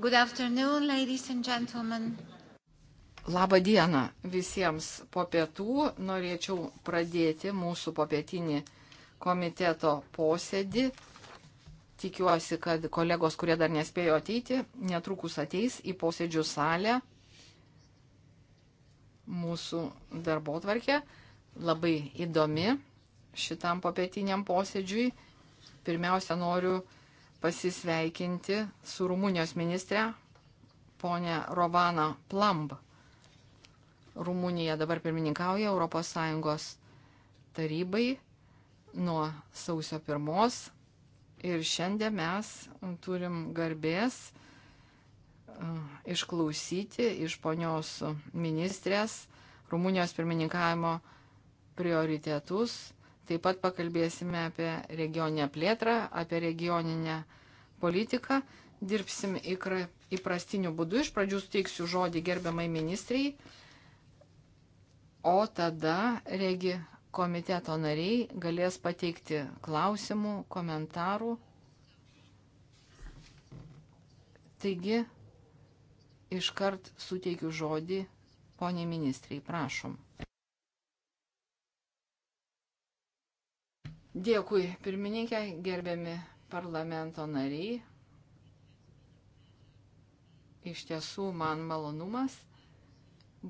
Good afternoon, ladies and gentlemen. Labą dieną visiems po pietų. Norėčiau pradėti mūsų popietinį komiteto posėdį. Tikiuosi, kad kolegos, kurie dar nespėjo ateiti, netrukus ateis į posėdžių salę mūsų darbo tvarkė. Labai įdomi šitam popietiniam posėdžiui. Pirmiausia, noriu pasisveikinti su Rumunijos ministrė ponė Rovana Plamb. Rumunija dabar pirmininkauja ES tarybai nuo sausio pirmos ir šiandien mes turim garbės išklausyti iš ponios ministrės Rumunijos pirmininkavimo prioritetus Taip pat pakalbėsime apie regioninę plėtrą, apie regioninę politiką. Dirbsim įprastiniu būdu. Iš pradžių steiksiu žodį gerbiamai ministrijai, o tada regi komiteto nariai galės pateikti klausimų, komentarų. Taigi, iškart suteikiu žodį poniai ministrai, prašom. Dėkui, pirmininkė, gerbiami parlamento nariai. Iš tiesų man malonumas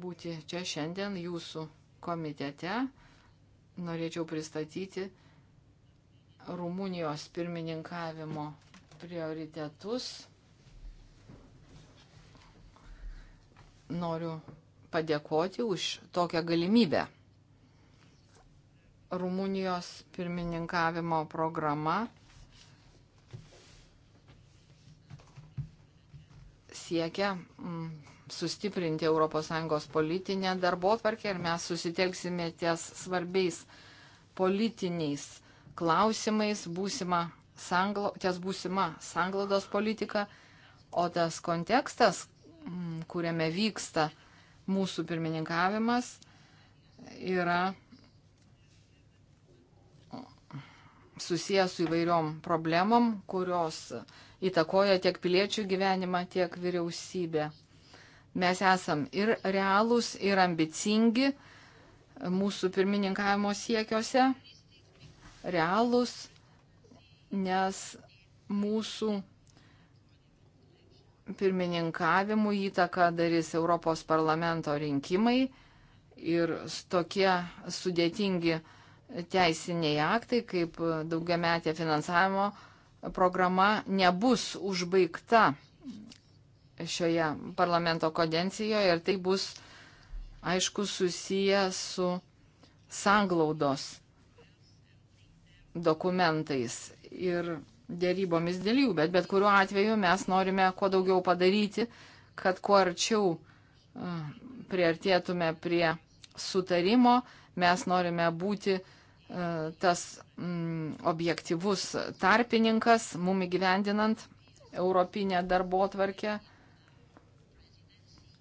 būti čia šiandien jūsų komitete. Norėčiau pristatyti Rumunijos pirmininkavimo prioritetus. Noriu padėkoti už tokią galimybę. Rumunijos pirmininkavimo programa siekia mm, sustiprinti ES politinę darbo tvarkę ir mes susitelksime ties svarbiais politiniais klausimais, būsima sanglo, ties būsima sanglaudos politika, o tas kontekstas, mm, kuriame vyksta mūsų pirmininkavimas, yra susijęs su įvairiom problemom, kurios įtakoja tiek piliečių gyvenimą, tiek vyriausybę. Mes esam ir realūs, ir ambicingi mūsų pirmininkavimo siekiuose. Realūs, nes mūsų pirmininkavimų įtaką darys Europos parlamento rinkimai ir tokie sudėtingi uh, teisiniai aktai, kaip daugiametė finansavimo programa, nebus užbaigta šioje parlamento kodencijoje ir tai bus, aišku, susiję su sanglaudos dokumentais ir dėrybomis dėl jų, bet bet kuriuo atveju mes norime kuo daugiau padaryti, kad kuo arčiau priartėtume prie sutarimo, mes norime būti uh, tas mm, objektivus tarpininkas mum įgyvendinant Europinę darbo tvarkę.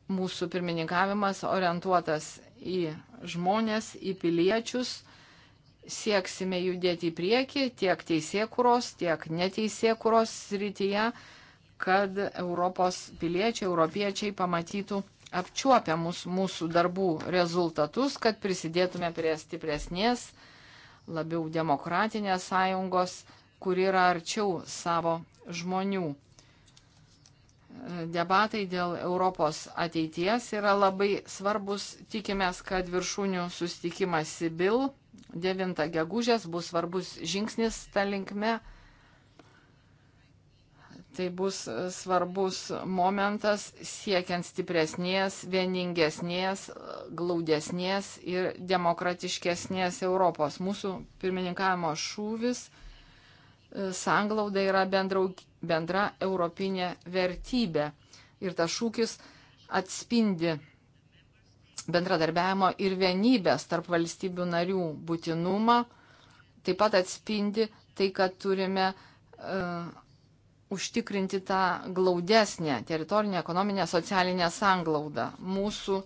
Mūsų pirmininkavimas orientuotas į žmonės, į piliečius. Sieksime judėti į priekį tiek teisėkuros, tiek neteisėkuros srityje, kad Europos piliečiai, europiečiai pamatytų apčiuopiamus mūsų darbų rezultatus, kad prisidėtume prie stipresnės labiau demokratinės sąjungos, kur yra arčiau savo žmonių. Debatai dėl Europos ateities yra labai svarbus. Tikimės, kad viršūnių sustikimas Sibil 9 gegužės bus svarbus žingsnis tą linkme. Tai bus e, svarbus momentas siekiant stipresnės, vieningesnės, e, glaudesnės ir demokratiškesnės Europos. Mūsų pirmininkavimo šūvis e, sanglauda yra bendra, bendra europinė vertybė. Ir tas šūkis atspindi bendradarbiavimo ir vienybės tarp valstybių narių būtinumą, taip pat atspindi tai, kad turime uh, užtikrinti tą glaudesnę teritorinę, ekonominę, socialinę sanglaudą. Mūsų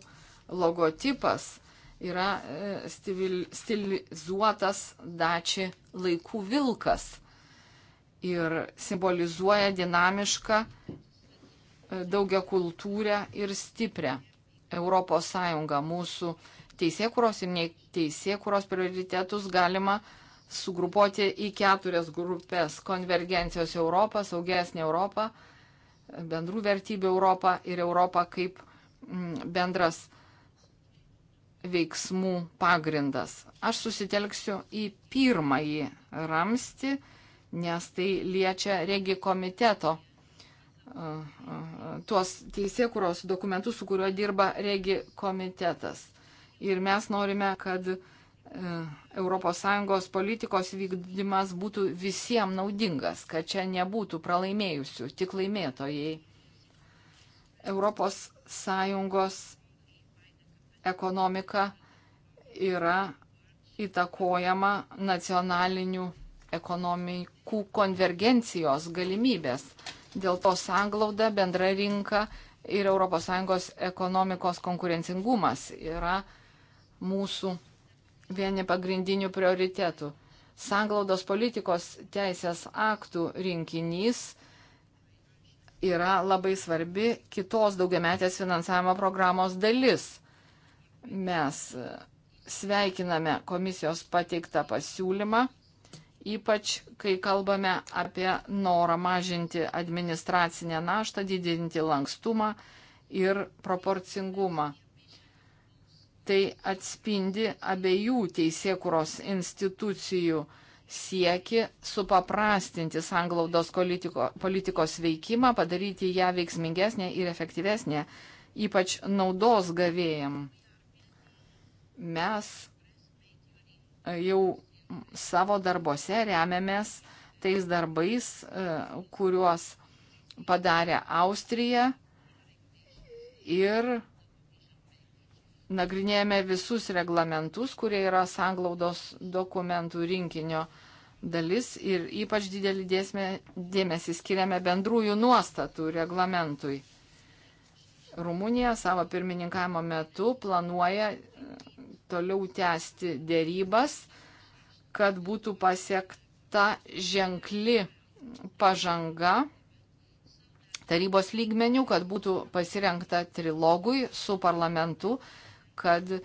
logotipas yra e, stil, stilizuotas dači laikų vilkas ir simbolizuoja dinamišką, e, daugia kultūrę ir stiprią Europos Sąjungą. Mūsų teisėkuros ir neteisėkuros prioritetus galima uh, sugrupuoti į keturias grupės - konvergencijos Europą, saugesnė Europą, bendrų vertybių Europą ir Europą kaip mm, bendras veiksmų pagrindas. Aš susitelksiu į pirmąjį ramstį, nes tai liečia regi komiteto tuos teisėkuros dokumentus, su kuriuo dirba regi komitetas. Ir mes norime, kad uh, ES politikos vykdymas būtų visiems naudingas, kad čia nebūtų pralaimėjusių, tik laimėtojai. ES ekonomika yra įtakojama nacionalinių ekonomikų konvergencijos galimybės. Dėl to sanglauda, bendra rinka ir ES ekonomikos konkurencingumas yra mūsų vieni pagrindinių prioritetų. Sanglaudos politikos teisės aktų rinkinys yra labai svarbi kitos daugiametės finansavimo programos dalis. Mes sveikiname komisijos pateiktą pasiūlymą, ypač kai kalbame apie norą mažinti administracinę naštą, didinti lankstumą ir proporcingumą. Tai atspindi abiejų teisėkuros institucijų sieki supaprastinti sanglaudos politiko, politikos veikimą, padaryti ją veiksmingesnė ir efektyvesnė, ypač naudos gavėjam. Mes e, jau savo darbose remiamės tais darbais, e, kuriuos padarė Austrija ir nagrinėjame visus reglamentus, kurie yra sanglaudos dokumentų rinkinio dalis ir ypač didelį dėsmę, dėmesį skiriame bendrųjų nuostatų reglamentui. Rumunija savo pirmininkavimo metu planuoja e, toliau tęsti dėrybas, kad būtų pasiekta ženkli pažanga tarybos lygmenių, kad būtų pasirengta trilogui su parlamentu kad e,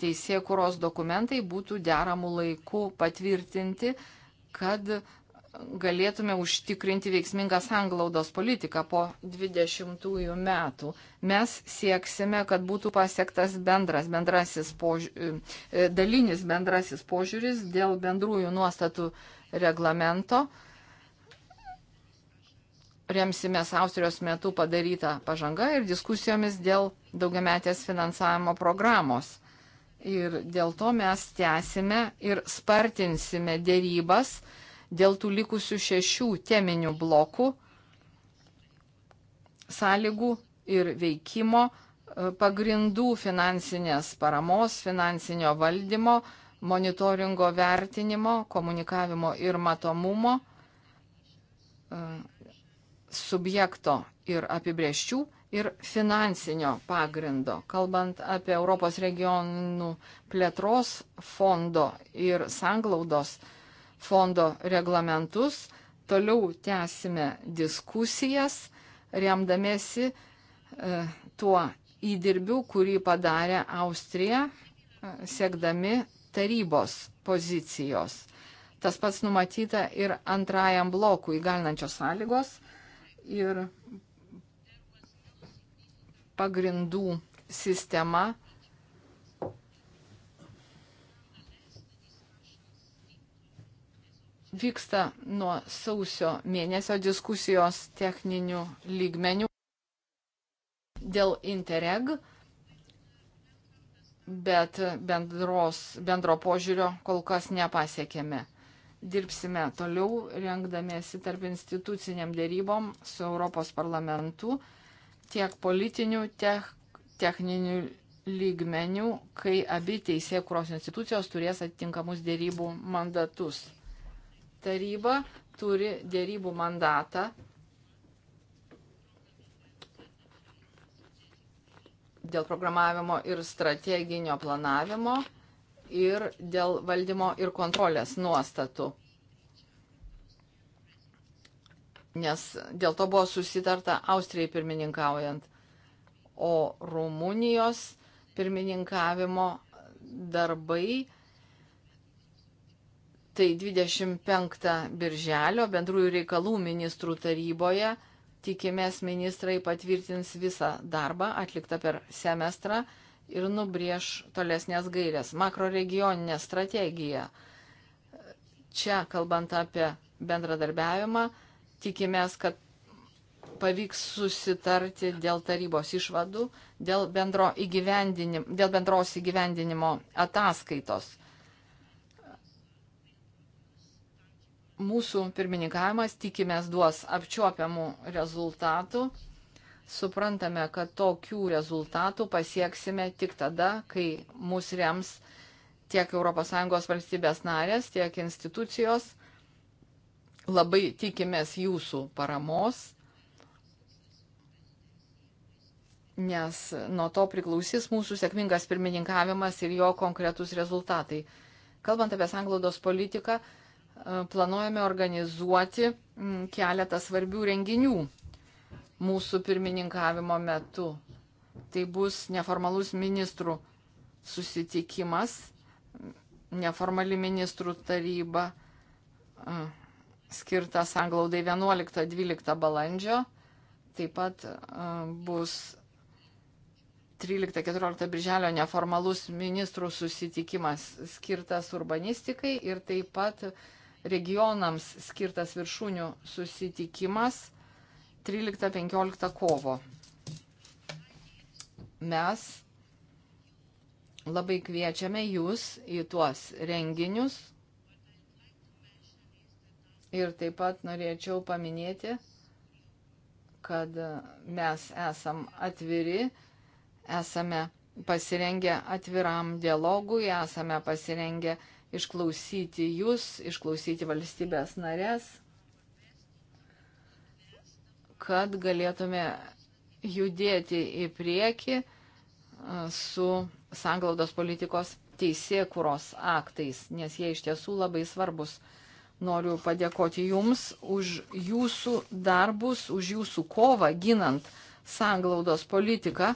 teisė kuros dokumentai būtų deramų laikų patvirtinti, kad galėtume užtikrinti veiksmingą sanglaudos politiką po 20 metų. Mes sieksime, kad būtų pasiektas bendras, bendrasis požiūris, e, e, dalinis bendrasis požiūris dėl bendrųjų nuostatų reglamento remsimės Austrijos metu padarytą pažangą ir diskusijomis dėl daugiametės finansavimo programos. Ir dėl to mes tęsime ir spartinsime dėrybas dėl tų likusių šešių teminių blokų sąlygų ir veikimo e, pagrindų finansinės paramos, finansinio valdymo, monitoringo vertinimo, komunikavimo ir matomumo, e, subjekto ir apibrieščių ir finansinio pagrindo, kalbant apie Europos regionų plėtros fondo ir sanglaudos fondo reglamentus. Toliau tęsime diskusijas, remdamėsi e, tuo įdirbiu, kurį padarė Austrija, e, siekdami tarybos pozicijos. Tas pats numatyta ir antrajam blokui galinančios sąlygos ir pagrindų sistema. Vyksta nuo sausio mėnesio diskusijos techninių lygmenių dėl Interreg, bet bendros, bendro požiūrio kol kas nepasiekėme dirbsime toliau, rengdamiesi tarp instituciniam dėrybom su Europos parlamentu tiek politinių, tiek techninių lygmenių, kai abi teisėkuros institucijos turės atitinkamus dėrybų mandatus. Taryba turi dėrybų mandatą dėl programavimo ir strateginio planavimo ir dėl valdymo ir kontrolės nuostatų. Nes dėl to buvo susitarta Austrijai pirmininkaujant, o Rumunijos pirmininkavimo darbai tai 25 birželio bendrųjų reikalų ministrų taryboje tikimės ministrai patvirtins visą darbą atliktą per semestrą ir nubrieš tolesnės gairės. Makroregioninė strategija. Čia, kalbant apie bendradarbiavimą, tikimės, kad pavyks susitarti dėl tarybos išvadų, dėl, bendro įgyvendinim, dėl bendros įgyvendinimo ataskaitos. Mūsų pirmininkavimas tikimės duos apčiuopiamų rezultatų suprantame, kad tokių rezultatų pasieksime tik tada, kai mūsų rems tiek ES valstybės narės, tiek institucijos. Labai tikimės jūsų paramos, nes nuo to priklausys mūsų sėkmingas pirmininkavimas ir jo konkretus rezultatai. Kalbant apie sanglaudos politiką, planuojame organizuoti mm, keletą svarbių renginių mūsų pirmininkavimo metu. Tai bus neformalus ministrų susitikimas, neformali ministrų taryba skirta sanglaudai 11-12 balandžio. Taip pat bus 13-14 birželio neformalus ministrų susitikimas skirtas urbanistikai ir taip pat regionams skirtas viršūnių susitikimas 13-15 kovo. Mes labai kviečiame jūs į tuos renginius. Ir taip pat norėčiau paminėti, kad mes esam atviri, esame pasirengę atviram dialogui, esame pasirengę išklausyti jūs, išklausyti valstybės narės kad galėtume judėti į priekį e, su sanglaudos politikos teisėkuros aktais, nes jie iš tiesų labai svarbus. Noriu padėkoti Jums už Jūsų darbus, už Jūsų kovą ginant sanglaudos politiką,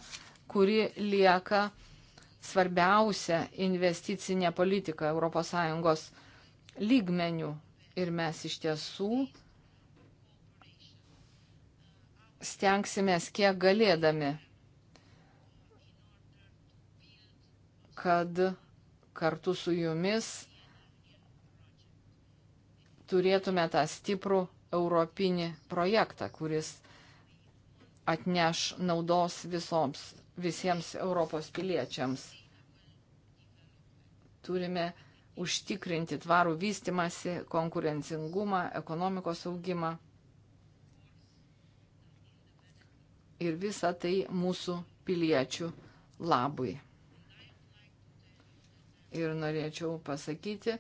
kuri lieka svarbiausia investicinė politika ES lygmenių. Ir mes iš tiesų stengsimės kiek galėdami, kad kartu su jumis turėtume tą stiprų europinį projektą, kuris atneš naudos visoms, visiems Europos piliečiams. Turime užtikrinti tvarų vystimasi, konkurencingumą, ekonomikos augimą. ir visa tai mūsų piliečių labui. Ir norėčiau pasakyti,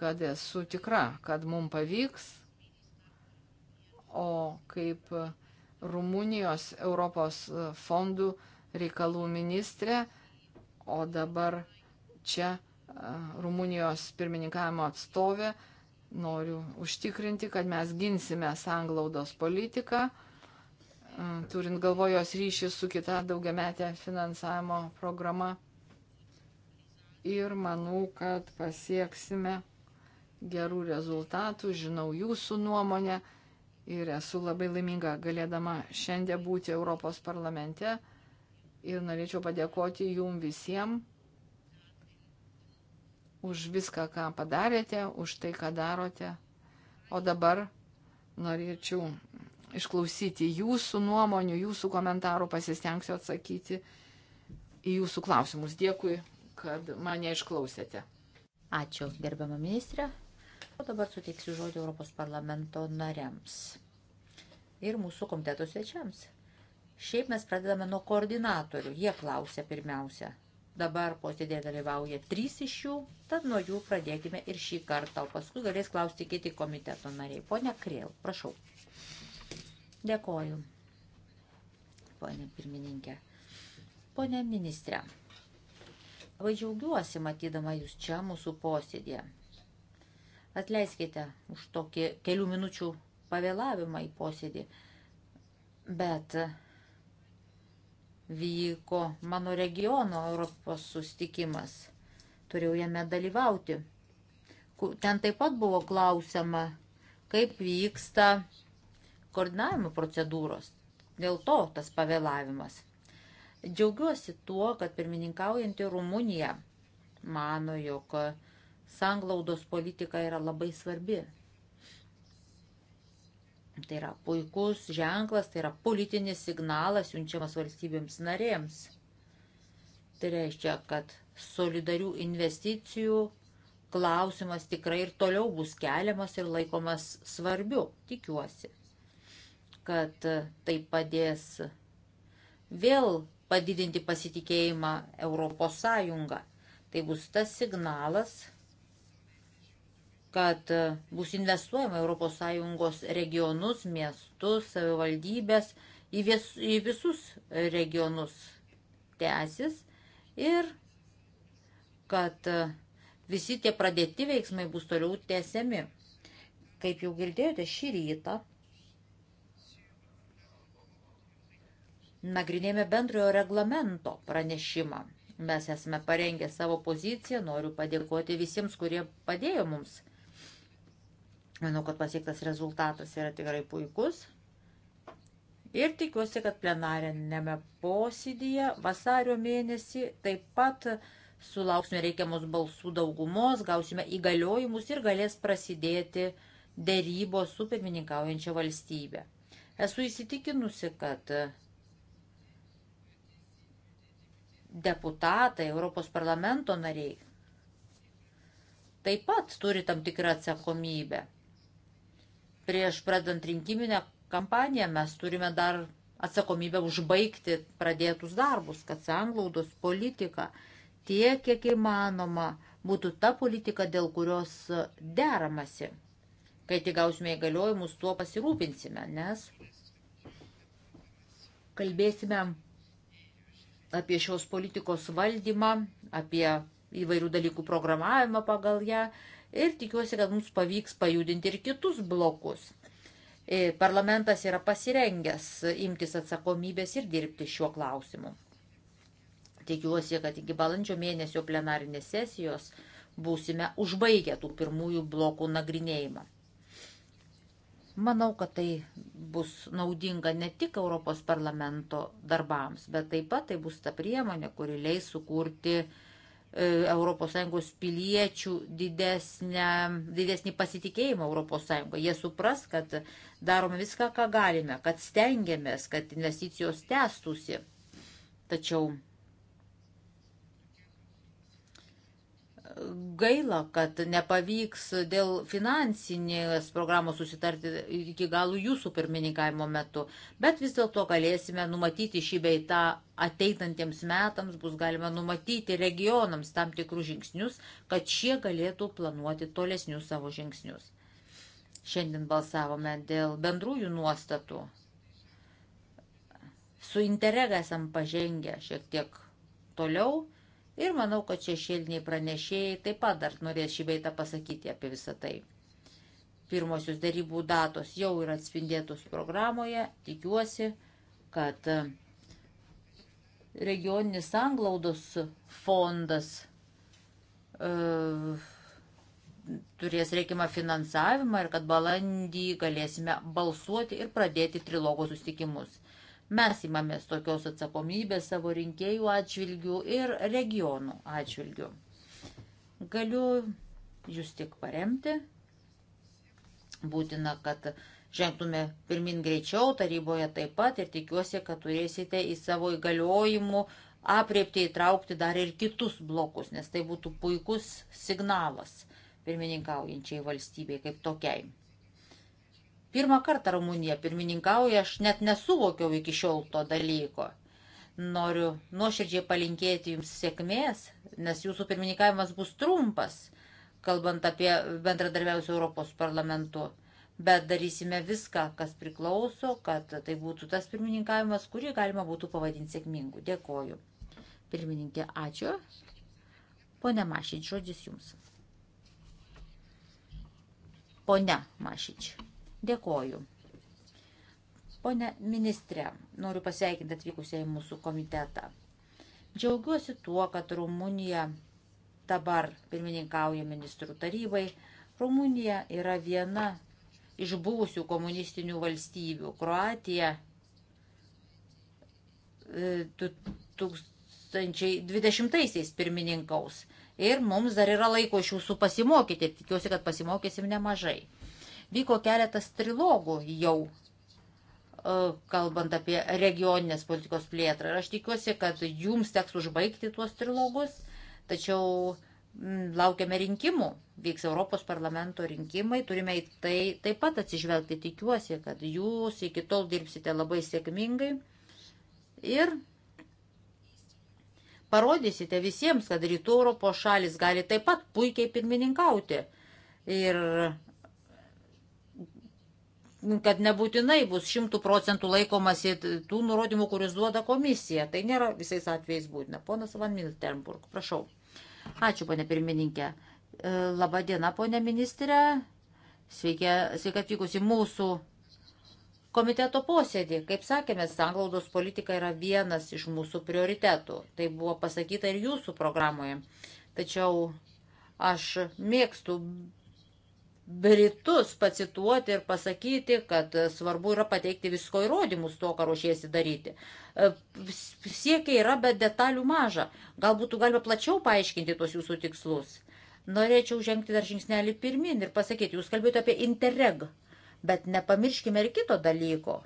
kad esu tikra, kad mums pavyks, o kaip Rumunijos Europos fondų reikalų ministrė, o dabar čia Rumunijos pirmininkavimo atstovė, noriu užtikrinti, kad mes ginsime sanglaudos politiką turint galvojos ryšį su kita daugiametė finansavimo programa. Ir manau, kad pasieksime gerų rezultatų, žinau jūsų nuomonę ir esu labai laiminga galėdama šiandien būti Europos parlamente ir norėčiau padėkoti jum visiems už viską, ką padarėte, už tai, ką darote. O dabar norėčiau išklausyti jūsų nuomonių, jūsų komentarų, pasistengsiu atsakyti į jūsų klausimus. Dėkui, kad mane išklausėte. Ačiū, gerbiamą ministrę. O dabar suteiksiu žodį Europos parlamento nariams ir mūsų komiteto svečiams. Šiaip mes pradedame nuo koordinatorių. Jie klausia pirmiausia. Dabar posėdėje dalyvauja trys iš jų, tad nuo jų pradėkime ir šį kartą, o paskui galės klausti kiti komiteto nariai. Pone Krėl, prašau. Dėkoju, ponė pirmininkė. Pone ministrė, labai džiaugiuosi matydama jūs čia mūsų posėdėje. Atleiskite už tokį kelių minučių pavėlavimą į posėdį, bet vyko mano regiono Europos sustikimas. Turėjau jame dalyvauti. Ten taip pat buvo klausima, kaip vyksta koordinavimo procedūros. Dėl to tas pavėlavimas. Džiaugiuosi tuo, kad pirmininkaujantį Rumuniją mano, jog sanglaudos politika yra labai svarbi. Tai yra puikus ženklas, tai yra politinis signalas siunčiamas valstybėms narėms. Tai reiškia, kad solidarių investicijų klausimas tikrai ir toliau bus keliamas ir laikomas svarbiu, tikiuosi kad tai padės vėl padidinti pasitikėjimą Europos Sąjungą. Tai bus tas signalas, kad bus investuojama Europos Sąjungos regionus, miestus, savivaldybės, į, vis, į visus regionus tęsis ir kad visi tie pradėti veiksmai bus toliau tęsiami. Kaip jau girdėjote šį rytą, nagrinėjame bendrojo reglamento pranešimą. Mes esame parengę savo poziciją, noriu padėkoti visiems, kurie padėjo mums. Manau, kad pasiektas rezultatas yra tikrai puikus. Ir tikiuosi, kad plenarinėme posėdėje vasario mėnesį taip pat sulauksime reikiamos balsų daugumos, gausime įgaliojimus ir galės prasidėti dėrybos su pirmininkaujančia valstybė. Esu įsitikinusi, kad deputatai, Europos parlamento nariai taip pat turi tam tikrą atsakomybę. Prieš pradant rinkiminę kampaniją mes turime dar atsakomybę užbaigti pradėtus darbus, kad sanglaudos politika tiek, kiek įmanoma, būtų ta politika, dėl kurios deramasi. Kai tik gausime įgaliojimus, tuo pasirūpinsime, nes kalbėsime apie šios politikos valdymą, apie įvairių dalykų programavimą pagal ją ir tikiuosi, kad mums pavyks pajudinti ir kitus blokus. E, parlamentas yra pasirengęs imtis atsakomybės ir dirbti šiuo klausimu. Tikiuosi, kad iki balandžio mėnesio plenarinės sesijos būsime užbaigę tų pirmųjų blokų nagrinėjimą. Manau, kad tai bus naudinga ne tik Europos parlamento darbams, bet taip pat tai bus ta priemonė, kuri leis sukurti ES piliečių didesnę, didesnį pasitikėjimą ES. Jie supras, kad darome viską, ką galime, kad stengiamės, kad investicijos tęstusi. Tačiau Gaila, kad nepavyks dėl finansinės programos susitarti iki galų jūsų pirmininkavimo metu, bet vis dėlto galėsime numatyti šį beitą ateinantiems metams, bus galima numatyti regionams tam tikrus žingsnius, kad šie galėtų planuoti tolesnius savo žingsnius. Šiandien balsavome dėl bendrųjų nuostatų. Su interega esam pažengę šiek tiek toliau Ir manau, kad šešėliniai pranešėjai taip pat dar norės šį beitą pasakyti apie visą tai. Pirmosios darybų datos jau yra atspindėtos programoje. Tikiuosi, kad e, regioninis anglaudos fondas uh, turės reikimą finansavimą ir kad balandį galėsime balsuoti ir pradėti trilogo sustikimus. Mes imamės tokios atsakomybės savo rinkėjų atžvilgių ir regionų atžvilgių. Galiu jūs tik paremti. Būtina, kad žengtume pirmin greičiau taryboje taip pat ir tikiuosi, kad turėsite į savo įgaliojimų apriepti įtraukti dar ir kitus blokus, nes tai būtų puikus signalas pirmininkaujančiai valstybei kaip tokiai. Pirmą kartą Rumunija pirmininkauja, aš net nesuvokiau iki šiol to dalyko. Noriu nuoširdžiai palinkėti Jums sėkmės, nes Jūsų pirmininkavimas bus trumpas, kalbant apie bendradarbiausių Europos parlamentu. Bet darysime viską, kas priklauso, kad tai būtų tas pirmininkavimas, kurį galima būtų pavadinti sėkmingu. Dėkoju. Pirmininkė, ačiū. Pone Mašyč, žodis Jums. Pone Mašyč. Dėkoju. Pone ministrė, noriu pasveikinti atvykusiai mūsų komitetą. Džiaugiuosi tuo, kad Rumunija dabar pirmininkauja ministrų tarybai. Rumunija yra viena iš buvusių komunistinių valstybių. Kroatija 2020-aisiais e, pirmininkaus. Ir mums dar yra laiko iš jūsų pasimokyti. Tikiuosi, kad pasimokysim nemažai. Vyko keletas trilogų jau e, kalbant apie regioninės politikos plėtrą. Ir aš tikiuosi, kad jums teks užbaigti tuos trilogus, tačiau laukiame rinkimų, vyks Europos parlamento rinkimai, turime į tai taip pat atsižvelgti, tikiuosi, kad jūs iki tol dirbsite labai sėkmingai ir parodysite visiems, kad rytų Europos šalis gali taip pat puikiai pirmininkauti. Ir kad nebūtinai bus šimtų procentų laikomasi tų nurodymų, kuriuos duoda komisija. Tai nėra visais atvejais būtina. Ponas Van Miltenburg, prašau. Ačiū, ponė pirmininkė. E, Labą dieną, ponė ministrė. Sveiki, sveiki atvykusi mūsų komiteto posėdį. Kaip sakėme, sanglaudos politika yra vienas iš mūsų prioritetų. Tai buvo pasakyta ir jūsų programoje. Tačiau aš mėgstu Britus pacituoti ir pasakyti, kad svarbu yra pateikti visko įrodymus to, ką ruošiesi daryti. E, Siekiai yra, bet detalių maža. Galbūt galima plačiau paaiškinti tos jūsų tikslus. Norėčiau žengti dar žingsnelį pirmin ir pasakyti, jūs kalbėjote apie interreg, bet nepamirškime ir kito dalyko.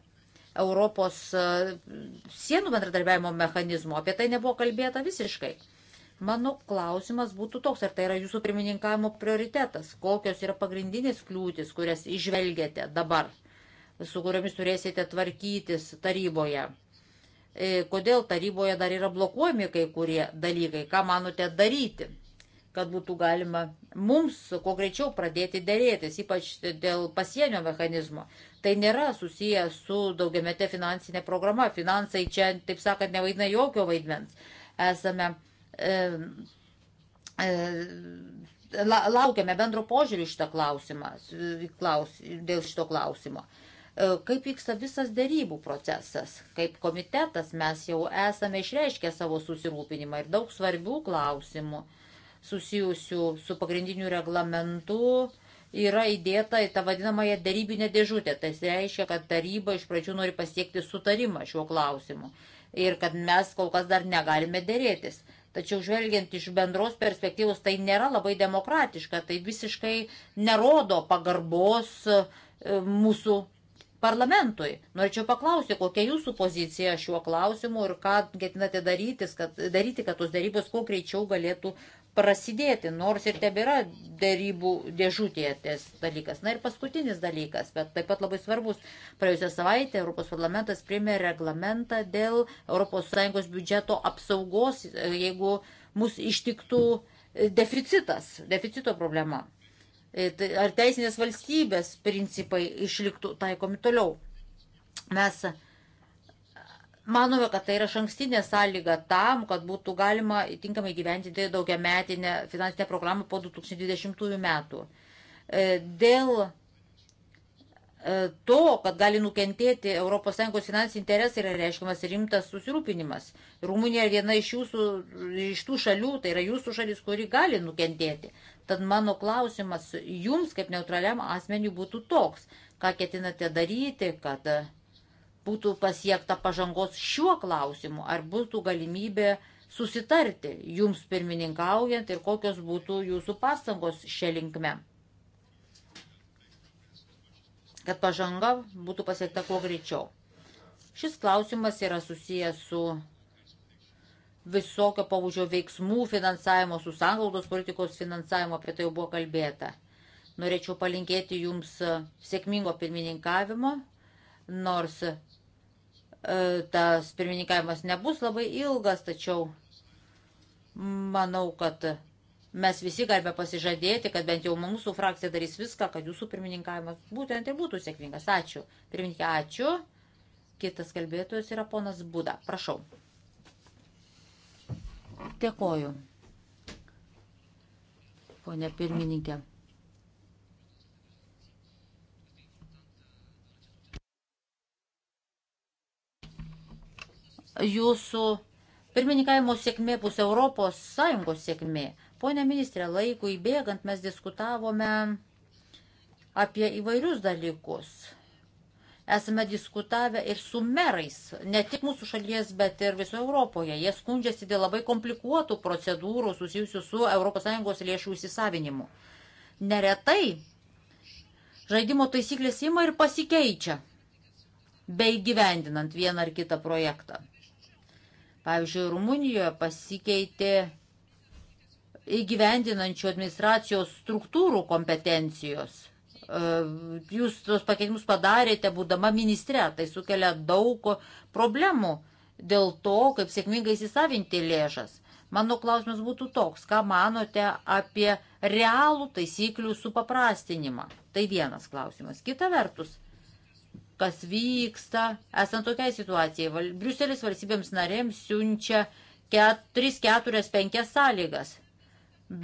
Europos e, sienų bendradarbiavimo mechanizmo, apie tai nebuvo kalbėta visiškai. Mano klausimas būtų toks, ar tai yra jūsų pirmininkavimo prioritetas, kokios yra pagrindinės kliūtis, kurias išvelgiate dabar, su kuriomis turėsite tvarkytis taryboje. E, kodėl taryboje dar yra blokuojami kai kurie dalykai, ką manote daryti, kad būtų galima mums kuo greičiau pradėti dėrėtis, ypač dėl pasienio mechanizmo. Tai nėra susiję su daugiamete finansinė programa. Finansai čia, taip sakant, nevaidina jokio vaidmens. Esame laukiame bendro požiūrį šitą klausimą, klaus, dėl šito klausimo. E, kaip vyksta visas dėrybų procesas, kaip komitetas mes jau esame išreiškę savo susirūpinimą ir daug svarbių klausimų susijusių su pagrindiniu reglamentu yra įdėta į tą vadinamąją dėrybinę dėžutę. Tai reiškia, kad taryba iš pradžių nori pasiekti sutarimą šiuo klausimu ir kad mes kol kas dar negalime dėrėtis. Tačiau žvelgiant iš bendros perspektyvos, tai nėra labai demokratiška, tai visiškai nerodo pagarbos e, mūsų parlamentui. Norėčiau paklausti, kokia jūsų pozicija šiuo klausimu ir ką ketinate daryti, kad, daryti, kad tos darybos kuo greičiau galėtų prasidėti, nors ir tebėra dėrybų dėžutėje tas dalykas. Na ir paskutinis dalykas, bet taip pat labai svarbus. Praėjusią savaitę Europos parlamentas priėmė reglamentą dėl ES biudžeto apsaugos, jeigu mus ištiktų deficitas, deficito problema. E, tai ar teisinės valstybės principai išliktų taikomi toliau. Mes Manome, kad tai yra šankstinė sąlyga tam, kad būtų galima tinkamai gyventinti daugia metinę finansinę programą po 2020 metų. E, dėl e, to, kad gali nukentėti ES finansiniai interesai, yra reiškiamas rimtas susirūpinimas. Rumunija yra viena iš, jūsų, iš tų šalių, tai yra jūsų šalis, kuri gali nukentėti. Tad mano klausimas jums, kaip neutraliam asmeniu, būtų toks, ką ketinate daryti, kad būtų pasiekta pažangos šiuo klausimu, ar būtų galimybė susitarti jums pirmininkaujant ir kokios būtų jūsų pastangos šią linkme. Kad pažanga būtų pasiekta kuo greičiau. Šis klausimas yra susijęs su visokio pavūdžio veiksmų finansavimo, su sanglaudos politikos finansavimo, apie tai jau buvo kalbėta. Norėčiau palinkėti jums sėkmingo pirmininkavimo, nors E, tas pirmininkavimas nebus labai ilgas, tačiau manau, kad mes visi galime pasižadėti, kad bent jau mūsų frakcija darys viską, kad jūsų pirmininkavimas būtent ir būtų sėkmingas. Ačiū. Pirmininkė, ačiū. Kitas kalbėtojas yra ponas Buda. Prašau. Dėkoju. Pone pirmininkė. jūsų pirmininkavimo sėkmė bus ES sėkmė. Pone ministrė, laikui bėgant mes diskutavome apie įvairius dalykus. Esame diskutavę ir su merais, ne tik mūsų šalies, bet ir viso Europoje. Jie skundžiasi dėl labai komplikuotų procedūrų susijusių su ES lėšų įsisavinimu. Neretai žaidimo taisyklės ima ir pasikeičia, bei gyvendinant vieną ar kitą projektą. Pavyzdžiui, Rumunijoje pasikeitė įgyvendinančių administracijos struktūrų kompetencijos. E, jūs tos pakeitimus padarėte, būdama ministre, tai sukelia daug problemų dėl to, kaip sėkmingai įsisavinti lėšas. Mano klausimas būtų toks, ką manote apie realų taisyklių supaprastinimą? Tai vienas klausimas. Kita vertus, kas vyksta. Esant tokiai situacijai, val, Briuselis valstybėms narėms siunčia 3, 4, 5 sąlygas,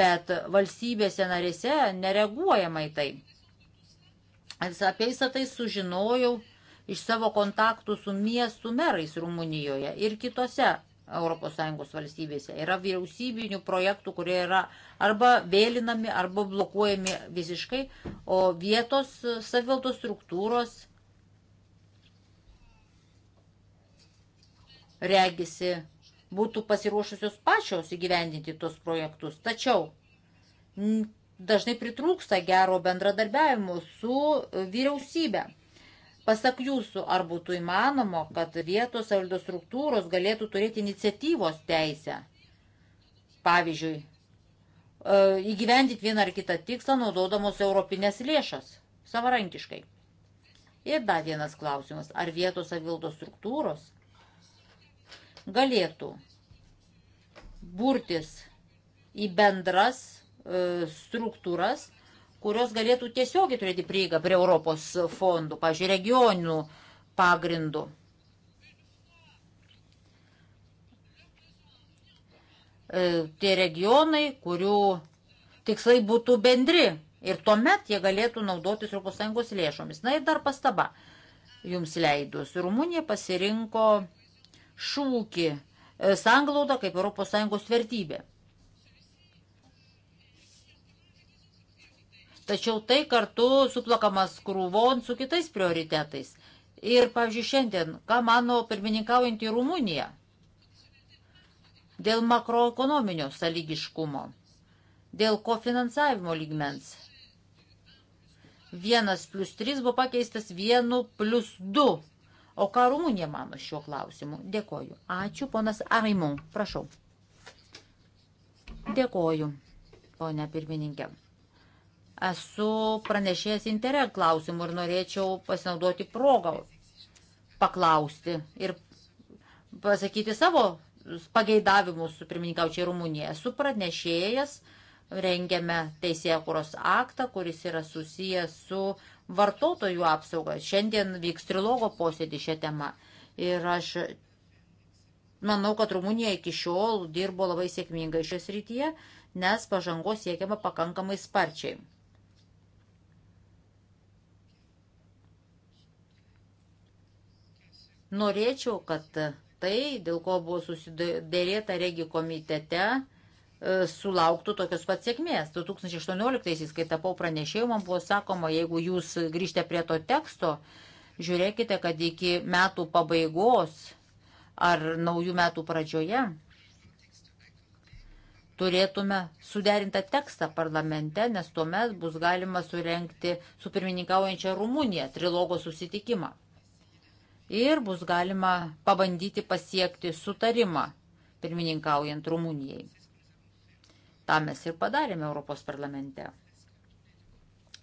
bet valstybėse narėse nereaguojama į tai. Apie visą tai sužinojau iš savo kontaktų su miestų merais Rumunijoje ir kitose ES valstybėse. Yra vyriausybinių projektų, kurie yra arba vėlinami, arba blokuojami visiškai, o vietos savildos struktūros regisi, būtų pasiruošusios pačios įgyvendinti tos projektus. Tačiau dažnai pritrūksta gero bendradarbiavimo su vyriausybė. Pasak jūsų, ar būtų įmanoma, kad vietos savivaldos struktūros galėtų turėti iniciatyvos teisę? Pavyzdžiui, e, įgyvendyti vieną ar kitą tikslą naudodamos europinės lėšas savarankiškai. Ir dar vienas klausimas, ar vietos savivaldos struktūros galėtų burtis į bendras e, struktūras, kurios galėtų tiesiogiai turėti prieigą prie Europos fondų, pažiūrėjau, regioninių pagrindų. E, tie regionai, kurių tikslai būtų bendri ir tuomet jie galėtų naudotis ES lėšomis. Na ir dar pastaba. Jums leidus, Rumunija pasirinko šūkį e, - sanglauda kaip ES vertybė. Tačiau tai kartu suplakamas krūvon su kitais prioritetais. Ir, pavyzdžiui, šiandien, ką mano pirmininkaujantį Rumuniją dėl makroekonominio sąlygiškumo, dėl kofinansavimo lygmens. Vienas plus trys buvo pakeistas vienu plus du O ką Rumunija mano šiuo klausimu? Dėkoju. Ačiū, ponas Arimon. Prašau. Dėkoju, ponia pirmininkė. Esu pranešėjęs intereg klausimų ir norėčiau pasinaudoti progą paklausti ir pasakyti savo pageidavimus su pirmininkaučiai Rumunija. Esu pranešėjas, rengiame teisėkuros aktą, kuris yra susijęs su vartotojų apsaugą. Šiandien vyks trilogo posėdį šią temą ir aš manau, kad Rumunija iki šiol dirbo labai sėkmingai šios rytyje, nes pažangos siekiama pakankamai sparčiai. Norėčiau, kad tai, dėl ko buvo susidėrėta regi komitete, E, sulauktų tokios pat sėkmės. 2018-aisiais, kai tapau pranešėjų, man buvo sakoma, jeigu jūs grįžte prie to teksto, žiūrėkite, kad iki metų pabaigos ar naujų metų pradžioje turėtume suderintą tekstą parlamente, nes tuomet bus galima surenkti su pirmininkaujančia Rumunija trilogo susitikimą. Ir bus galima pabandyti pasiekti sutarimą pirmininkaujant Rumunijai. Ta mes ir padarėme Europos parlamente.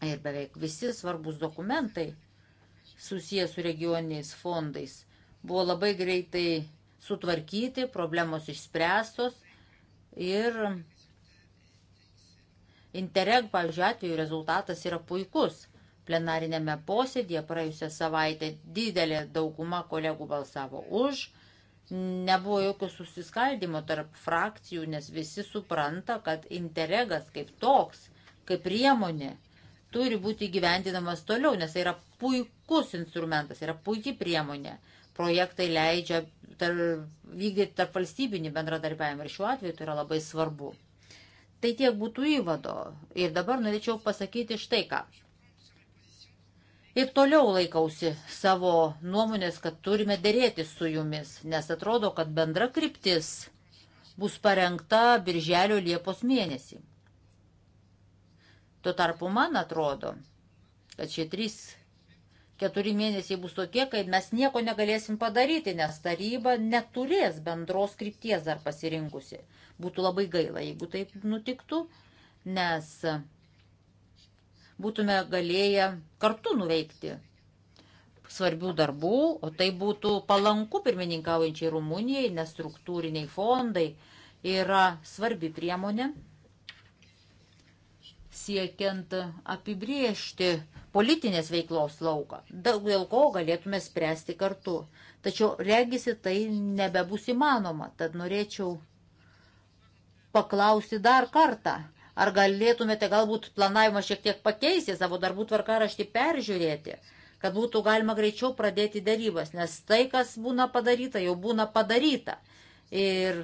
Ir beveik visi svarbus dokumentai susijęs su regioniniais fondais buvo labai greitai sutvarkyti, problemos išspręstos ir Interreg, pavyzdžiui, atveju rezultatas yra puikus. Plenarinėme posėdėje praėjusią savaitę didelė dauguma kolegų balsavo už, nebuvo jokio susiskaldimo tarp frakcijų, nes visi supranta, kad interegas kaip toks, kaip priemonė, turi būti gyvendinamas toliau, nes tai yra puikus instrumentas, yra puikiai priemonė. Projektai leidžia tar, vykdyti tarp valstybinį bendradarbiavimą ir šiuo atveju tai yra labai svarbu. Tai tiek būtų įvado. Ir dabar norėčiau pasakyti štai ką ir toliau laikausi savo nuomonės, kad turime dėrėti su jumis, nes atrodo, kad bendra kryptis bus parengta birželio Liepos mėnesį. Tuo tarpu man atrodo, kad šie trys, keturi mėnesiai bus tokie, kai mes nieko negalėsim padaryti, nes taryba neturės bendros krypties dar pasirinkusi. Būtų labai gaila, jeigu taip nutiktų, nes būtume galėję kartu nuveikti svarbių darbų, o tai būtų palanku pirmininkaujančiai Rumunijai, nes struktūriniai fondai yra svarbi priemonė siekiant apibriežti politinės veiklos lauką, dėl ko galėtume spręsti kartu. Tačiau regisi tai nebebus įmanoma, tad norėčiau paklausti dar kartą, Ar galėtumėte galbūt planavimą šiek tiek pakeisti, savo darbų tvarkaraštį peržiūrėti, kad būtų galima greičiau pradėti darybas, nes tai, kas būna padaryta, jau būna padaryta. Ir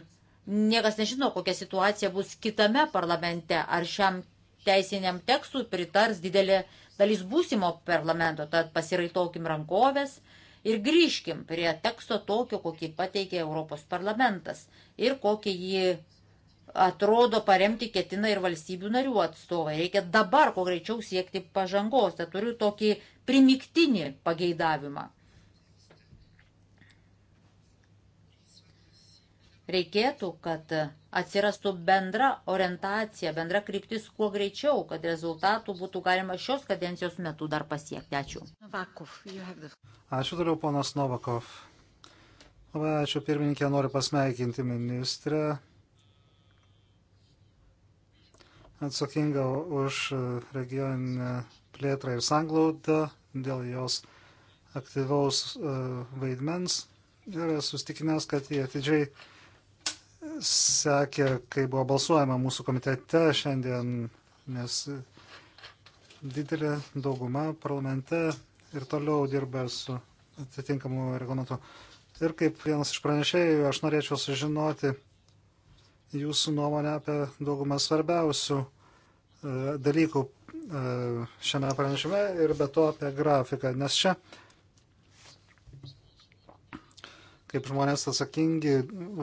niekas nežino, kokia situacija bus kitame parlamente, ar šiam teisiniam tekstui pritars didelė dalis būsimo parlamento, tad pasiraitokim rankovės ir grįžkim prie teksto tokio, kokį pateikė Europos parlamentas ir kokį jį atrodo paremti ketina ir valstybių narių atstovai. Reikia dabar kuo greičiau siekti pažangos. Tad turiu tokį primiktinį pageidavimą. Reikėtų, kad atsirastų bendra orientacija, bendra kryptis kuo greičiau, kad rezultatų būtų galima šios kadencijos metu dar pasiekti. Ačiū. Ačiū toliau, ponas Novakov. Labai ačiū pirmininkė, noriu pasmeikinti ministrę atsakinga už e, regioninę plėtrą ir sanglaudą dėl jos aktyvaus e, vaidmens ir sustikinęs, kad jie atidžiai sekė, kai buvo balsuojama mūsų komitete šiandien, nes didelė dauguma parlamente ir toliau dirba su atitinkamu reglamentu. Ir kaip vienas iš pranešėjų, aš norėčiau sužinoti, jūsų nuomonę apie daugumą svarbiausių e, dalykų e, šiame pranešime ir be to apie grafiką, nes čia kaip žmonės atsakingi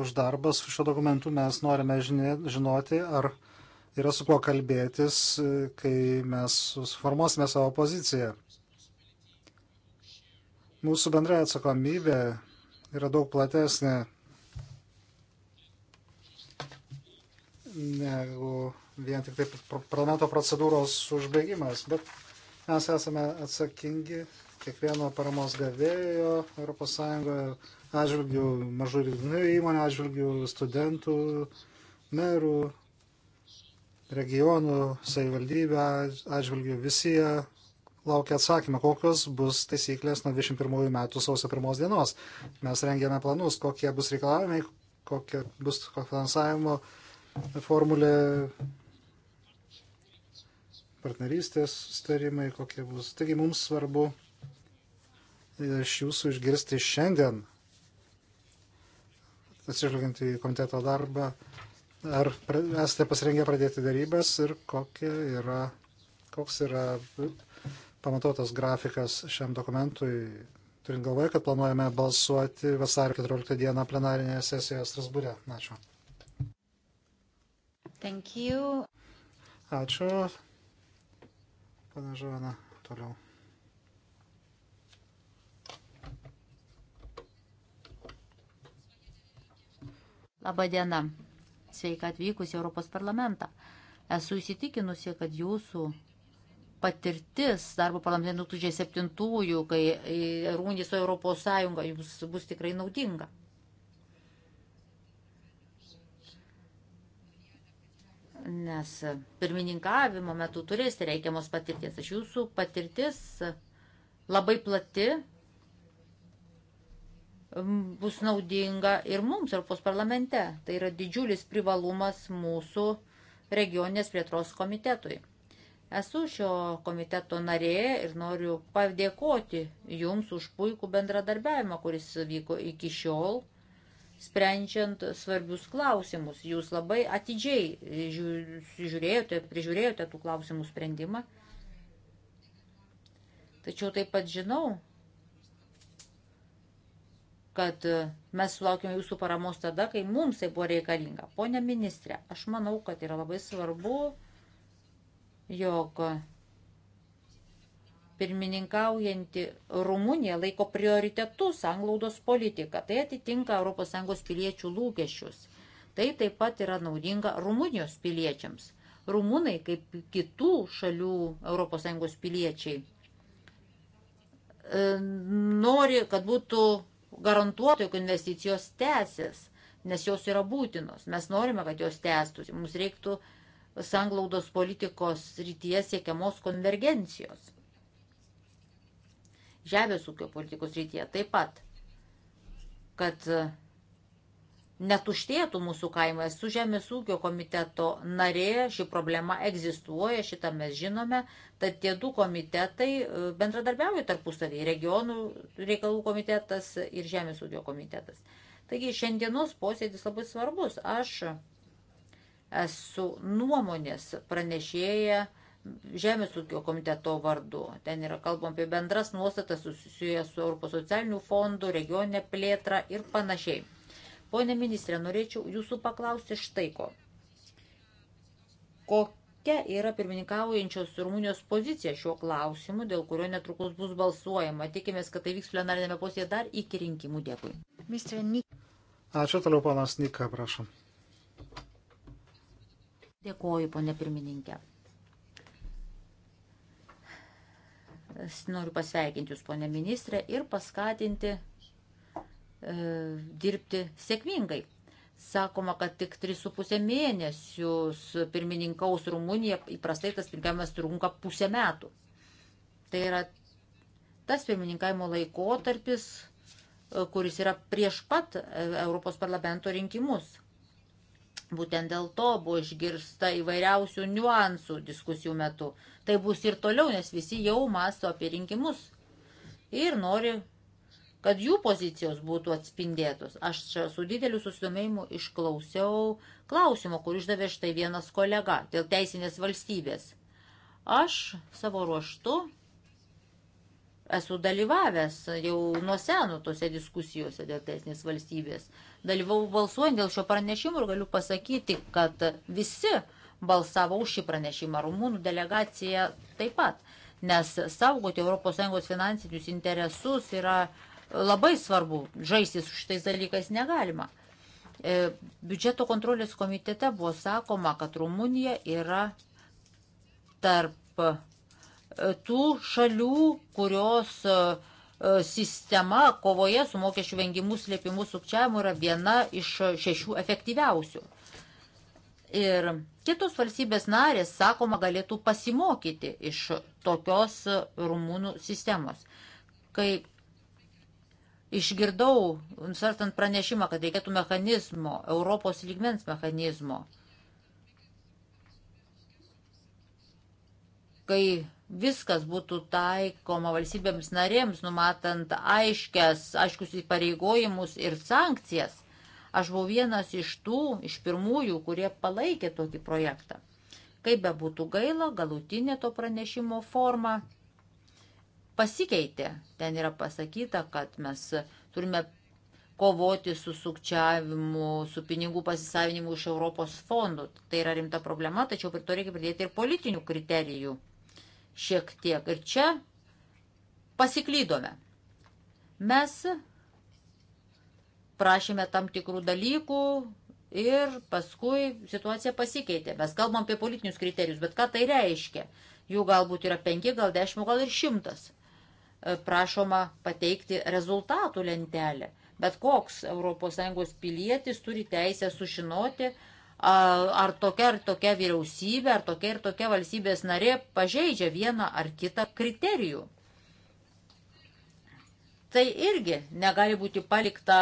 už darbą su šio dokumentu mes norime žinoti, ar yra su kuo kalbėtis, e, kai mes suformuosime savo poziciją. Mūsų bendra atsakomybė yra daug platesnė negu vien tik taip parlamento procedūros užbaigimas, bet mes esame atsakingi kiekvieno paramos gavėjo ES atžvilgių, mažų ir vidinių įmonių atžvilgių, studentų, merų, regionų, savivaldybių atžvilgių. Visi laukia atsakymą, kokios bus taisyklės nuo 21 metų sausio 1 dienos. Mes rengiame planus, kokie bus reikalavimai, kokie bus finansavimo formulė, partnerystės sustarimai, kokie bus. Taigi mums svarbu iš jūsų išgirsti šiandien, atsižvelgiant į komiteto darbą, ar esate pasirengę pradėti darybas ir kokie yra, koks yra pamatotas grafikas šiam dokumentui, turint galvoje, kad planuojame balsuoti vasario 14 dieną plenarinėje sesijoje Strasbūre. Ačiū. Thank you. Ačiū. Pana Žovana, toliau. Labadiena. Sveika atvykus į Europos parlamentą. Esu įsitikinusi, kad jūsų patirtis darbo parlamente 2007-ųjų, kai e, rūnys Europos Sąjunga, jums bus tikrai naudinga. nes pirmininkavimo metu turėsite reikiamos patirties. Aš jūsų patirtis labai plati bus naudinga ir mums, Europos parlamente. Tai yra didžiulis privalumas mūsų regionės plėtros komitetui. Esu šio komiteto narė ir noriu padėkoti Jums už puikų bendradarbiavimą, kuris vyko iki šiol sprendžiant svarbius klausimus. Jūs labai atidžiai žiūrėjote, prižiūrėjote tų klausimų sprendimą. Tačiau taip pat žinau, kad mes sulaukime jūsų paramos tada, kai mums tai buvo reikalinga. Pone ministrė, aš manau, kad yra labai svarbu, jog pirmininkaujanti Rumunija laiko prioritetu sanglaudos politiką. Tai atitinka ES piliečių lūkesčius. Tai taip pat yra naudinga Rumunijos piliečiams. Rumunai, kaip kitų šalių ES piliečiai, e, nori, kad būtų garantuota, jog investicijos tęsis, nes jos yra būtinos. Mes norime, kad jos tęstųsi. Mums reiktų sanglaudos politikos rytyje siekiamos konvergencijos žemės ūkio politikos rytyje taip pat, kad netuštėtų mūsų kaimai. Su žemės ūkio komiteto narė ši problema egzistuoja, šitą mes žinome, tad tie du komitetai e, bendradarbiauja tarpusavį - regionų reikalų komitetas ir žemės ūkio komitetas. Taigi šiandienos posėdis labai svarbus. Aš esu nuomonės pranešėja Žemės ūkio komiteto vardu. Ten yra kalbam apie bendras nuostatas susijęs su Europos socialiniu fondu, regioninė plėtra ir panašiai. Pone ministrė, norėčiau jūsų paklausti štai ko. Kokia yra pirmininkaujančios Rumunijos pozicija šiuo klausimu, dėl kurio netrukus bus balsuojama? Tikimės, kad tai vyks plenarinėme posėdėje dar iki rinkimų. Dėkui. Ačiū toliau, panas Nika, prašom. Dėkoju, ponė pirmininkė. Noriu pasveikinti Jūs, ponė ministrė, ir paskatinti e, dirbti sėkmingai. Sakoma, kad tik 3,5 mėnesius pirmininkaus Rumunija, įprastai tas pirmininkavimas trunka pusę metų. Tai yra tas pirmininkavimo laikotarpis, e, kuris yra prieš pat e, Europos parlamento rinkimus. Būtent dėl to buvo išgirsta įvairiausių niuansų diskusijų metu. Tai bus ir toliau, nes visi jau masto apie rinkimus ir nori, kad jų pozicijos būtų atspindėtos. Aš čia su dideliu susidomėjimu išklausiau klausimo, kur išdavė štai vienas kolega dėl teisinės valstybės. Aš savo ruoštu esu dalyvavęs jau nuo seno tose diskusijose dėl teisinės valstybės. Dalyvau balsuojant dėl šio pranešimo ir galiu pasakyti, kad visi balsavo už šį pranešimą, rumūnų delegacija taip pat, nes saugoti ES finansinius interesus yra labai svarbu, žaisti su šitais dalykais negalima. E, biudžeto kontrolės komitete buvo sakoma, kad Rumunija yra tarp E, tų šalių, kurios e, e, sistema kovoje su mokesčių vengimu, slėpimu, sukčiavimu yra viena iš šešių efektyviausių. Ir kitos valstybės narės, sakoma, galėtų pasimokyti iš tokios rumūnų sistemos. Kai išgirdau, svarstant pranešimą, kad reikėtų mechanizmo, Europos lygmens mechanizmo, kai viskas būtų taikoma valstybėms narėms, numatant aiškias, aiškus įpareigojimus ir sankcijas. Aš buvau vienas iš tų, iš pirmųjų, kurie palaikė tokį projektą. Kaip be būtų gaila, galutinė to pranešimo forma pasikeitė. Ten yra pasakyta, kad mes turime kovoti su sukčiavimu, su pinigų pasisavinimu iš Europos fondų. Tai yra rimta problema, tačiau prie to reikia pridėti ir politinių kriterijų šiek tiek. Ir čia pasiklydome. Mes prašėme tam tikrų dalykų ir paskui situacija pasikeitė. Mes kalbam apie politinius kriterijus, bet ką tai reiškia? Jų galbūt yra penki, gal dešimt, gal ir šimtas. E, prašoma pateikti rezultatų lentelę. Bet koks ES pilietis turi teisę sužinoti, ar tokia ar tokia vyriausybė, ar tokia ir tokia valstybės narė pažeidžia vieną ar kitą kriterijų. Tai irgi negali būti palikta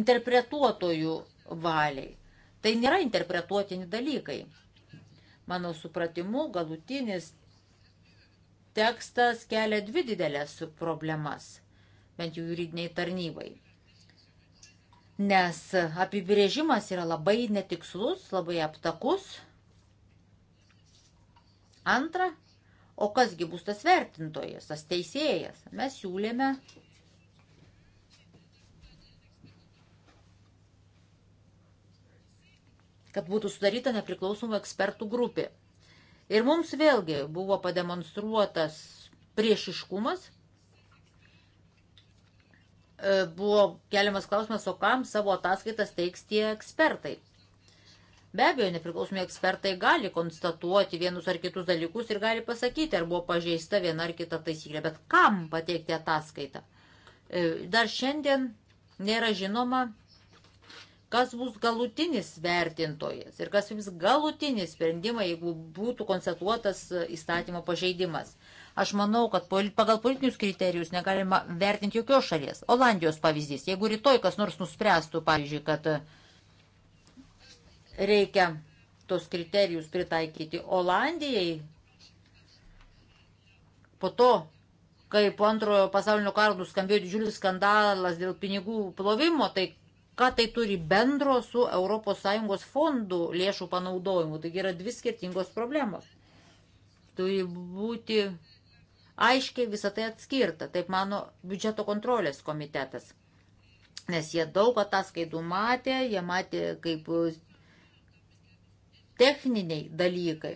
interpretuotojų valiai. Tai nėra interpretuotini dalykai. Mano supratimu, galutinis tekstas kelia dvi didelės problemas, bent jau juridiniai tarnybai nes apibrėžimas yra labai netikslus, labai aptakus. Antra, o kasgi bus tas vertintojas, tas teisėjas? Mes siūlėme kad būtų sudaryta nepriklausomų ekspertų grupė. Ir mums vėlgi buvo pademonstruotas priešiškumas, E, buvo keliamas klausimas, o kam savo ataskaitas teiks tie ekspertai. Be abejo, nepriklausomi ekspertai gali konstatuoti vienus ar kitus dalykus ir gali pasakyti, ar buvo pažeista viena ar kita taisyklė, bet kam pateikti ataskaitą. E, dar šiandien nėra žinoma, kas bus galutinis vertintojas ir kas jums galutinį sprendimą, jeigu būtų konstatuotas įstatymo pažeidimas. Aš manau, kad pagal politinius kriterijus negalima vertinti jokios šalies. Olandijos pavyzdys. Jeigu rytoj kas nors nuspręstų, pavyzdžiui, kad reikia tos kriterijus pritaikyti Olandijai, po to, kai po antrojo pasaulinio karo nuskambėjo didžiulis skandalas dėl pinigų plovimo, tai ką tai turi bendro su ES fondų lėšų panaudojimu. Taigi yra dvi skirtingos problemos. Turi būti aiškiai visą tai atskirta, taip mano biudžeto kontrolės komitetas. Nes jie daug ataskaidų matė, jie matė kaip techniniai dalykai.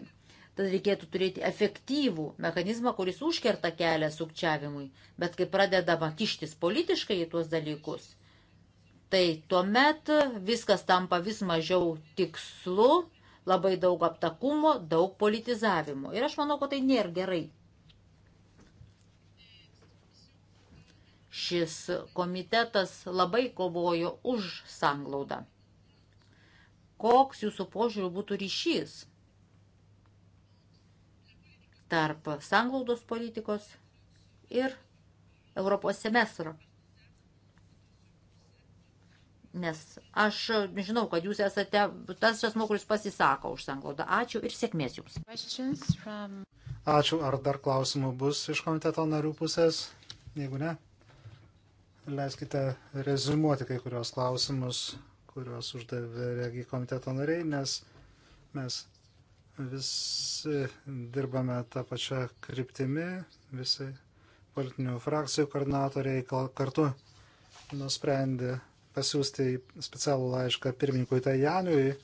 Tad reikėtų turėti efektyvų mechanizmą, kuris užkerta kelią sukčiavimui. Bet kai pradedama kištis politiškai į tuos dalykus, tai tuomet viskas tampa vis mažiau tikslu, labai daug aptakumo, daug politizavimo. Ir aš manau, kad tai nėra gerai. Šis komitetas labai kovojo už sanglaudą. Koks jūsų požiūrių būtų ryšys tarp sanglaudos politikos ir Europos semestro? Nes aš žinau, kad jūs esate tas asmo, kuris pasisako už sanglaudą. Ačiū ir sėkmės jums. Ačiū. Ar dar klausimų bus iš komiteto narių pusės? Jeigu ne. Leiskite rezumuoti kai kurios klausimus, kuriuos uždavė regi komiteto nariai, nes mes visi dirbame tą pačią kryptimį, visi politinių frakcijų koordinatoriai kartu nusprendė pasiūsti specialų laišką pirmininkui Tajaniui,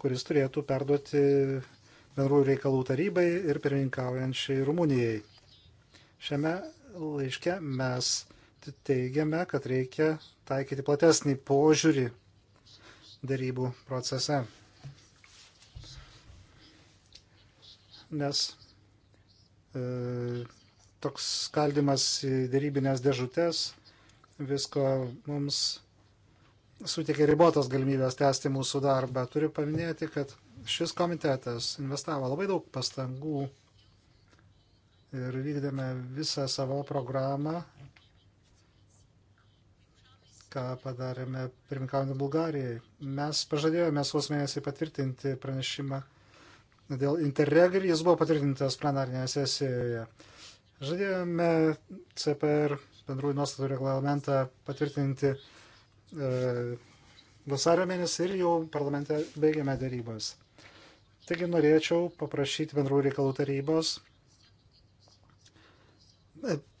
kuris turėtų perduoti bendrųjų reikalų tarybai ir pirmininkaujančiai Rumunijai. Šiame laiške mes teigiame, kad reikia taikyti platesnį požiūrį darybų procese. Nes e, toks skaldimas į darybinės dėžutės visko mums suteikia ribotas galimybės tęsti mūsų darbą. Turiu paminėti, kad šis komitetas investavo labai daug pastangų ir vykdėme visą savo programą, ką padarėme pirmininkaujant Bulgarijai. Mes pažadėjome sausio mėnesį patvirtinti pranešimą dėl Interreg ir jis buvo patvirtintas plenarinėje sesijoje. Žadėjome CPR bendrųjų nuostatų reglamentą patvirtinti e, vasario mėnesį ir jau parlamente baigėme darybas. Taigi norėčiau paprašyti bendrųjų reikalų tarybos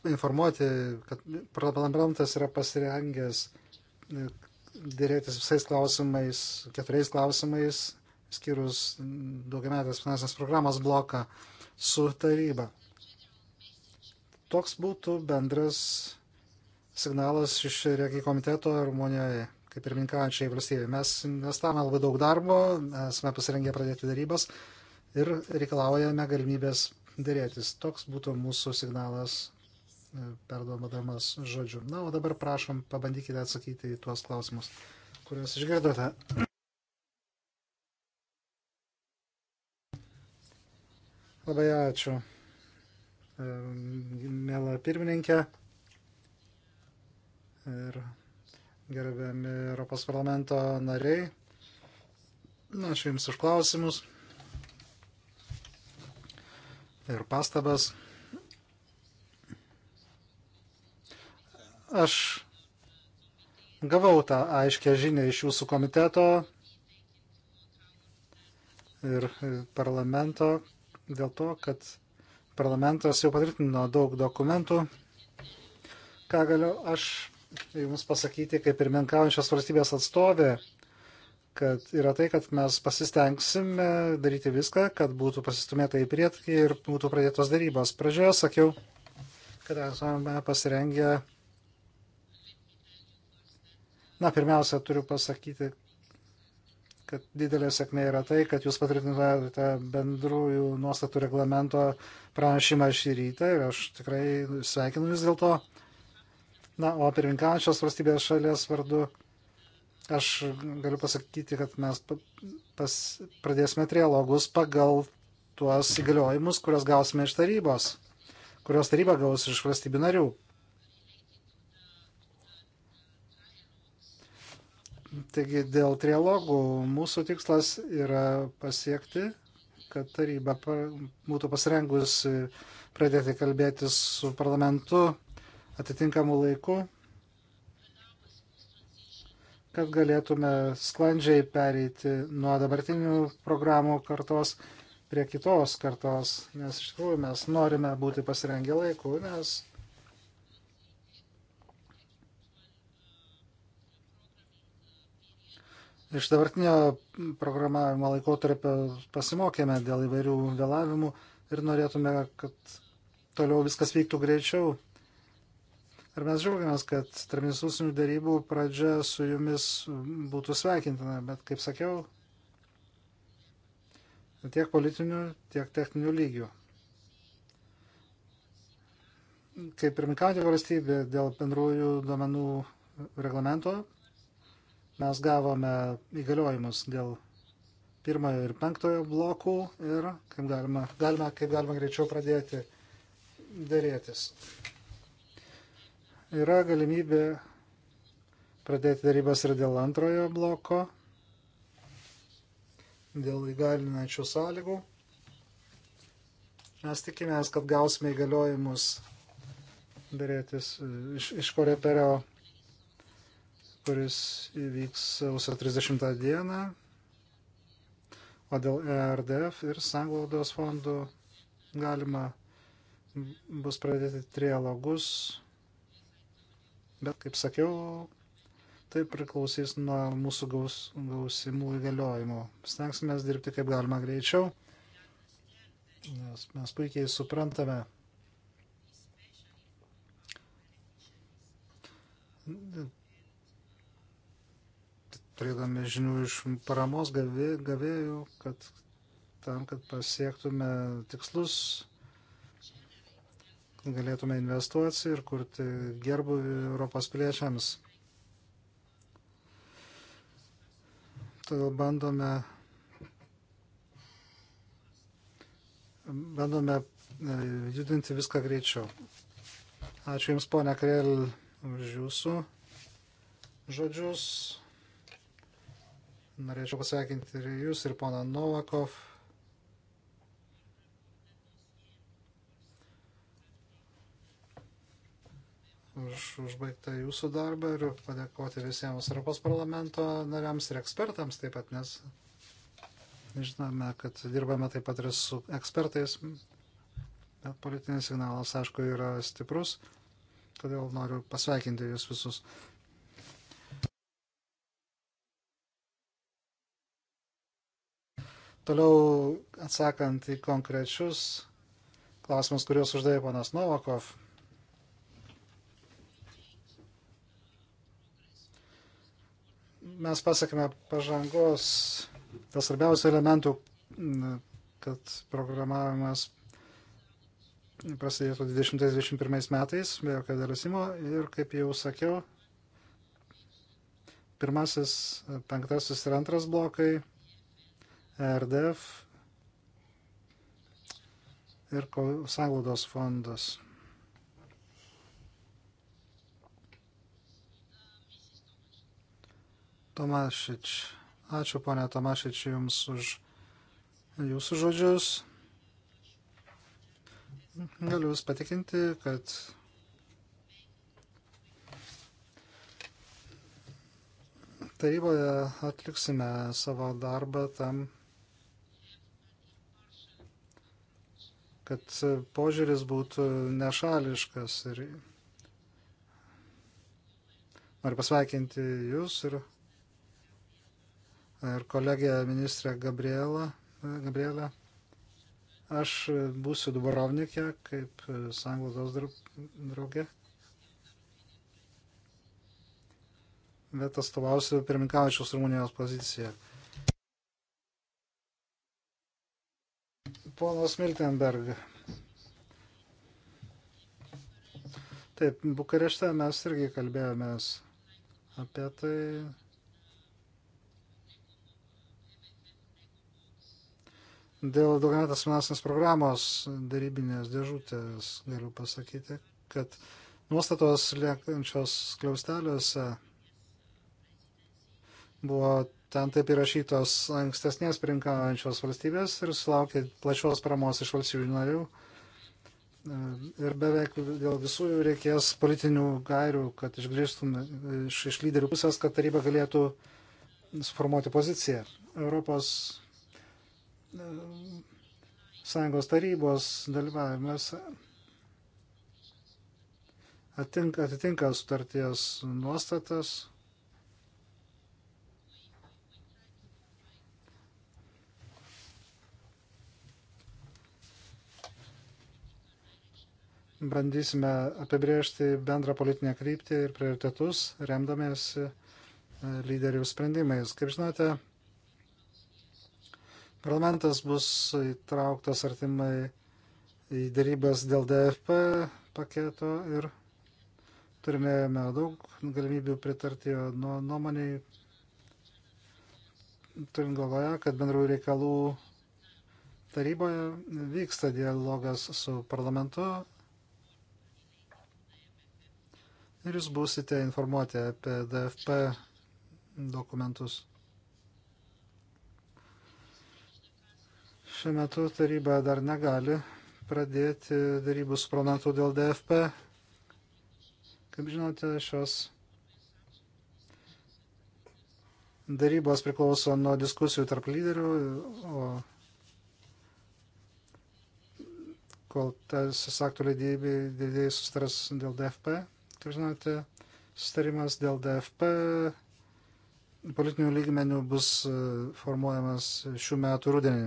informuoti, kad parlamentas yra pasirengęs e, dėrėtis visais klausimais, keturiais klausimais, skyrus daugiametės finansinės programos bloką su taryba. Toks būtų bendras signalas iš Regi komiteto Rumunijoje, kaip ir minkaujančiai valstybė. Mes investavome labai daug darbo, esame pasirengę pradėti darybas ir reikalaujame galimybės dėrėtis. Toks būtų mūsų signalas perduodamas žodžiu. Na, o dabar prašom, pabandykite atsakyti į tuos klausimus, kuriuos išgirdote. Labai ačiū, mėla pirmininkė ir gerbiami Europos parlamento nariai. Ačiū Jums už klausimus ir pastabas. Aš gavau tą aiškę žinę iš jūsų komiteto ir parlamento dėl to, kad parlamentas jau patvirtino daug dokumentų. Ką galiu aš jums pasakyti, kaip ir menkaujančios valstybės atstovė, kad yra tai, kad mes pasistengsime daryti viską, kad būtų pasistumėta į priekį ir būtų pradėtos darybos. Pradžioje sakiau, kad esame pasirengę Na, pirmiausia, turiu pasakyti, kad didelė sėkmė yra tai, kad jūs patvirtinote bendrųjų nuostatų reglamento pranešimą šį rytą ir aš tikrai sveikinu jūs dėl to. Na, o pirmininkančios valstybės šalies vardu aš galiu pasakyti, kad mes pas, pradėsime trialogus pagal tuos įgaliojimus, kuriuos gausime iš tarybos, kuriuos taryba gaus iš valstybių narių. Taigi dėl trialogų mūsų tikslas yra pasiekti, kad taryba būtų pasirengusi pradėti kalbėtis su parlamentu atitinkamu laiku, kad galėtume sklandžiai pereiti nuo dabartinių programų kartos prie kitos kartos, nes iš tikrųjų mes norime būti pasirengę laiku, nes Iš dabartinio programavimo laikotarpio pasimokėme dėl įvairių vėlavimų ir norėtume, kad toliau viskas vyktų greičiau. Ir mes žiūrėjomės, kad tarpinisusinių darybų pradžia su jumis būtų sveikintina, bet kaip sakiau, tiek politinių, tiek techninių lygių. Kaip pirminkauti valstybė dėl bendrųjų duomenų reglamento mes gavome įgaliojimus dėl pirmojo ir penktojo blokų ir kaip galima, galima, kaip galima greičiau pradėti dėrėtis. Yra galimybė pradėti dėrybas ir dėl antrojo bloko, dėl įgalinančių sąlygų. Mes tikimės, kad gausime įgaliojimus dėrėtis iš, iš Koreperio kuris įvyks sausio 30 dieną, o dėl ERDF ir sanglaudos fondų galima bus pradėti trialogus, bet, kaip sakiau, tai priklausys nuo mūsų gaus, gausimų įgaliojimų. Stengsime dirbti kaip galima greičiau, nes mes puikiai suprantame, turėdami žinių iš paramos gavėjų, kad tam, kad pasiektume tikslus, galėtume investuoti ir kurti gerbuvį Europos piliečiams. Todėl bandome, bandome e, judinti viską greičiau. Ačiū Jums, ponia Krėl, už Jūsų žodžius. Norėčiau pasveikinti ir jūs, ir poną Novakov. Už užbaigtą jūsų darbą ir padėkoti visiems Europos parlamento nariams ir ekspertams taip pat, nes žinome, kad dirbame taip pat ir su ekspertais, bet politinis signalas, aišku, yra stiprus, todėl noriu pasveikinti jūs visus. Toliau atsakant į konkrečius klausimus, kuriuos uždavė ponas Novakov. Mes pasakėme pažangos, tas svarbiausių elementų, kad programavimas prasidėtų 2021 metais, be jokio dėlesimo. Ir kaip jau sakiau, pirmasis, penktasis ir antras blokai RDF ir sąglaudos fondas. Tomašič. Ačiū, ponė Tomašič, Jums už Jūsų žodžius. Galiu Jūs patikinti, kad taryboje atliksime savo darbą tam, kad požiūris būtų nešališkas. Ir noriu pasveikinti Jūs ir, ir kolegę ministrę Gabrielą. Gabrielę. Aš būsiu Dubrovnikė kaip sanglaudos draugė. Bet atstovausiu pirmininkaujančios Rumunijos poziciją. Ponas Miltenberg. Taip, Bukarešte mes irgi kalbėjomės apie tai. Dėl daugiametės finansinės programos darybinės dėžutės galiu pasakyti, kad nuostatos liekančios kliausteliuose buvo Ten taip įrašytos ankstesnės prinkaujančios valstybės ir sulaukė plačios paramos iš valstybių narių. E, ir beveik dėl visų jų reikės politinių gairių, kad išgrįžtume iš, iš lyderių pusės, kad taryba galėtų suformuoti poziciją. Europos e, Sąjungos tarybos dalyvavimas atitinka, atitinka sutarties nuostatas bandysime apibriežti bendrą politinę kryptį ir prioritetus, remdamėsi e, lyderių sprendimais. Kaip žinote, parlamentas bus įtrauktas artimai į dėrybas dėl DFP paketo ir turime daug galimybių pritarti jo nuomoniai, turint galvoje, kad bendrų reikalų taryboje vyksta dialogas su parlamentu ir jūs būsite informuoti apie DFP dokumentus. Šiuo metu taryba dar negali pradėti darybų su pronatu dėl DFP. Kaip žinote, šios darybos priklauso nuo diskusijų tarp lyderių, o kol tas aktų leidėjai susitars dėl DFP, Kaip žinote, sustarimas dėl DFP politinių lygmenių bus e, formuojamas šių metų rudenį.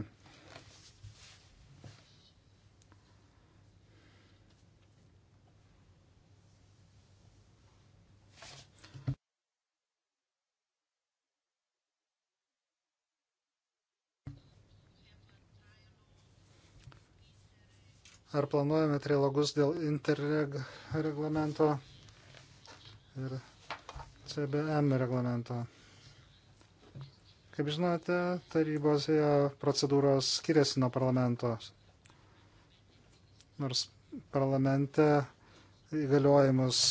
Ar planuojame trilogus dėl interreg reglamento? ir CBM reglamento. Kaip žinote, tarybos procedūros skiriasi nuo parlamento. Nors parlamente įgaliojimus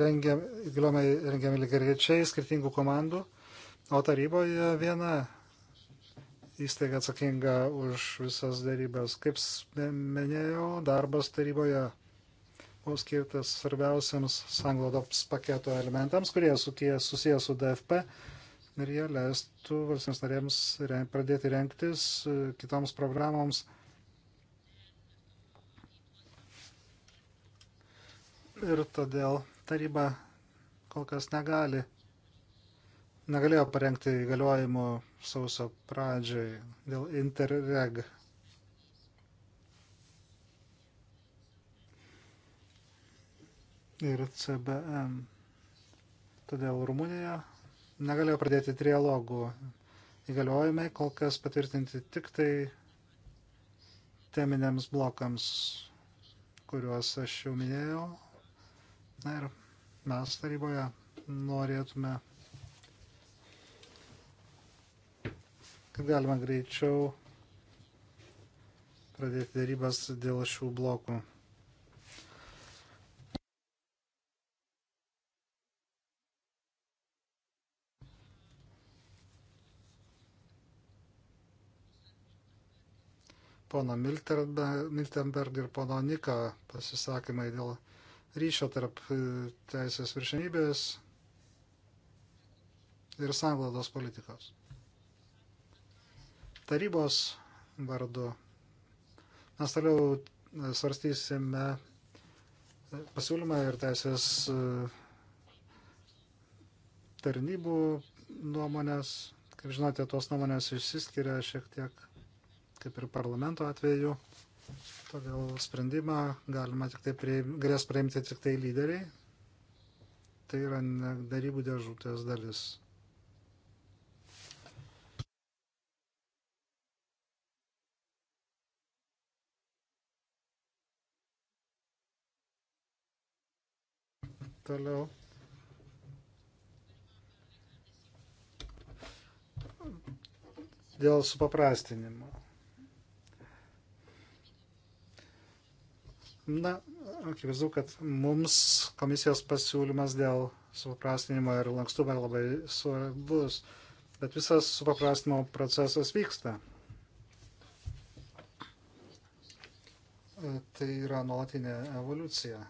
rengiam, įgaliojimai rengiami lygiai skirtingų komandų, o taryboje viena įstaiga atsakinga už visas darybas. Kaip minėjau, darbas taryboje skirtas svarbiausiams sanglodops paketo elementams, kurie susijęs su DFP ir jie leistų valstybės narėms pradėti renktis e, kitoms programoms. Ir todėl taryba kol kas negali, negalėjo parengti įgaliojimų sausio pradžiai dėl Interreg ir CBM. Todėl Rumunija negalėjo pradėti trialogų. Įgaliojimai kol kas patvirtinti tik tai teminėms blokams, kuriuos aš jau minėjau. Na ir mes taryboje norėtume, kad galima greičiau pradėti darybas dėl šių blokų. pono Miltenberg ir pono Nika pasisakymai dėl ryšio tarp e, teisės viršenybės ir sanglaudos politikos. Tarybos vardu mes toliau e, svarstysime e, pasiūlymą ir teisės tarnybų nuomonės. Kaip žinote, tos nuomonės išsiskiria šiek tiek kaip ir parlamento atveju. Todėl sprendimą galima tik tai prieim, galės priimti tik tai lyderiai. Tai yra darybų dėžutės dalis. Toliau. Dėl supaprastinimo. Na, akivaizdu, kad mums komisijos pasiūlymas dėl supaprastinimo ir lankstumo labai svarbus, bet visas supaprastinimo procesas vyksta. Tai yra nuolatinė evoliucija.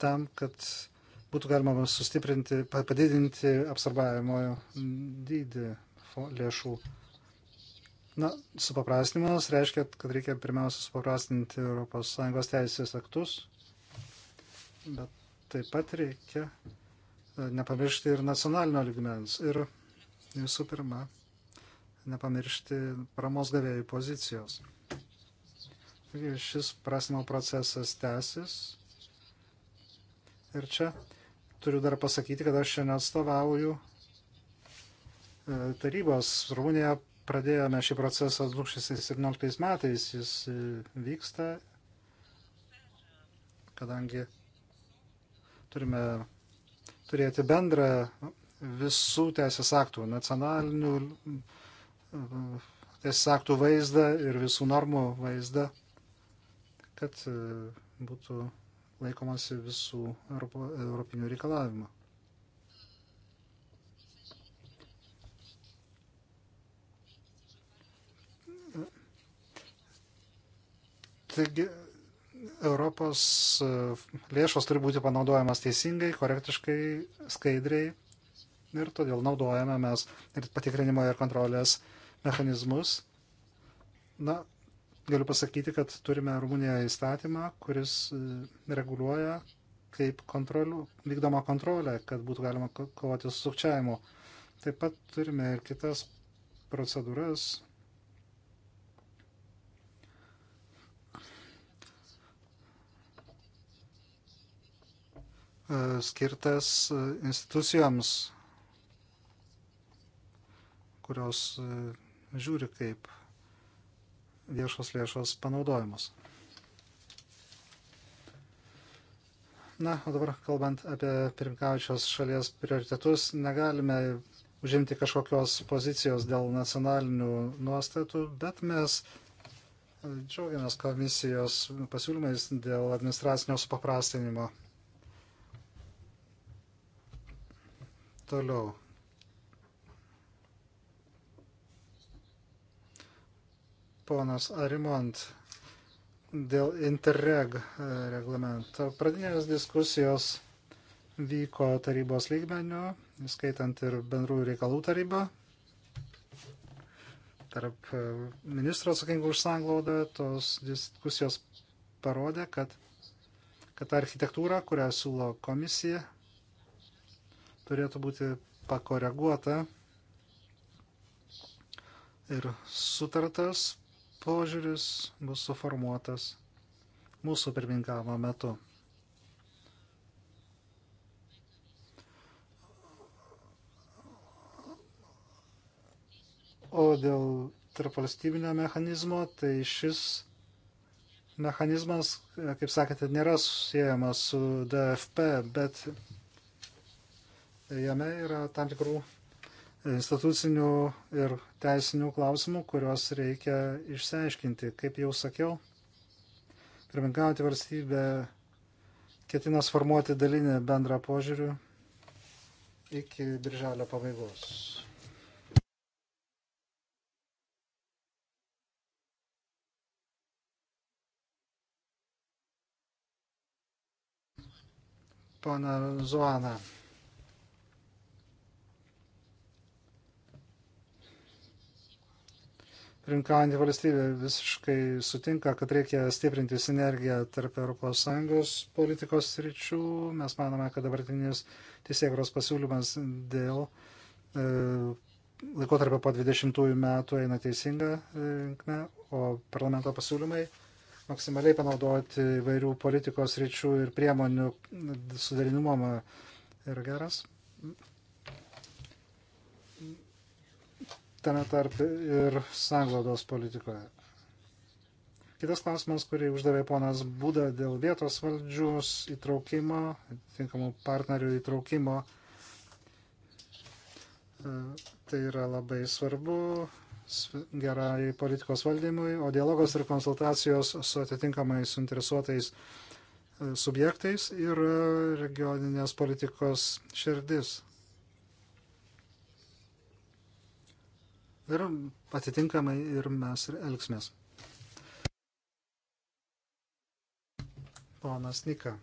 Tam, kad būtų galima sustiprinti, padidinti apsarbavimo dydį lėšų. Na, supaprastinimas reiškia, kad reikia pirmiausia supaprastinti ES teisės aktus, bet taip pat reikia e, nepamiršti ir nacionalinio ligmens. Ir visų pirma, nepamiršti paramos gavėjų pozicijos. Šis prasmo procesas tęsis. Ir čia turiu dar pasakyti, kad aš šiandien atstovauju e, tarybos Rumunija pradėjome šį procesą 2017 metais, jis e, vyksta, kadangi turime turėti bendrą visų teisės aktų, nacionalinių e, teisės aktų vaizdą ir visų normų vaizdą, kad e, būtų laikomasi visų europinių reikalavimų. Taigi Europos e, lėšos turi būti panaudojamas teisingai, korektiškai, skaidriai ir todėl naudojame mes ir patikrinimo ir kontrolės mechanizmus. Na, galiu pasakyti, kad turime Rumunijoje įstatymą, kuris e, reguliuoja kaip kontrolių, vykdoma kontrolė, kad būtų galima kovoti su sukčiavimu. Taip pat turime ir kitas procedūras, E, skirtas e, institucijoms, kurios e, žiūri, kaip viešos lėšos panaudojamos. Na, o dabar kalbant apie pirmkaujančios šalies prioritetus, negalime užimti kažkokios pozicijos dėl nacionalinių nuostatų, bet mes džiaugiamės komisijos pasiūlymais dėl administracinio supaprastinimo. Toliau. Ponas Arimont dėl Interreg e, reglamento. Pradinės diskusijos vyko tarybos lygmenių, įskaitant ir bendrųjų reikalų tarybą, tarp e, ministro atsakingų už sanglaudą, tos diskusijos parodė, kad, kad architektūra, kurią siūlo komisija, turėtų būti pakoreguota ir sutartas požiūris bus suformuotas mūsų pirmininkavimo metu. O dėl tarpvalstybinio mechanizmo, tai šis mechanizmas, kaip sakėte, nėra susijęjamas su DFP, bet Jame yra tam tikrų institucinių ir teisinių klausimų, kuriuos reikia išsiaiškinti. Kaip jau sakiau, pirmininkauti valstybė ketina sformuoti dalinį bendrą požiūrių iki birželio pabaigos. Pana Zoana. Rinkaujantį valstybę visiškai sutinka, kad reikia stiprinti sinergiją tarp ES politikos ryčių. Mes manome, kad dabartinis teisėkros pasiūlymas dėl e, laikotarpio po 20 metų eina teisinga e, linkme, o parlamento pasiūlymai maksimaliai panaudoti vairių politikos ryčių ir priemonių suderinimumą yra geras. tame tarp ir sanglaudos politikoje. Kitas klausimas, kurį uždavė ponas Būda dėl vietos valdžios įtraukimo, tinkamų partnerių įtraukimo, e, tai yra labai svarbu gerai politikos valdymui, o dialogos ir konsultacijos su atitinkamai suinteresuotais e, subjektais ir regioninės politikos širdis. Ir atitinkamai ir mes ir elgsimės. Ponas Nika.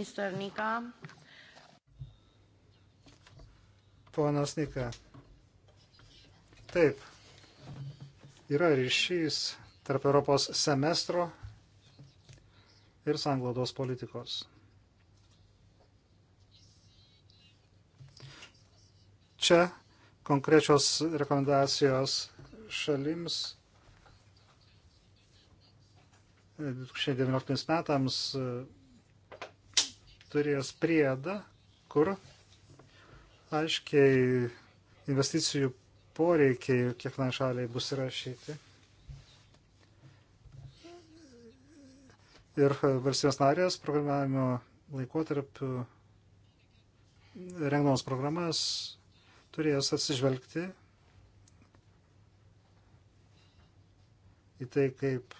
Mr. Nika, Ponas Nika. Taip, yra ryšys tarp Europos semestro ir sanglaudos politikos. Čia konkrečios rekomendacijos šalims 2019 metams turės priedą, kur aiškiai investicijų poreikiai kiekvienai šaliai bus įrašyti. Ir valstybės narės programavimo laikotarpiu rengdamos programas turės atsižvelgti į tai, kaip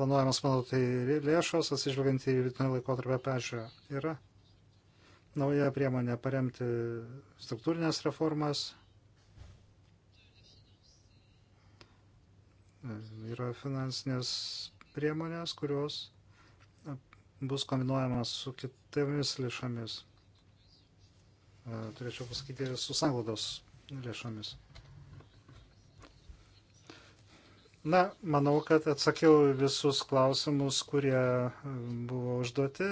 planuojamas panaudoti lėšos, atsižvelgiant į vidutinio laikotarpio pežiūrą. Yra nauja priemonė paremti struktūrinės reformas. Yra finansinės priemonės, kurios bus kombinuojamas su kitomis lėšomis. Turėčiau pasakyti, su sanglaudos lėšomis. Na, manau, kad atsakiau visus klausimus, kurie um, buvo užduoti.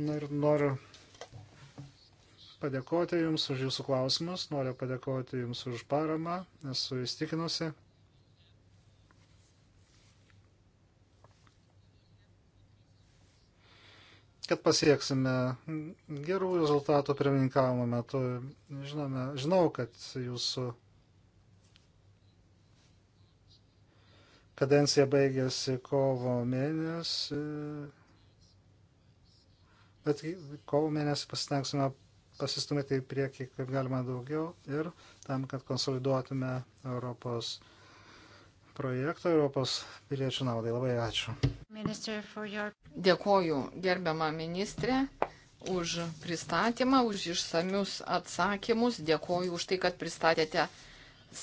Na ir noriu padėkoti Jums už Jūsų klausimus, noriu padėkoti Jums už paramą, esu įstikinusi. kad pasieksime gerų rezultatų pirmininkavimo metu. Žinome, žinau, kad jūsų kadencija baigėsi kovo mėnesį, bet kovo mėnesį pasitengsime pasistumėti į priekį kaip galima daugiau ir tam, kad konsoliduotume Europos projektą Europos piliečių naudai. Labai ačiū. Your... Dėkoju gerbiamą ministrę už pristatymą, už išsamius atsakymus. Dėkoju už tai, kad pristatėte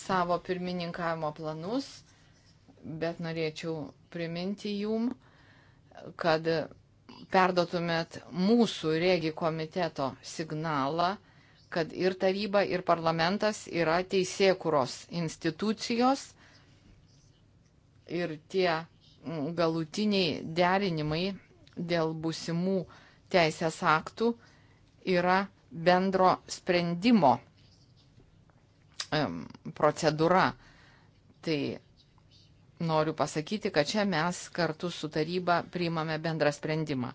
savo pirmininkavimo planus bet norėčiau priminti jum, kad perdotumėt mūsų regi komiteto signalą, kad ir taryba, ir parlamentas yra teisėkuros institucijos ir tie galutiniai derinimai dėl būsimų teisės aktų yra bendro sprendimo procedūra. Tai noriu pasakyti, kad čia mes kartu su taryba priimame bendrą sprendimą.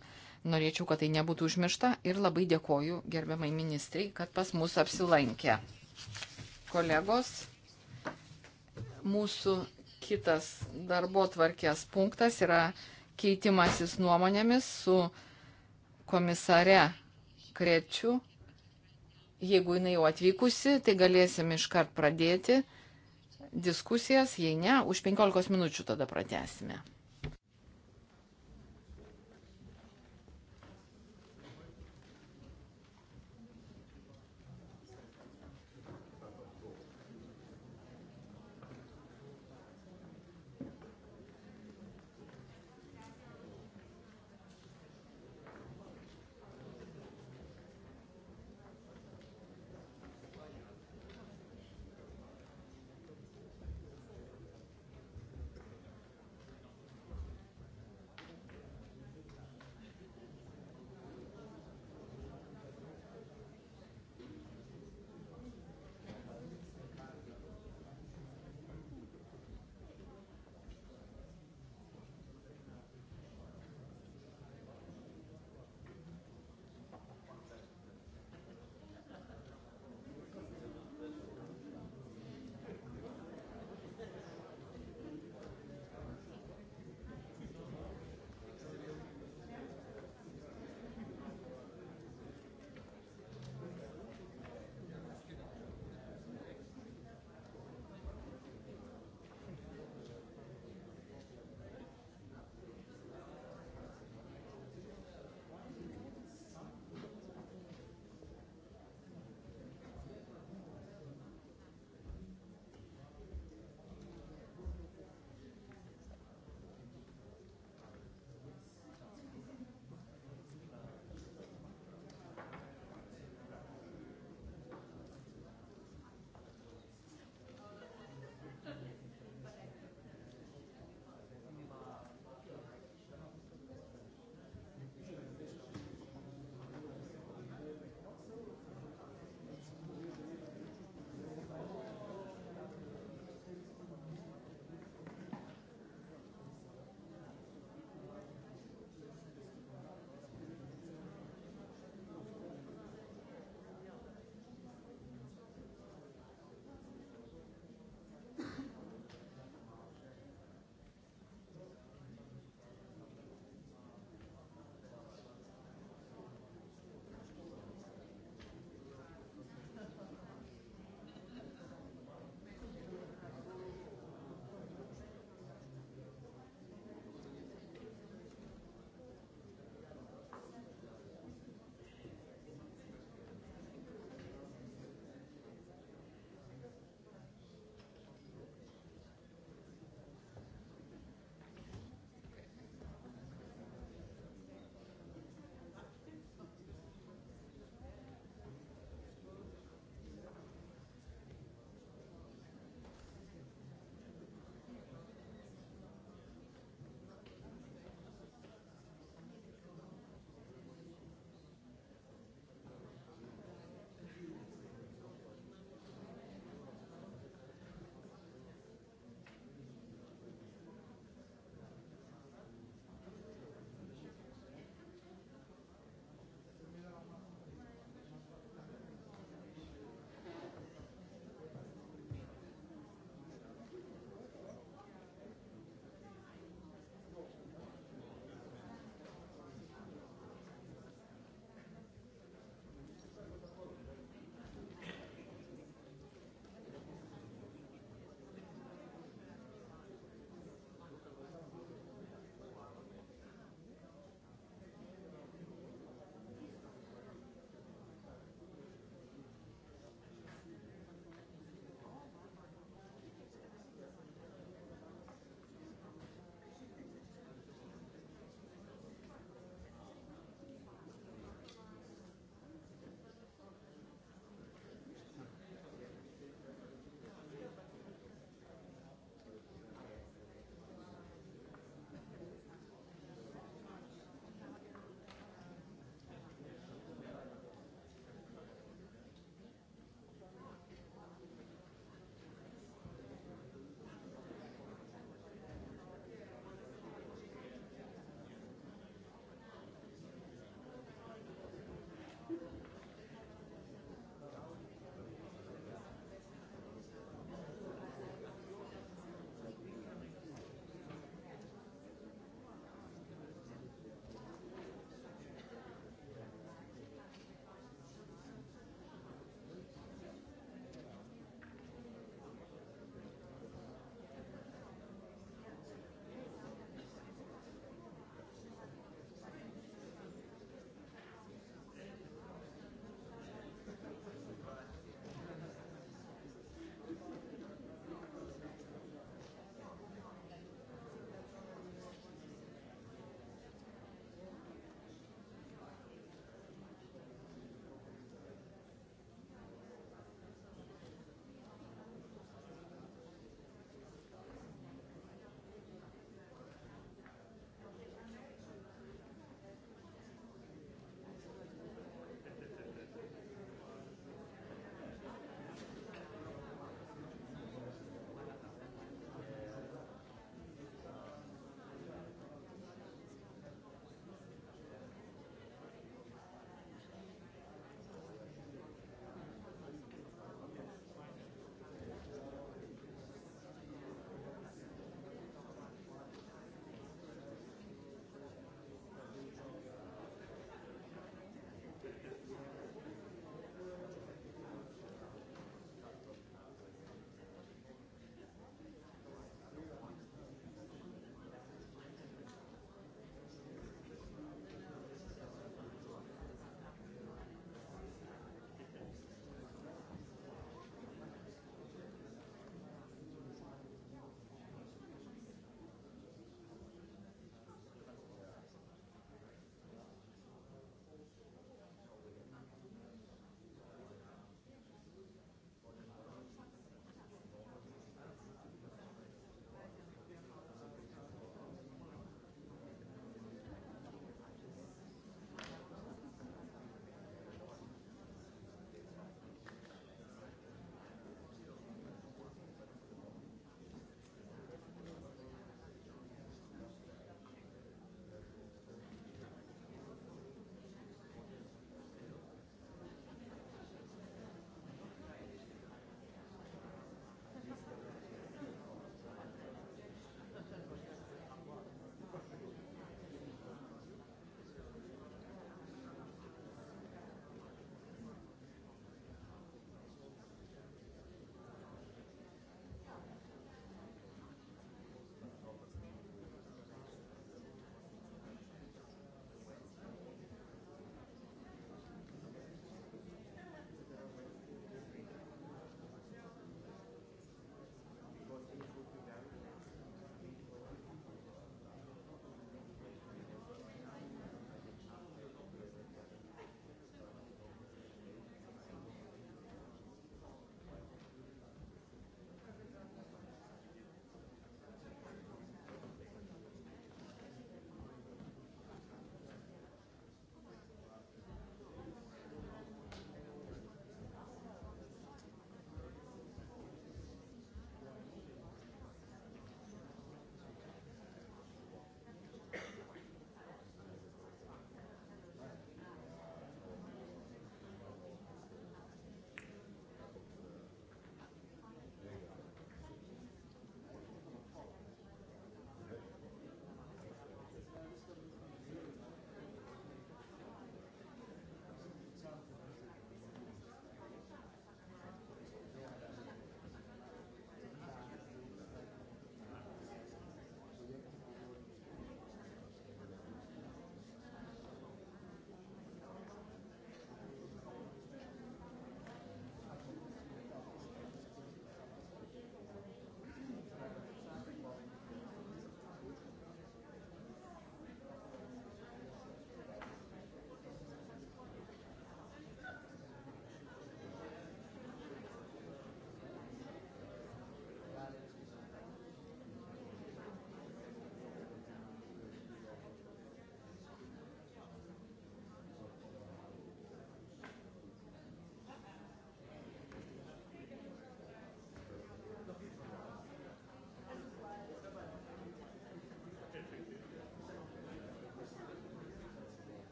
Norėčiau, kad tai nebūtų užmiršta ir labai dėkoju gerbiamai ministrai, kad pas mus apsilankė. Kolegos, mūsų kitas darbo tvarkės punktas yra keitimasis nuomonėmis su komisare Krečiu. Jeigu jinai jau atvykusi, tai galėsim iškart pradėti diskusijas, jei ne, už 15 minučių tada pratesime.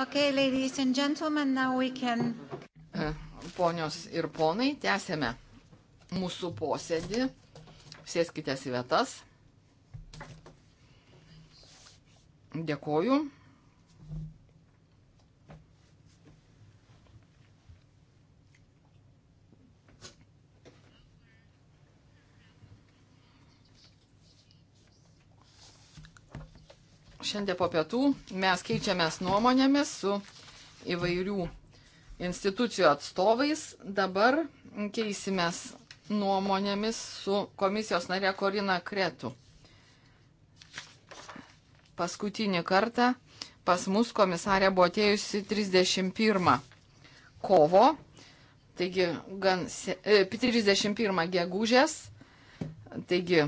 Okay, ladies and gentlemen, now we can. E, ponios ir ponai, tęsėme mūsų posėdį. Sėskite į vietas. Dėkoju. Šiandien po pietų mes keičiamės nuomonėmis su įvairių institucijų atstovais. Dabar keisimės nuomonėmis su komisijos narė Korina Kretu. Paskutinį kartą pas mus komisarė buvo atėjusi 31 kovo, taigi gan se, 31 e, gegužės, taigi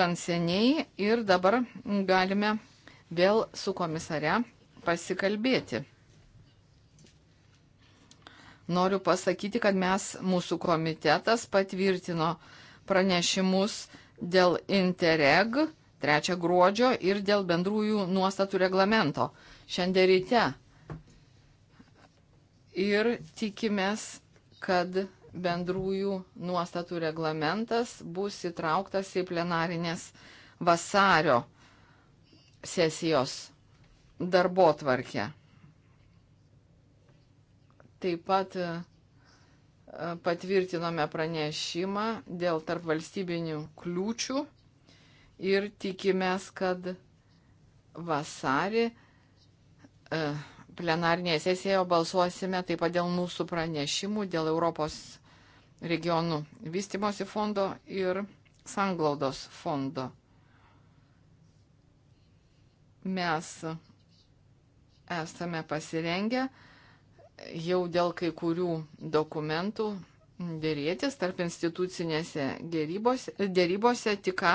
gan seniai ir dabar galime vėl su komisare pasikalbėti. Noriu pasakyti, kad mes, mūsų komitetas patvirtino pranešimus dėl Interreg 3 gruodžio ir dėl bendrųjų nuostatų reglamento šiandien ryte. Ir tikimės, kad bendrųjų nuostatų reglamentas bus įtrauktas į plenarinės vasario sesijos darbo tvarkę. Taip pat e, patvirtinome pranešimą dėl tarpvalstybinių kliūčių ir tikimės, kad vasarį e, plenarnėje sesijoje balsuosime taip pat dėl mūsų pranešimų, dėl Europos regionų vystimosi fondo ir sanglaudos fondo. Mes esame pasirengę jau dėl kai kurių dokumentų dėrėtis tarp institucinėse dėrybose, dėrybose tik ką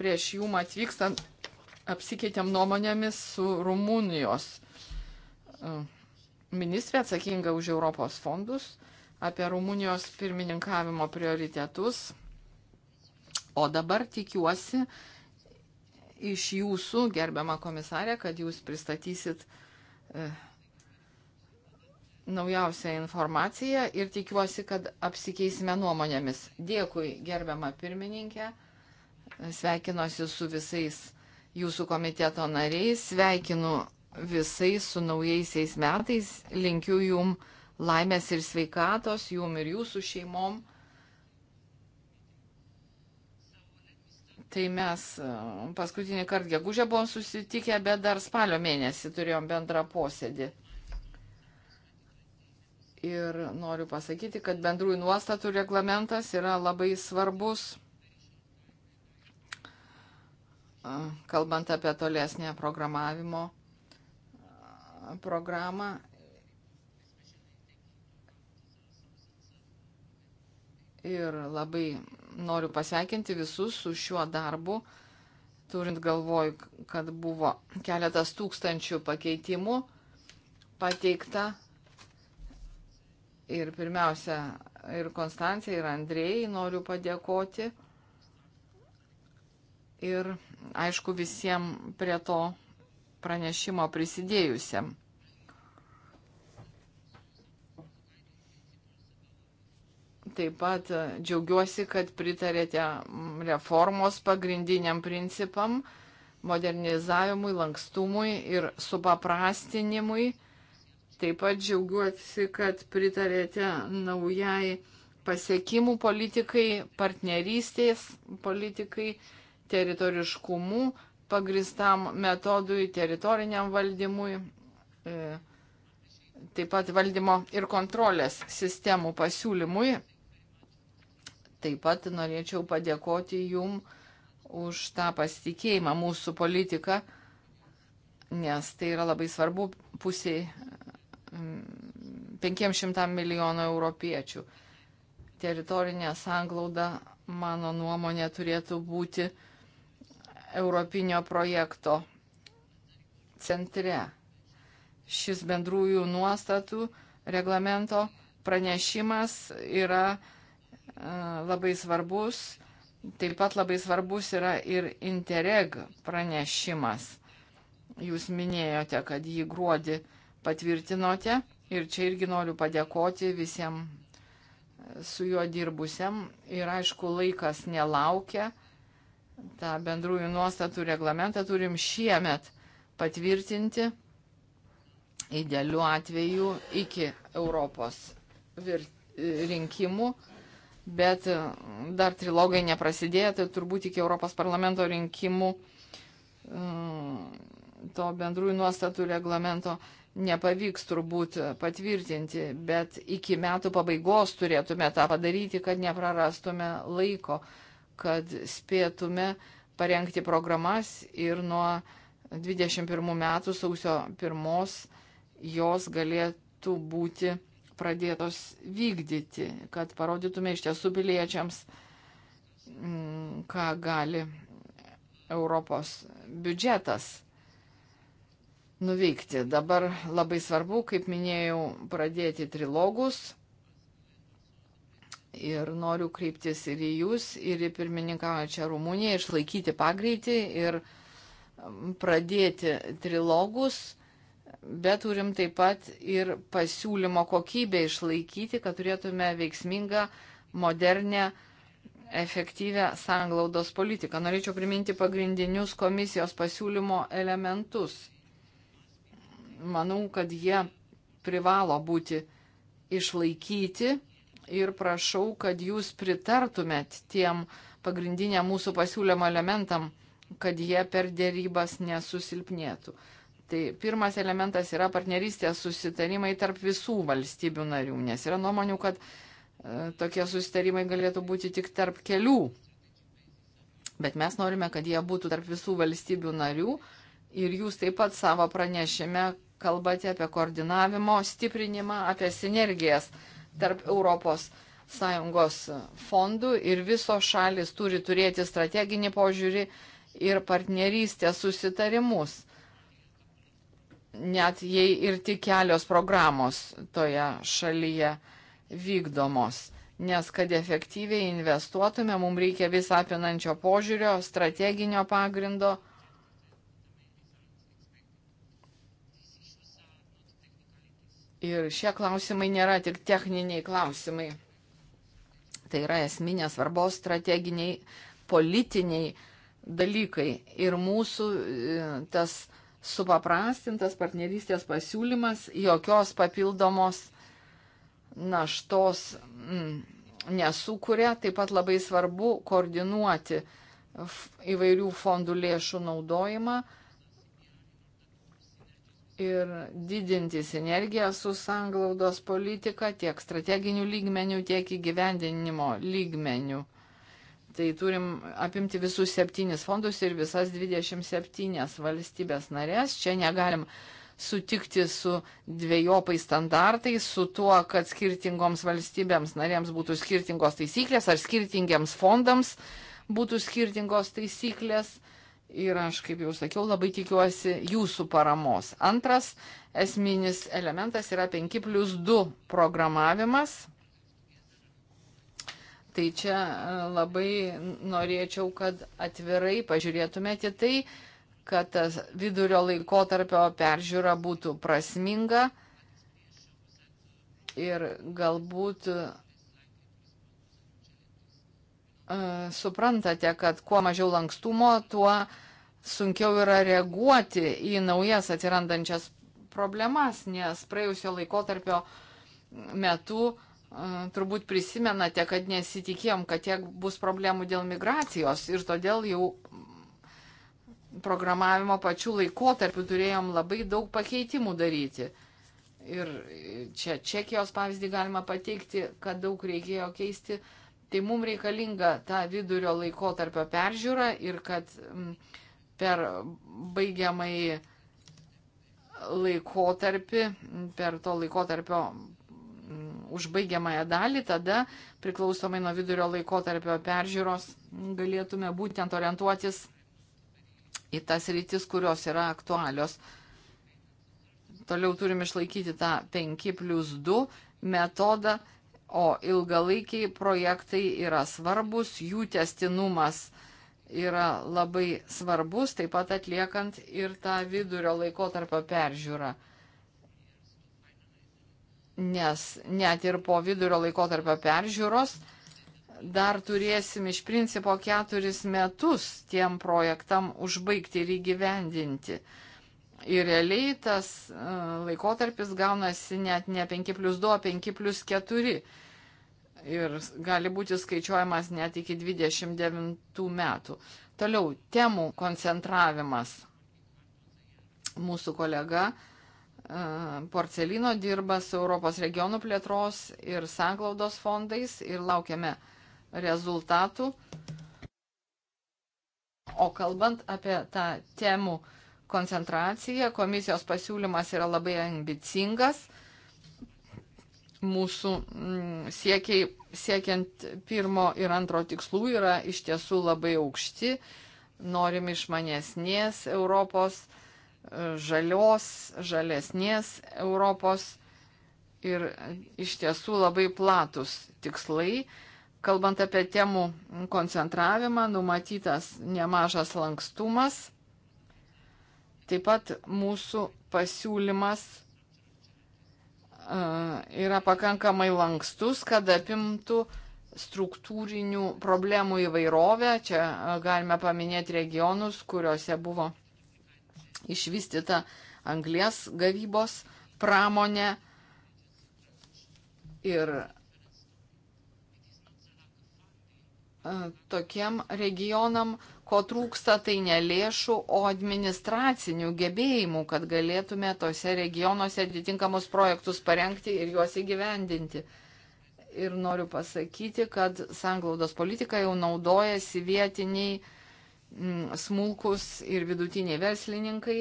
prieš jum atvykstant apsikeitėm nuomonėmis su Rumunijos e, ministrė atsakinga už Europos fondus apie Rumunijos pirmininkavimo prioritetus. O dabar tikiuosi iš jūsų, gerbiama komisarė, kad jūs pristatysit e, naujausią informaciją ir tikiuosi, kad apsikeisime nuomonėmis. Dėkui, gerbiama pirmininkė. Sveikinuosi su visais jūsų komiteto nariais. Sveikinu visais su naujaisiais metais. Linkiu jum laimės ir sveikatos, jum ir jūsų šeimom. Tai mes e, paskutinį kartą gegužę buvom susitikę, bet dar spalio mėnesį turėjom bendrą posėdį. Ir noriu pasakyti, kad bendrųjų nuostatų reglamentas yra labai svarbus, e, kalbant apie tolesnę programavimo e, programą. Ir labai noriu pasveikinti visus su šiuo darbu, turint galvoj, kad buvo keletas tūkstančių pakeitimų pateikta. Ir pirmiausia, ir Konstancijai, ir Andrėjai noriu padėkoti. Ir aišku, visiems prie to pranešimo prisidėjusiam. Taip pat e, džiaugiuosi, kad pritarėte reformos pagrindiniam principam - modernizavimui, lankstumui ir supaprastinimui. Taip pat džiaugiuosi, kad pritarėte naujai pasiekimų politikai, partnerystės politikai, teritoriškumų pagristam metodui, teritoriniam valdymui, e, taip pat valdymo ir kontrolės sistemų pasiūlymui Taip pat norėčiau padėkoti jum už tą pasitikėjimą mūsų politiką, nes tai yra labai svarbu pusiai 500 milijonų europiečių. Teritorinė sanglauda, mano nuomonė, turėtų būti europinio projekto centre. Šis bendrųjų nuostatų reglamento pranešimas yra labai svarbus. Taip pat labai svarbus yra ir Interreg pranešimas. Jūs minėjote, kad jį gruodį patvirtinote ir čia irgi noriu padėkoti visiems su juo dirbusiam. Ir aišku, laikas nelaukia. Ta bendrųjų nuostatų reglamentą turim šiemet patvirtinti idealiu atveju iki Europos rinkimų bet e, dar trilogai neprasidėjo, tai turbūt iki Europos parlamento rinkimų e, to bendrųjų nuostatų reglamento nepavyks turbūt patvirtinti, bet iki metų pabaigos turėtume tą padaryti, kad neprarastume laiko, kad spėtume parengti programas ir nuo 21 metų sausio 1 jos galėtų būti pradėtos vykdyti, kad parodytume iš tiesų piliečiams, mm, ką gali Europos biudžetas nuveikti. Dabar labai svarbu, kaip minėjau, pradėti trilogus. Ir noriu kreiptis ir į jūs, ir į pirmininkaujančią Rumuniją, išlaikyti pagreitį ir pradėti trilogus bet turim taip pat ir pasiūlymo kokybę išlaikyti, kad turėtume veiksmingą, modernę, efektyvę sanglaudos politiką. Norėčiau priminti pagrindinius komisijos pasiūlymo elementus. Manau, kad jie privalo būti išlaikyti ir prašau, kad jūs pritartumėt tiem pagrindiniam mūsų pasiūlymo elementam, kad jie per dėrybas nesusilpnėtų. Tai pirmas elementas yra partnerystės susitarimai tarp visų valstybių narių, nes yra nuomonių, kad e, tokie susitarimai galėtų būti tik tarp kelių. Bet mes norime, kad jie būtų tarp visų valstybių narių ir jūs taip pat savo pranešime kalbate apie koordinavimo stiprinimą, apie sinergijas tarp Europos Sąjungos fondų ir visos šalis turi turėti strateginį požiūrį ir partnerystės susitarimus net jei ir tik kelios programos toje šalyje vykdomos. Nes kad efektyviai investuotume, mums reikia visą apinančio požiūrio, strateginio pagrindo. Ir šie klausimai nėra tik techniniai klausimai. Tai yra esminės svarbos strateginiai, politiniai dalykai. Ir mūsų e, tas uh, supaprastintas partnerystės pasiūlymas jokios papildomos naštos mm, nesukuria. Taip pat labai svarbu koordinuoti įvairių fondų lėšų naudojimą ir didinti sinergiją su sanglaudos politika tiek strateginių lygmenių, tiek įgyvendinimo lygmenių. Tai turim apimti visus septynis fondus ir visas 27 valstybės narės. Čia negalim sutikti su dviejopai standartai, su tuo, kad skirtingoms valstybėms narėms būtų skirtingos taisyklės ar skirtingiams fondams būtų skirtingos taisyklės. Ir aš, kaip jau sakiau, labai tikiuosi jūsų paramos. Antras esminis elementas yra 5 plus 2 programavimas. Tai čia e, labai norėčiau, kad atvirai pažiūrėtumėte tai, kad tas vidurio laikotarpio peržiūra būtų prasminga ir galbūt e, suprantate, kad kuo mažiau lankstumo, tuo sunkiau yra reaguoti į naujas atsirandančias problemas, nes praėjusio laikotarpio metu uh, turbūt prisimenate, kad nesitikėjom, kad tiek bus problemų dėl migracijos ir todėl jau programavimo pačių laikotarpių turėjom labai daug pakeitimų daryti. Ir čia Čekijos pavyzdį galima pateikti, kad daug reikėjo keisti. Tai mums reikalinga ta vidurio laikotarpio peržiūra ir kad per baigiamai laikotarpį, per to laikotarpio Mm, užbaigiamąją dalį, tada priklausomai nuo vidurio laiko tarpio peržiūros galėtume būtent orientuotis į tas rytis, kurios yra aktualios. Toliau turim išlaikyti tą 5 plus 2 metodą, o ilgalaikiai projektai yra svarbus, jų testinumas yra labai svarbus, taip pat atliekant ir tą vidurio laiko tarpio peržiūrą nes net ir po vidurio laikotarpio peržiūros dar turėsim iš principo keturis metus tiem projektam užbaigti ir įgyvendinti. Ir realiai tas e, laikotarpis gaunasi net ne 5 plus 2, o 5 plus 4. Ir gali būti skaičiuojamas net iki 29 metų. Toliau, temų koncentravimas. Mūsų kolega uh, porcelino dirba su Europos regionų plėtros ir sanglaudos fondais ir laukiame rezultatų. O kalbant apie tą temų koncentraciją, komisijos pasiūlymas yra labai ambicingas. Mūsų mm, siekiai, siekiant pirmo ir antro tikslų yra iš tiesų labai aukšti. Norim išmanesnės Europos, uh, žalios, žalesnės Europos ir iš tiesų labai platus tikslai. Kalbant apie temų koncentravimą, numatytas nemažas lankstumas. Taip pat mūsų pasiūlymas e, yra pakankamai lankstus, kad apimtų struktūrinių problemų įvairovę. Čia e, galime paminėti regionus, kuriuose buvo išvystyta anglės gavybos pramonė ir e, tokiem regionam, ko trūksta, tai ne lėšų, o administracinių gebėjimų, kad galėtume tose regionuose atitinkamus projektus parengti ir juos įgyvendinti. Ir noriu pasakyti, kad sanglaudos politika jau naudojasi vietiniai uh, Mm, smulkus ir vidutiniai verslininkai.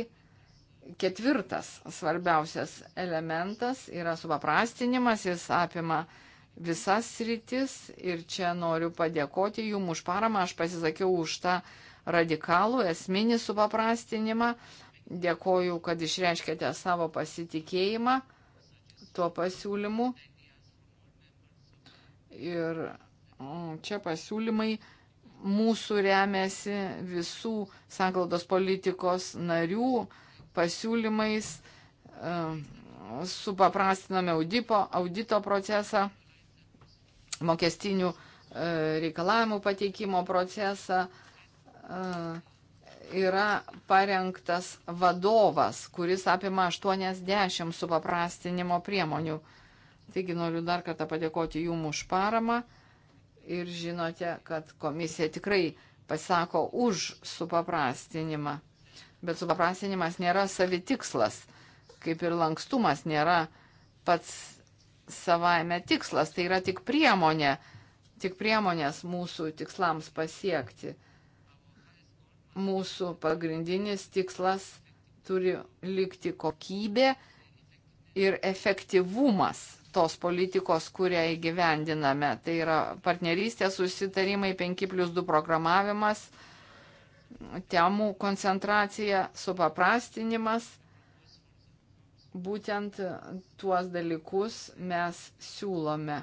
Ketvirtas svarbiausias elementas yra supaprastinimas, jis apima visas sritis ir čia noriu padėkoti jum už paramą, aš pasisakiau už tą radikalų esminį supaprastinimą, dėkoju, kad išreiškėte savo pasitikėjimą tuo pasiūlymu. Ir mm, čia pasiūlymai mūsų remiasi visų sanglaudos politikos narių pasiūlymais, um, supaprastiname audipo, audito procesą, mokestinių uh, reikalavimų pateikimo procesą. Uh, yra parengtas vadovas, kuris apima 80 supaprastinimo priemonių. Taigi noriu dar kartą padėkoti jums už paramą ir žinote, kad komisija tikrai pasisako už supaprastinimą. Bet supaprastinimas nėra savitikslas, kaip ir lankstumas nėra pats savaime tikslas, tai yra tik priemonė, tik priemonės mūsų tikslams pasiekti. Mūsų pagrindinis tikslas turi likti kokybė ir efektyvumas tos politikos, kurią įgyvendiname. Tai yra partnerystės susitarimai 5 plus 2 programavimas, temų koncentracija, supaprastinimas. Būtent tuos dalykus mes siūlome.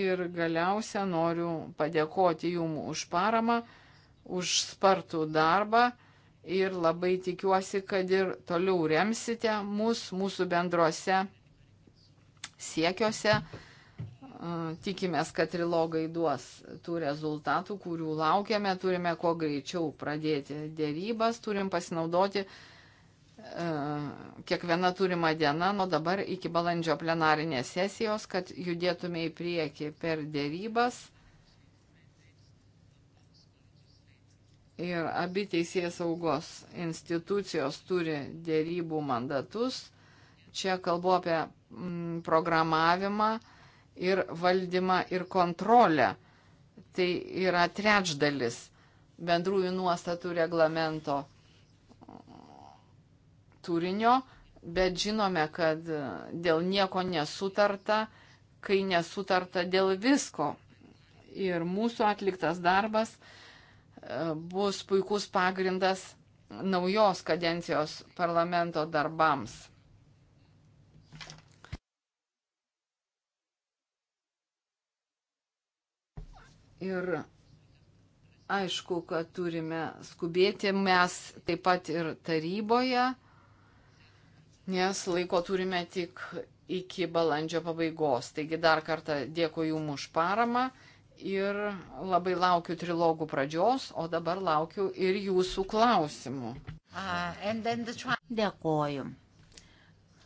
Ir galiausia noriu padėkoti Jums už paramą, už spartų darbą ir labai tikiuosi, kad ir toliau remsite mus mūsų bendrose siekiuose. Uh, tikimės, kad trilogai duos tų rezultatų, kurių laukiame. Turime kuo greičiau pradėti dėrybas, turim pasinaudoti uh, kiekviena turima diena nuo dabar iki balandžio plenarinės sesijos, kad judėtume į priekį per dėrybas. Ir abi teisės saugos institucijos turi dėrybų mandatus. Čia kalbu apie Mm, programavimą ir valdymą ir kontrolę. Tai yra trečdalis bendrųjų nuostatų reglamento turinio, bet žinome, kad dėl nieko nesutarta, kai nesutarta dėl visko. Ir mūsų atliktas darbas e, bus puikus pagrindas naujos kadencijos parlamento darbams. Ir aišku, kad turime skubėti mes taip pat ir taryboje, nes laiko turime tik iki balandžio pabaigos. Taigi dar kartą dėkoju jums už paramą ir labai laukiu trilogų pradžios, o dabar laukiu ir jūsų klausimų. Uh, the... Dėkoju.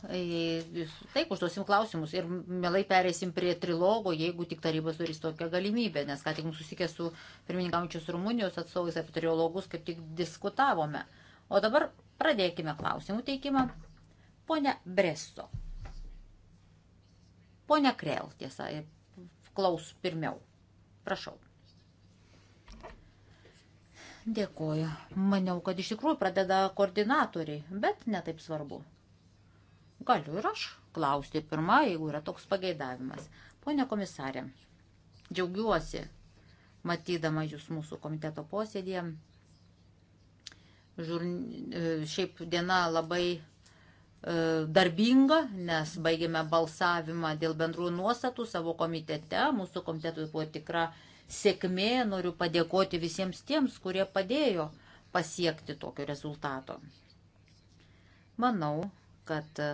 Taip, užduosim klausimus ir mielai pereisim prie trilogo, jeigu tik tarybos turės tokią galimybę, nes ką tik mums susikė su pirmininkaujančios Rumunijos atstovais apie trilogus, kaip tik diskutavome. O dabar pradėkime klausimų teikimą. Pone Bresto. Pone Krell, tiesa, klaus pirmiau. Prašau. Dėkoju. Maniau, kad iš tikrųjų pradeda koordinatoriai, bet netaip svarbu. Galiu ir aš klausti pirmą, jeigu yra toks pageidavimas. Pone komisarė, džiaugiuosi, matydama jūs mūsų komiteto posėdėje. Žur... E, šiaip diena labai e, darbinga, nes baigėme balsavimą dėl bendrų nuostatų savo komitete. Mūsų komitetui buvo tikra sėkmė. Noriu padėkoti visiems tiems, kurie padėjo pasiekti tokio rezultato. Manau, kad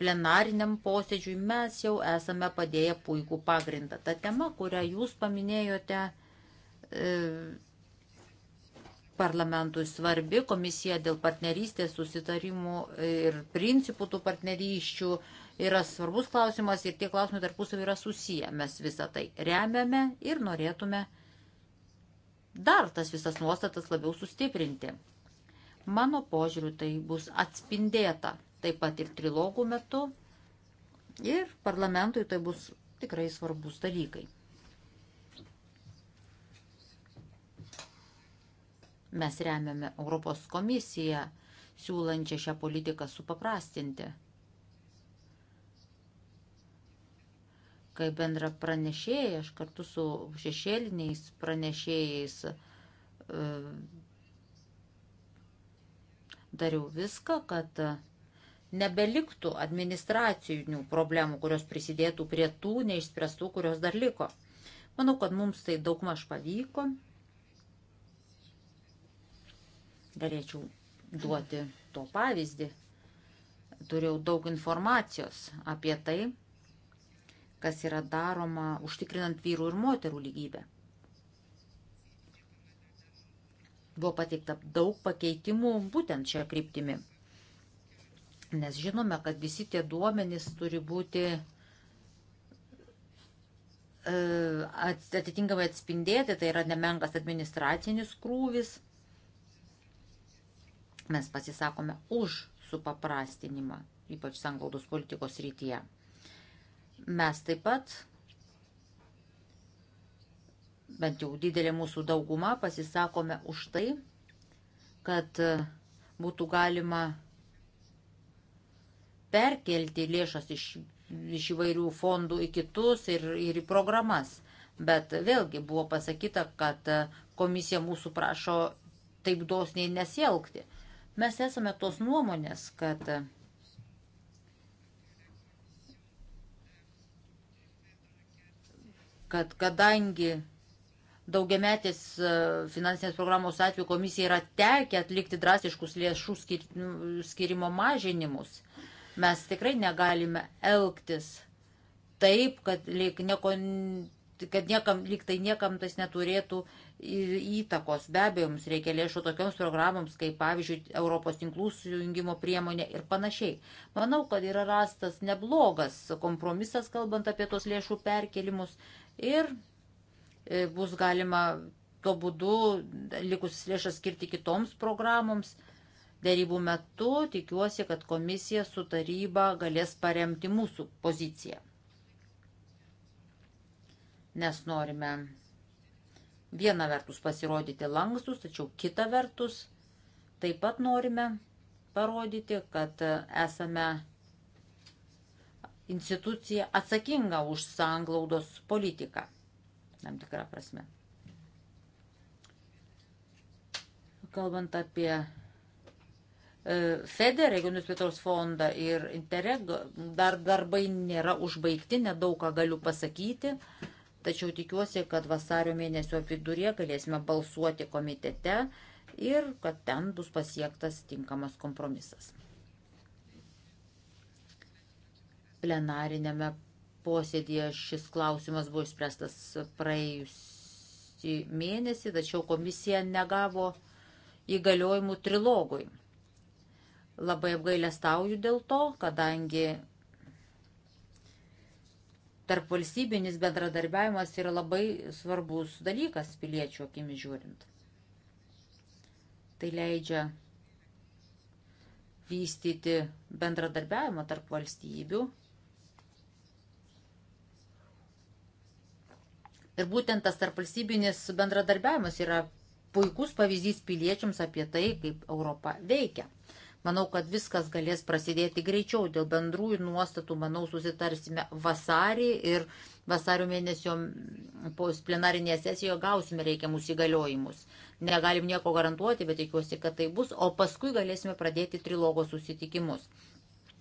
plenariniam posėdžiui mes jau esame padėję puikų pagrindą. Ta tema, kurią jūs paminėjote, e, parlamentui svarbi, komisija dėl partnerystės susitarimų ir principų tų partnerysčių yra svarbus klausimas ir tie klausimai tarpusavį yra susiję. Mes visą tai remiame ir norėtume dar tas visas nuostatas labiau sustiprinti. Mano požiūriu tai bus atspindėta taip pat ir trilogų metu. Ir parlamentui tai bus tikrai svarbus dalykai. Mes remiame Europos komisiją, siūlančią šią politiką supaprastinti. Kai bendra pranešėja, aš kartu su šešėliniais pranešėjais e, dariau viską, kad nebeliktų administracinių problemų, kurios prisidėtų prie tų neišspręstų, kurios dar liko. Manau, kad mums tai daugmaž pavyko. Galėčiau duoti to pavyzdį. Turėjau daug informacijos apie tai, kas yra daroma užtikrinant vyrų ir moterų lygybę. Buvo pateikta daug pakeitimų būtent šią kryptimį nes žinome, kad visi tie duomenys turi būti e, atitinkamai atspindėti, tai yra nemenkas administracinis krūvis. Mes pasisakome už supaprastinimą, ypač sanglaudos politikos rytyje. Mes taip pat, bent jau didelė mūsų dauguma, pasisakome už tai, kad būtų galima perkelti lėšas iš, iš įvairių fondų į kitus ir, ir į programas. Bet vėlgi buvo pasakyta, kad komisija mūsų prašo taip dosniai nesielgti. Mes esame tos nuomonės, kad kad kadangi daugiametės e, finansinės programos atveju komisija yra tekę atlikti drastiškus lėšų nu, skirimo mažinimus, Mes tikrai negalime elgtis taip, kad, lyg nieko, kad niekam, lyg tai niekam tas neturėtų įtakos. Be abejo, mums reikia lėšų tokioms programoms, kaip pavyzdžiui, Europos tinklų sujungimo priemonė ir panašiai. Manau, kad yra rastas neblogas kompromisas, kalbant apie tos lėšų perkelimus ir e, bus galima tuo būdu likusis lėšas skirti kitoms programoms. Dėrybų metu tikiuosi, kad komisija su taryba galės paremti mūsų poziciją. Nes norime viena vertus pasirodyti lankstus, tačiau kita vertus taip pat norime parodyti, kad esame institucija atsakinga už sanglaudos politiką. Tam tikrą prasme. Kalbant apie E, FEDER, Regionius plėtros fondą ir Interreg, dar darbai nėra užbaigti, nedaug ką galiu pasakyti, tačiau tikiuosi, kad vasario mėnesio viduryje galėsime balsuoti komitete ir kad ten bus pasiektas tinkamas kompromisas. Plenarinėme posėdėje šis klausimas buvo išspręstas praėjusį mėnesį, tačiau komisija negavo įgaliojimų trilogui Labai apgailestauju dėl to, kadangi tarp valstybinis bendradarbiavimas yra labai svarbus dalykas piliečių akimi žiūrint. Tai leidžia vystyti bendradarbiavimą tarp valstybių. Ir būtent tas tarpvalstybinis bendradarbiavimas yra puikus pavyzdys piliečiams apie tai, kaip Europa veikia. Manau, kad viskas galės prasidėti greičiau. Dėl bendrųjų nuostatų, manau, susitarsime vasarį ir vasario mėnesio plenarinėje sesijoje gausime reikiamus įgaliojimus. Negalim nieko garantuoti, bet tikiuosi, kad tai bus, o paskui galėsime pradėti trilogo susitikimus.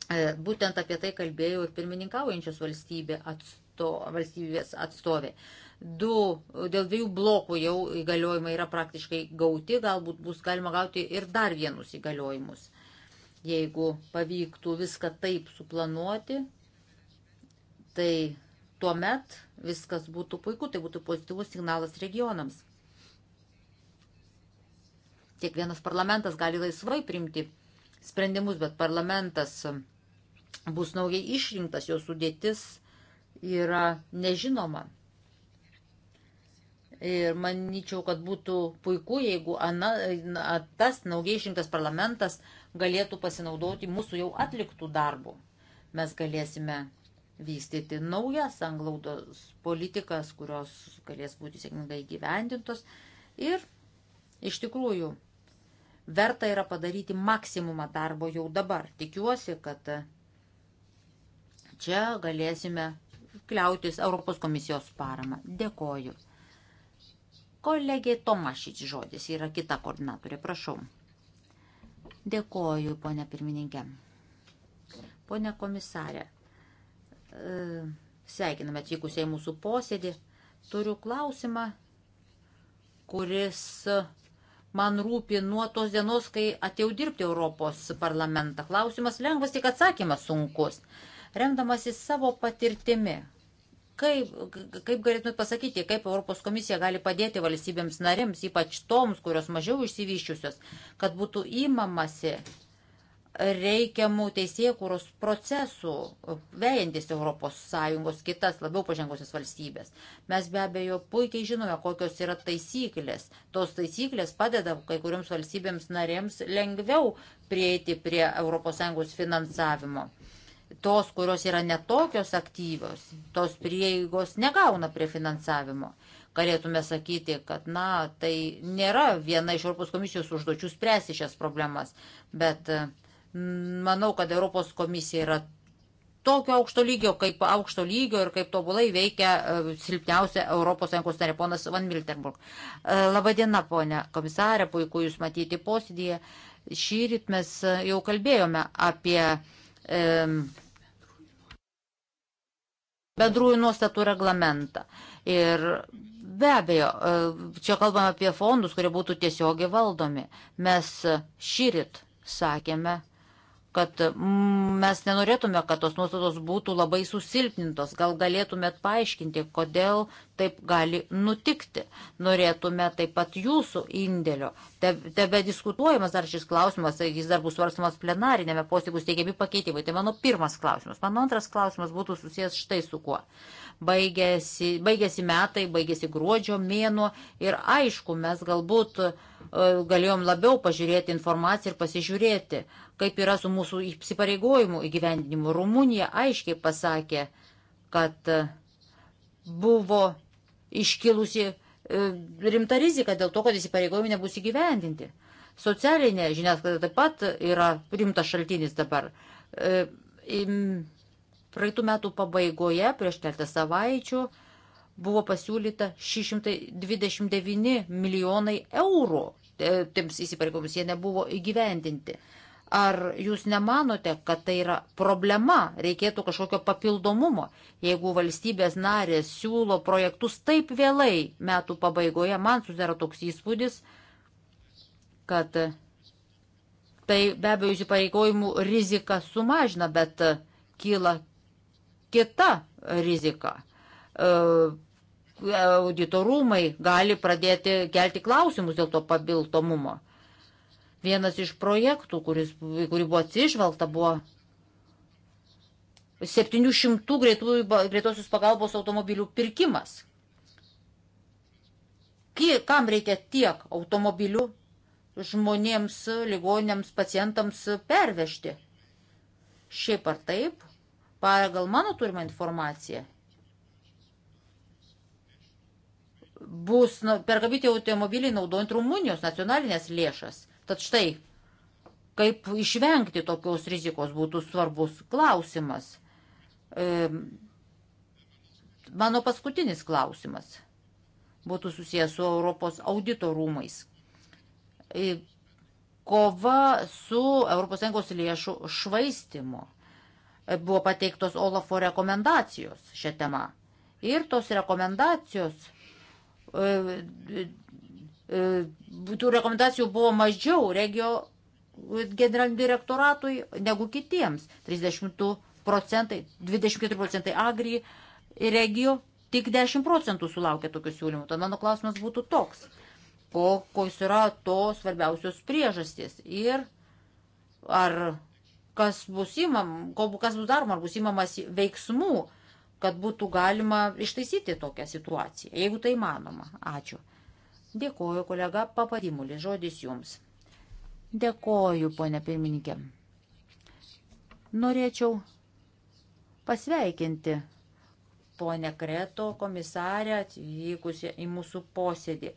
E, būtent apie tai kalbėjau ir pirmininkaujančios valstybė atsto, valstybės atstovė. Du, dėl dviejų blokų jau įgaliojimai yra praktiškai gauti, galbūt bus galima gauti ir dar vienus įgaliojimus jeigu pavyktų viską taip suplanuoti, tai tuo met viskas būtų puiku, tai būtų pozityvus signalas regionams. Kiekvienas parlamentas gali laisvai primti sprendimus, bet parlamentas bus naujai išrinktas, jo sudėtis yra nežinoma. Ir manyčiau, kad būtų puiku, jeigu ana, na, tas naujai išrinktas parlamentas uh, galėtų pasinaudoti mūsų jau atliktų darbų. Mes galėsime vystyti naujas anglaudos politikas, kurios galės būti sėkmingai gyvendintos. Ir iš tikrųjų verta yra padaryti maksimumą darbo jau dabar. Tikiuosi, kad čia galėsime kliautis Europos komisijos paramą. Dėkoju. Kolegiai Tomašič žodis yra kita koordinatorė, prašau. Dėkoju, ponia pirmininkė. Pone komisarė, e, sveikiname atvykusiai mūsų posėdį. Turiu klausimą, kuris man rūpi nuo tos dienos, kai atėjau dirbti Europos parlamentą. Klausimas lengvas, tik atsakymas sunkus. Remdamasis savo patirtimi, Kaip, kaip galėtumėt pasakyti, kaip Europos komisija gali padėti valstybėms narėms, ypač toms, kurios mažiau išsivyščiusios, kad būtų įmamasi reikiamų teisėkūros procesų, vejantis ES kitas labiau pažengusias valstybės. Mes be abejo puikiai žinome, kokios yra taisyklės. Tos taisyklės padeda kai kuriams valstybėms narėms lengviau prieiti prie ES finansavimo tos, kurios yra netokios aktyvios, tos prieigos negauna prie finansavimo. Galėtume sakyti, kad, na, tai nėra viena iš Europos komisijos užduočių spręsti šias problemas, bet mm, manau, kad Europos komisija yra tokio aukšto lygio, kaip aukšto lygio ir kaip tobulai veikia e, silpniausia ES narė ponas Van Miltenburg. E, Labadiena, ponė komisarė, puiku Jūs matyti posėdėje. Šį rytmės e, jau kalbėjome apie uh, e, bedrųjų nuostatų reglamentą. Ir be abejo, e, čia kalbame apie fondus, kurie būtų tiesiogiai valdomi. Mes šyrit sakėme, kad mes nenorėtume, kad tos nuostatos būtų labai susilpnintos. Gal galėtumėt paaiškinti, kodėl taip gali nutikti. Norėtume taip pat jūsų indėlio. Tebe diskutuojamas dar šis klausimas, tai jis dar bus svarstamas plenarinėme posėdėje, bus teikiami pakeitimai. Tai mano pirmas klausimas. Mano antras klausimas būtų susijęs štai su kuo. Baigėsi, baigėsi metai, baigėsi gruodžio mėnuo ir aišku, mes galbūt e, galėjom labiau pažiūrėti informaciją ir pasižiūrėti, kaip yra su mūsų įsipareigojimu įgyvendinimu. Rumunija aiškiai pasakė, kad e, buvo iškilusi e, rimta rizika dėl to, kad įsipareigojimai nebus įgyvendinti. Socialinė žiniasklaida taip pat yra rimtas šaltinis dabar. E, praeitų metų pabaigoje, prieš keletą savaičių, buvo pasiūlyta 629 milijonai eurų. E, tiems įsipareigojimus jie nebuvo įgyvendinti. Ar jūs nemanote, kad tai yra problema, reikėtų kažkokio papildomumo, jeigu valstybės narės siūlo projektus taip vėlai metų pabaigoje, man susidaro toks įspūdis, kad tai be abejo įsipareigojimų rizika sumažina, bet kyla kita rizika. E, auditorumai gali pradėti kelti klausimus dėl to pabiltomumo. Vienas iš projektų, kuris, kuri buvo atsižvelgta, buvo 700 greitų, greitosios pagalbos automobilių pirkimas. Kam reikia tiek automobilių žmonėms, ligonėms, pacientams pervežti? Šiaip ar taip, pagal mano turimą informaciją, bus perkabyti automobiliai naudojant Rumunijos nacionalinės lėšas. Tad štai, kaip išvengti tokios rizikos būtų svarbus klausimas. E, mano paskutinis klausimas būtų susijęs su Europos audito rūmais. E, kova su ES lėšų švaistimu. E, buvo pateiktos Olafo rekomendacijos šią temą. Ir tos rekomendacijos e, E, tų rekomendacijų buvo mažiau regio generaliniam direktoratui negu kitiems. 30 procentai, 24 procentai agri regio, tik 10 procentų sulaukė tokių siūlymų. Tad mano klausimas būtų toks, kokios yra to svarbiausios priežastys ir ar kas bus, imam, kas bus daroma, ar bus imamas veiksmų, kad būtų galima ištaisyti tokią situaciją, jeigu tai manoma. Ačiū. Dėkoju, kolega Papadimulė, žodis jums. Dėkoju, ponė pirmininkė. Norėčiau pasveikinti ponę Kreto komisarę atvykusią į mūsų posėdį.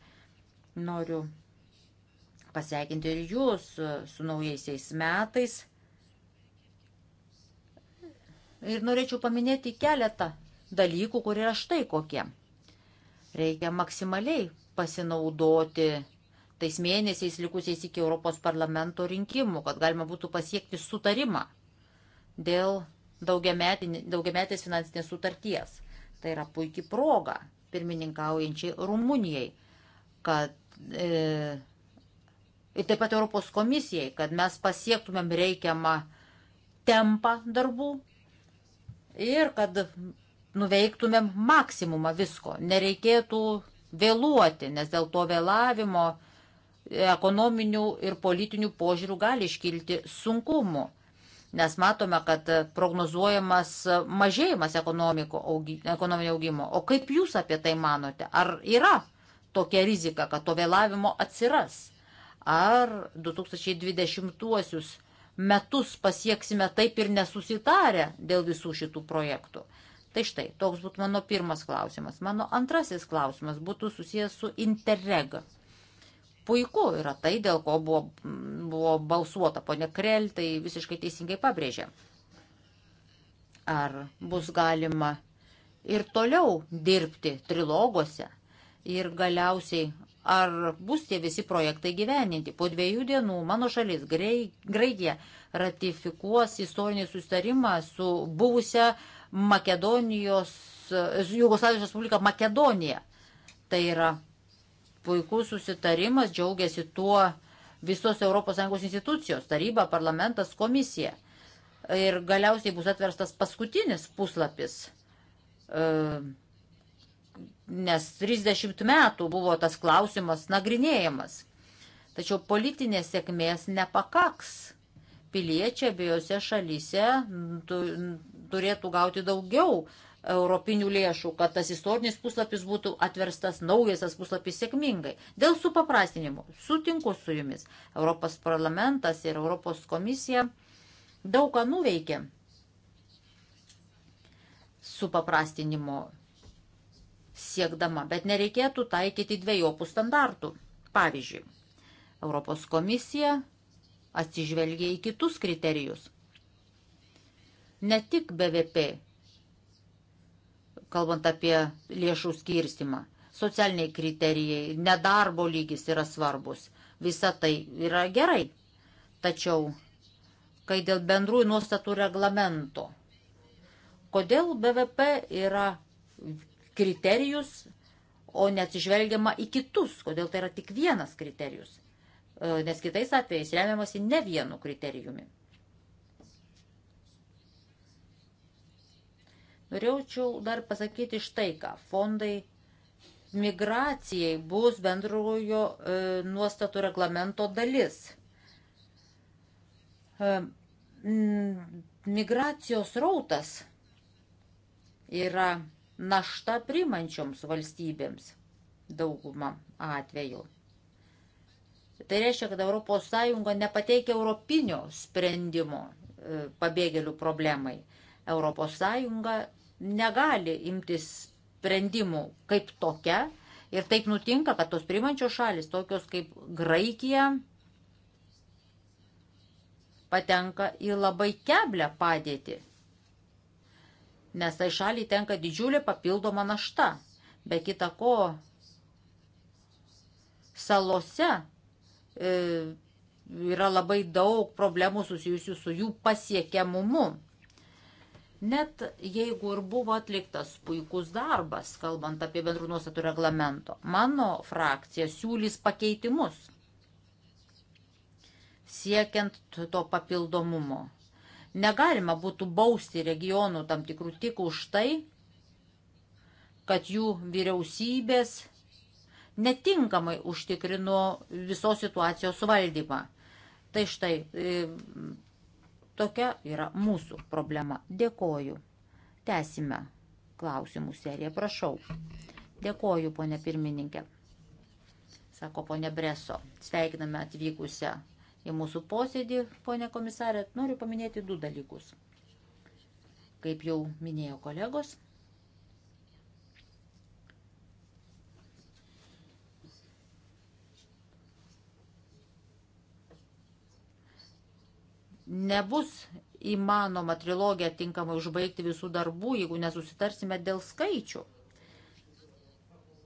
Noriu pasveikinti ir jūs su naujaisiais metais. Ir norėčiau paminėti keletą dalykų, kurie yra štai kokie. Reikia maksimaliai pasinaudoti tais mėnesiais likusiais iki Europos parlamento rinkimų, kad galima būtų pasiekti sutarimą dėl daugiametės finansinės sutarties. Tai yra puikia proga pirmininkaujančiai Rumunijai, kad e, ir taip pat Europos komisijai, kad mes pasiektumėm reikiamą tempą darbų ir kad nuveiktumėm maksimumą visko. Nereikėtų vėluoti, nes dėl to vėlavimo ekonominių ir politinių požiūrių gali iškilti sunkumų. Nes matome, kad prognozuojamas mažėjimas ekonominio augimo. O kaip jūs apie tai manote? Ar yra tokia rizika, kad to vėlavimo atsiras? Ar 2020 metus pasieksime taip ir nesusitarę dėl visų šitų projektų? Tai štai, toks būtų mano pirmas klausimas. Mano antrasis klausimas būtų susijęs su Interreg. Puiku yra tai, dėl ko buvo, buvo balsuota ponė Krell, tai visiškai teisingai pabrėžė. Ar bus galima ir toliau dirbti trilogose ir galiausiai ar bus tie visi projektai gyveninti. Po dviejų dienų mano šalis Graikija ratifikuos istorinį sustarimą su buvusią Makedonijos, Jugoslavijos Respublika Makedonija. Tai yra puikus susitarimas, džiaugiasi tuo visos ES institucijos - taryba, parlamentas, komisija. Ir galiausiai bus atverstas paskutinis puslapis, e, nes 30 metų buvo tas klausimas nagrinėjamas. Tačiau politinės sėkmės nepakaks. Piliečiai abiejose šalyse turėtų gauti daugiau europinių lėšų, kad tas istorinis puslapis būtų atverstas naujas tas puslapis sėkmingai. Dėl supaprastinimo sutinku su jumis. Europos parlamentas ir Europos komisija daug ką nuveikė supaprastinimo siekdama, bet nereikėtų taikyti dviejopų standartų. Pavyzdžiui, Europos komisija atsižvelgia į kitus kriterijus ne tik BVP, kalbant apie lėšų skirstimą. Socialiniai kriterijai, nedarbo lygis yra svarbus. Visa tai yra gerai. Tačiau, kai dėl bendrųjų nuostatų reglamento, kodėl BVP yra kriterijus, o neatsižvelgiama į kitus, kodėl tai yra tik vienas kriterijus, e, nes kitais atvejais remiamasi ne vienu kriterijumi. Norėčiau dar pasakyti štai ką. Fondai migracijai bus bendrojo e, nuostatų reglamento dalis. E, migracijos rautas yra našta primančioms valstybėms daugumą atvejų. Tai reiškia, kad ES nepateikia europinio sprendimo e, pabėgėlių problemai. ES negali imtis sprendimų kaip tokia. Ir taip nutinka, kad tos primančios šalis, tokios kaip Graikija, patenka į labai keblę padėtį. Nes tai šaliai tenka didžiulė papildoma našta. Be kita ko, salose e, yra labai daug problemų susijusių su jų pasiekiamumu. Net jeigu ir buvo atliktas puikus darbas, kalbant apie bendrų nuostatų reglamento, mano frakcija siūlys pakeitimus siekiant to papildomumo. Negalima būtų bausti regionų tam tikrų tik už tai, kad jų vyriausybės netinkamai užtikrino visos situacijos valdymą. Tai štai e, Tokia yra mūsų problema. Dėkoju. Tęsime klausimų seriją, prašau. Dėkoju, ponė pirmininkė. Sako ponė Breso. Sveikiname atvykusią į mūsų posėdį, ponė komisarė. Noriu paminėti du dalykus. Kaip jau minėjo kolegos, Nebus įmanoma trilogiją tinkamai užbaigti visų darbų, jeigu nesusitarsime dėl skaičių.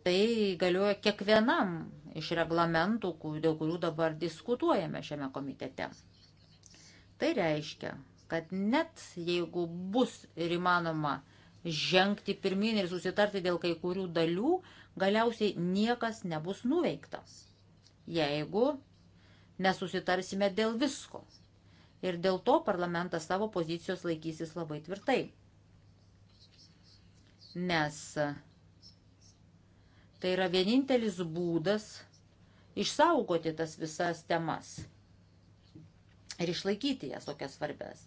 Tai galioja kiekvienam iš reglamentų, dėl kurių dabar diskutuojame šiame komitete. Tai reiškia, kad net jeigu bus ir įmanoma žengti pirmin ir susitarti dėl kai kurių dalių, galiausiai niekas nebus nuveikta, jeigu nesusitarsime dėl visko ir dėl to parlamentas savo pozicijos laikysis labai tvirtai. Nes tai yra vienintelis būdas išsaugoti tas visas temas ir išlaikyti jas tokias svarbias.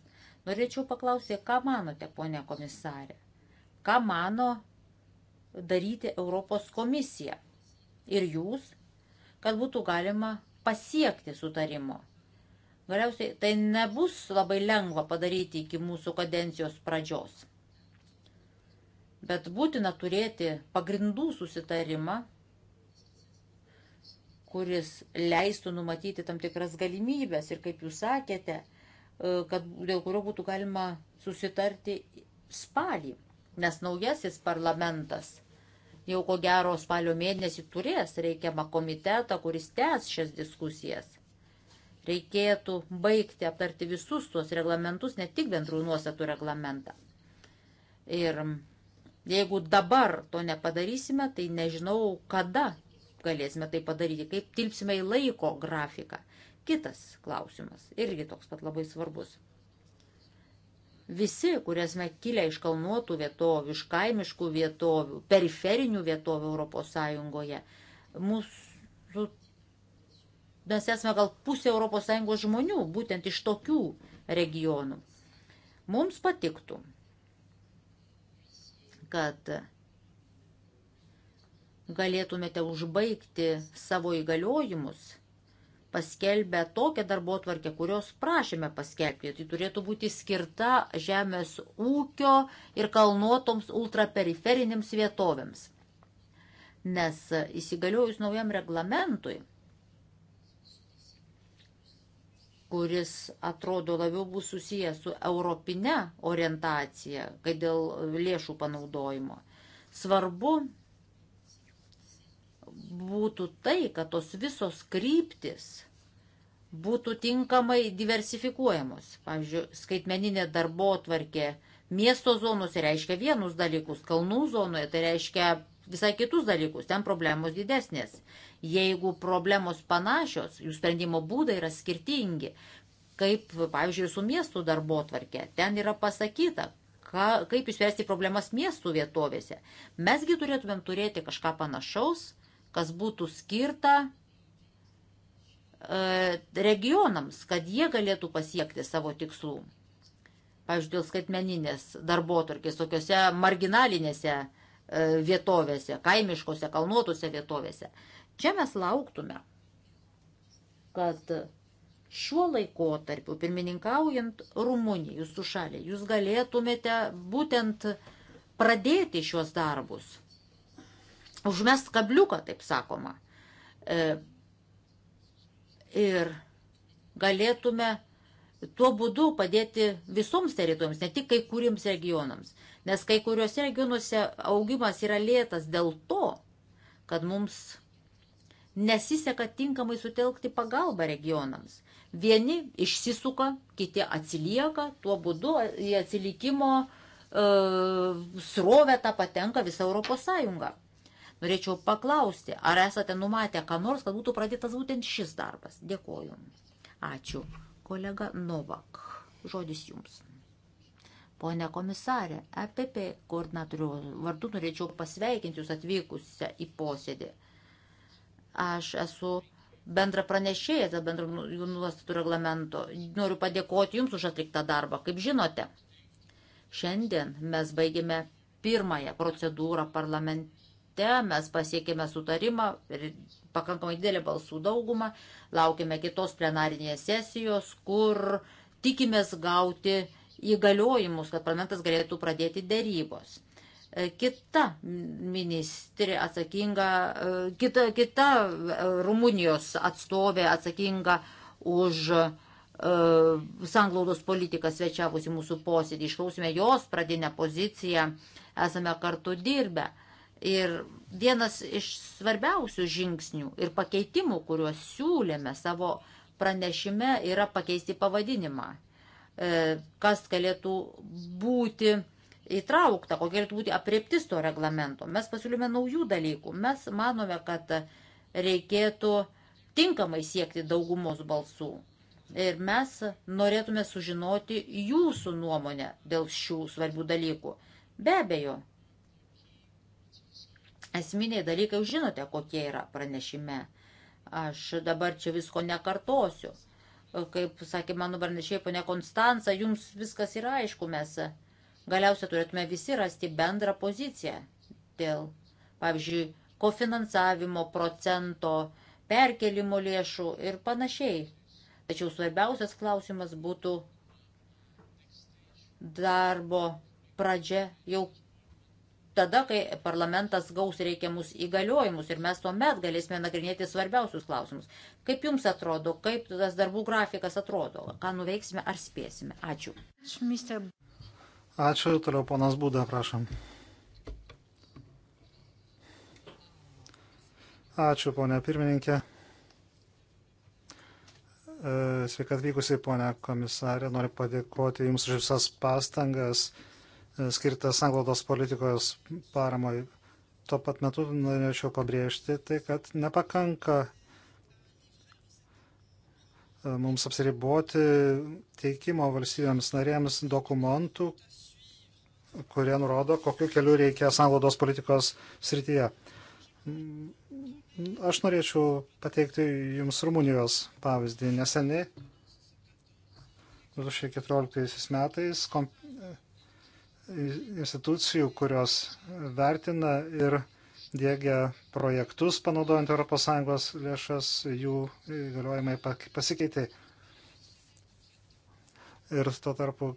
Norėčiau paklausyti, ką manote, ponė komisarė, ką mano daryti Europos komisija ir jūs, kad būtų galima pasiekti sutarimo Galiausiai tai nebus labai lengva padaryti iki mūsų kadencijos pradžios. Bet būtina turėti pagrindų susitarimą, kuris leistų numatyti tam tikras galimybės ir, kaip jūs sakėte, e, kad, dėl kurio būtų galima susitarti spalį, nes naujasis parlamentas jau ko gero spalio mėnesį turės reikiamą komitetą, kuris tęs šias diskusijas reikėtų baigti aptarti visus tuos reglamentus, ne tik bendrų nuostatų reglamentą. Ir jeigu dabar to nepadarysime, tai nežinau, kada galėsime tai padaryti, kaip tilpsime į laiko grafiką. Kitas klausimas, irgi toks pat labai svarbus. Visi, kurie esame kilę iš kalnuotų vietovių, iš kaimiškų vietovių, periferinių vietovių Europos Sąjungoje, mūsų mes esame gal pusė ES žmonių, būtent iš tokių regionų. Mums patiktų, kad galėtumėte užbaigti savo įgaliojimus, paskelbę tokią darbo tvarkę, kurios prašėme paskelbti. Tai turėtų būti skirta žemės ūkio ir kalnuotoms ultraperiferinėms vietovėms. Nes įsigaliojus naujam reglamentui, kuris atrodo labiau bus susijęs su europinė orientacija, kai dėl lėšų panaudojimo. Svarbu būtų tai, kad tos visos kryptis būtų tinkamai diversifikuojamos. Pavyzdžiui, skaitmeninė darbo tvarkė miesto zonose reiškia vienus dalykus, kalnų zonoje tai reiškia visai kitus dalykus, ten problemos didesnės. Jeigu problemos panašios, jų sprendimo būdai yra skirtingi, kaip, pavyzdžiui, su miestų darbo tvarkė, ten yra pasakyta, ka, kaip išspręsti problemas miestų vietovėse. Mesgi turėtumėm turėti kažką panašaus, kas būtų skirta e, regionams, kad jie galėtų pasiekti savo tikslų. Pavyzdžiui, dėl skaitmeninės darbo tvarkės, tokiuose marginalinėse E, vietovėse, kaimiškose, kalnuotose vietovėse. Čia mes lauktume, kad šiuo laikotarpiu, pirmininkaujant Rumunijai, jūsų šaliai, jūs galėtumėte būtent pradėti šiuos darbus. Užmest kabliuką, taip sakoma. E, ir galėtume tuo būdu padėti visoms teritorijoms, ne tik kai kuriems regionams. Nes kai kuriuose regionuose augimas yra lėtas dėl to, kad mums nesiseka tinkamai sutelkti pagalbą regionams. Vieni išsisuka, kiti atsilieka, tuo būdu į atsilikimo e, srovę tą patenka visa Europos Sąjunga. Norėčiau paklausti, ar esate numatę, ką nors, kad būtų pradėtas būtent šis darbas. Dėkoju. Ačiū. Kolega Novak, žodis jums. Pone komisarė, EPP koordinatorių vardu norėčiau pasveikinti jūs atvykusią į posėdį. Aš esu bendra pranešėjas dėl bendro nuostatų reglamento. Noriu padėkoti Jums už atliktą darbą. Kaip žinote, šiandien mes baigėme pirmąją procedūrą parlamente parlamente mes pasiekėme sutarimą ir pakankamai didelį balsų daugumą. Laukime kitos plenarinės sesijos, kur tikimės gauti įgaliojimus, kad parlamentas galėtų pradėti dėrybos. E, kita ministrė atsakinga, e, kita, kita e, Rumunijos atstovė atsakinga už sanglaudos politiką svečiavusi mūsų posėdį, išklausime jos pradinę poziciją, esame kartu dirbę. Ir vienas iš svarbiausių žingsnių ir pakeitimų, kuriuos siūlėme savo pranešime, yra pakeisti pavadinimą. E, kas galėtų būti įtraukta, kokia galėtų būti apriptis to reglamento. Mes pasiūlėme naujų dalykų. Mes manome, kad reikėtų tinkamai siekti daugumos balsų. Ir mes norėtume sužinoti jūsų nuomonę dėl šių svarbių dalykų. Be abejo, esminiai dalykai, jūs žinote, kokie yra pranešime. Aš dabar čia visko nekartosiu. Kaip sakė mano pranešėjai, ponė Konstanca, jums viskas yra aišku, mes galiausiai turėtume visi rasti bendrą poziciją dėl, pavyzdžiui, kofinansavimo procento, perkelimo lėšų ir panašiai. Tačiau svarbiausias klausimas būtų darbo pradžia jau tada, kai parlamentas gaus reikiamus įgaliojimus ir mes tuomet galėsime nagrinėti svarbiausius klausimus. Kaip jums atrodo, kaip tas darbų grafikas atrodo, ką nuveiksime ar spėsime? Ačiū. Ačiū, toliau ponas Būda, prašom. Ačiū, ponia pirmininkė. E, sveika atvykusiai, ponia komisarė. Noriu padėkoti Jums už visas pastangas skirtas anglodos politikos paramai. Tuo pat metu norėčiau pabrėžti tai, kad nepakanka e, mums apsiriboti teikimo valstybėms narėms dokumentų, kurie nurodo, kokiu keliu reikia sąnaudos politikos srityje. Aš norėčiau pateikti Jums Rumunijos pavyzdį. Neseniai, 2014 metais, kom, institucijų, kurios vertina ir dėgia projektus panaudojant ES lėšas, jų įgaliojimai pasikeitė. Ir tuo tarpu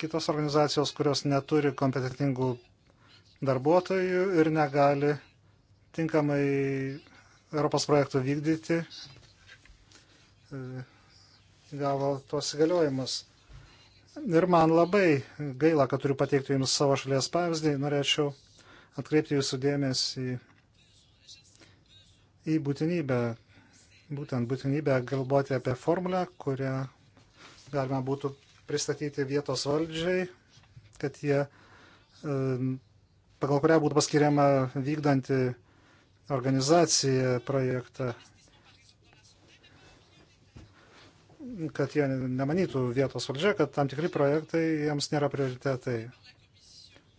kitos organizacijos, kurios neturi kompetitingų darbuotojų ir negali tinkamai Europos projektų vykdyti, e, gavo tuos įgaliojimus. Ir man labai gaila, kad turiu pateikti Jums savo šalies pavyzdį. Norėčiau atkreipti Jūsų dėmesį į būtinybę, būtent būtinybę galvoti apie formulę, kurią galima būtų pristatyti vietos valdžiai, kad jie, e, pagal kurią būtų paskiriama vykdanti organizacija projektą kad jie nemanytų vietos valdžia, kad tam tikri projektai jiems nėra prioritetai.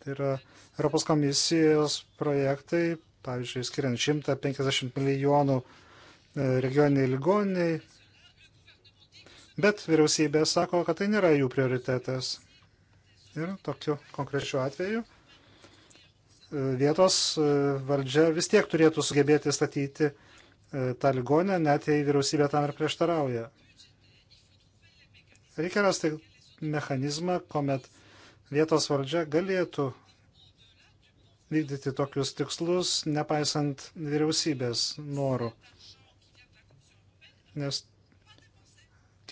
Tai yra Europos komisijos projektai, pavyzdžiui, skiriant 150 milijonų e, regioniniai ligoniniai, bet vyriausybė sako, kad tai nėra jų prioritetas. Ir tokiu konkrečiu atveju e, vietos e, valdžia vis tiek turėtų sugebėti statyti tą ligonę, net jei vyriausybė tam ir prieštarauja. Reikia rasti mechanizmą, kuomet vietos valdžia galėtų vykdyti tokius tikslus, nepaisant vyriausybės norų. Nes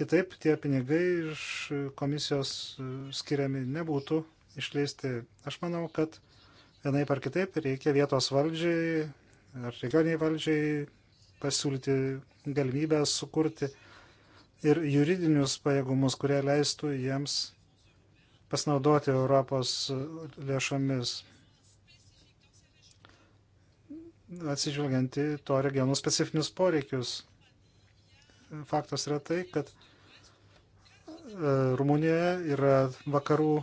kitaip tie pinigai iš komisijos skiriami nebūtų išleisti. Aš manau, kad vienai par kitaip reikia vietos valdžiai ar regioniai valdžiai pasiūlyti galimybę sukurti ir juridinius pajėgumus, kurie leistų jiems pasinaudoti Europos lėšomis, atsižvelgiant į to regionų specifinius poreikius. Faktas yra tai, kad e, Rumunijoje yra vakarų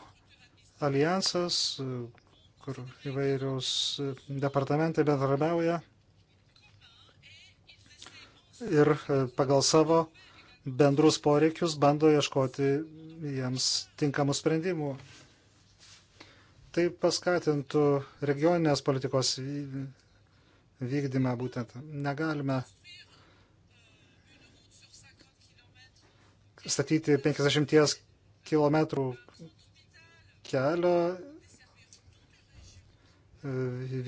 alijansas, kur įvairiaus departamentai bendrabiauja ir e, pagal savo uh, bendrus poreikius, bando ieškoti jiems tinkamų sprendimų. Tai paskatintų regioninės politikos vykdymą būtent. Negalime statyti 50 km kelio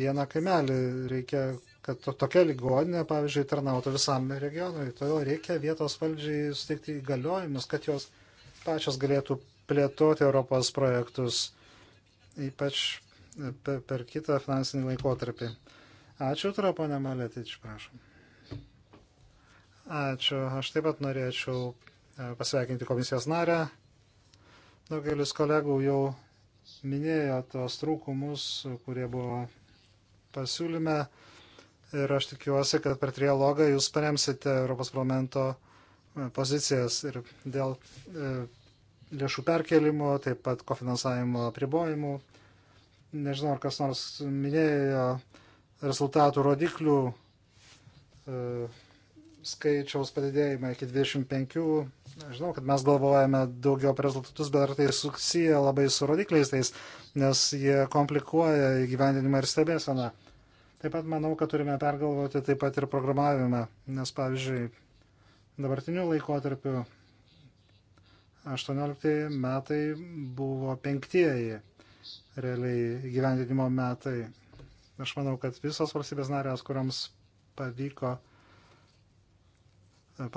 vieną kaimelį. Reikia kad to, tokia ligoninė, pavyzdžiui, tarnautų visam regionui. Todėl reikia vietos valdžiai suteikti įgaliojimus, kad jos pačios galėtų plėtoti Europos projektus, ypač per, per kitą finansinį laikotarpį. Ačiū, turiu ponę Maletič, prašom. Ačiū. Aš taip pat norėčiau e, pasveikinti komisijos narę. Daugelis kolegų jau minėjo tos trūkumus, kurie buvo pasiūlyme ir aš tikiuosi, kad per trialogą jūs paremsite Europos parlamento e, pozicijas ir dėl e, lėšų perkelimo, taip pat kofinansavimo apribojimų. Nežinau, ar kas nors minėjo rezultatų rodiklių e, skaičiaus padidėjimą iki 25. Žinau, kad mes galvojame daugiau apie rezultatus, bet ar tai susiję labai su rodikliais tais, nes jie komplikuoja įgyvendinimą ir stebėseną. Taip pat manau, kad turime pergalvoti taip pat ir programavimą, nes pavyzdžiui, dabartiniu laikotarpiu 18 metai buvo penktieji realiai gyvendinimo metai. Aš manau, kad visos valstybės narės, kuriams pavyko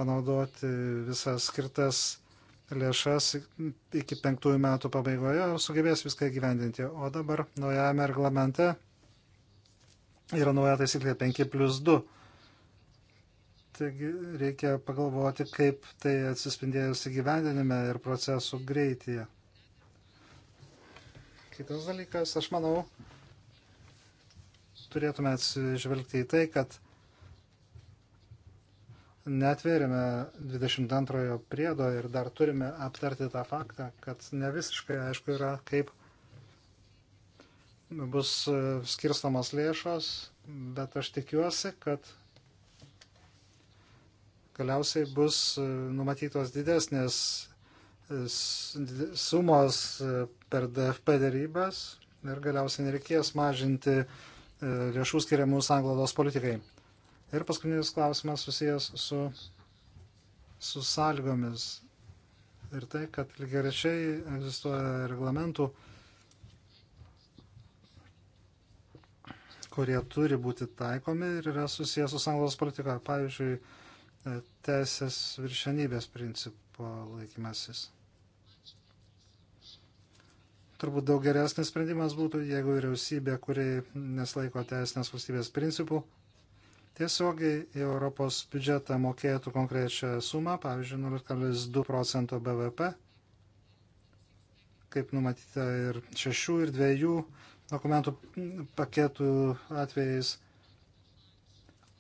panaudoti visas skirtas lėšas iki penktųjų metų pabaigoje, sugebės viską gyvendinti. O dabar naujame reglamente yra nauja taisyklė 5 plus 2. Taigi reikia pagalvoti, kaip tai atsispindėjus įgyvendinime ir procesų greityje. Kitas dalykas, aš manau, turėtume atsižvelgti į tai, kad netvėrėme 22 priedo ir dar turime aptarti tą faktą, kad ne visiškai aišku yra, kaip bus e, skirstamas lėšos, bet aš tikiuosi, kad galiausiai bus e, numatytos didesnės e, sumos per DFP darybas ir galiausiai nereikės mažinti lėšų skiriamų sanglaudos politikai. Ir paskutinis klausimas susijęs su, su sąlygomis ir tai, kad lygiai egzistuoja reglamentų kurie turi būti taikomi ir yra susijęs su sanglos politika. Pavyzdžiui, e, teisės viršenybės principo laikymasis. Turbūt daug geresnis sprendimas būtų, jeigu vyriausybė, kuri neslaiko teisinės valstybės principų, tiesiogiai į Europos biudžetą mokėtų konkrečią sumą, pavyzdžiui, 0,2 procento BVP, kaip numatyta ir 6 ir 2 dokumentų paketų atvejais,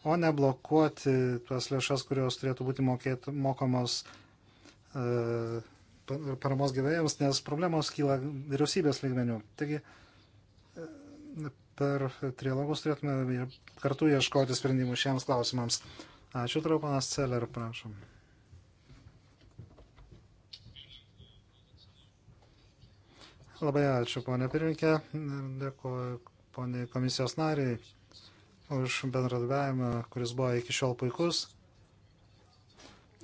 o ne blokuoti tuos lėšas, kurios turėtų būti mokėt, mokamos e, paramos gyvėjams, nes problemos kyla vyriausybės lygmenių. Taigi e, per trilogus turėtume kartu ieškoti sprendimų šiems klausimams. Ačiū, traupanas Celer, prašom. Labai ačiū, ponė pirmininkė. Dėkuoju, ponė komisijos nariai, už bendradarbiavimą, kuris buvo iki šiol puikus.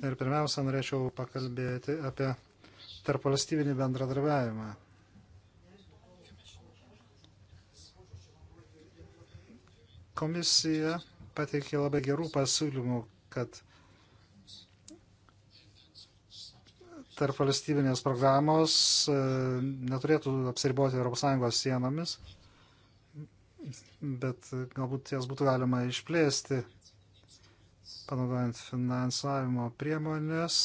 Ir pirmiausia, norėčiau pakalbėti apie tarpvalstybinį bendradarbiavimą. Komisija pateikė labai gerų pasiūlymų, kad tarp valstybinės programos e, neturėtų apsiriboti ES sienomis, bet galbūt jas būtų galima išplėsti, panaudojant finansavimo priemonės,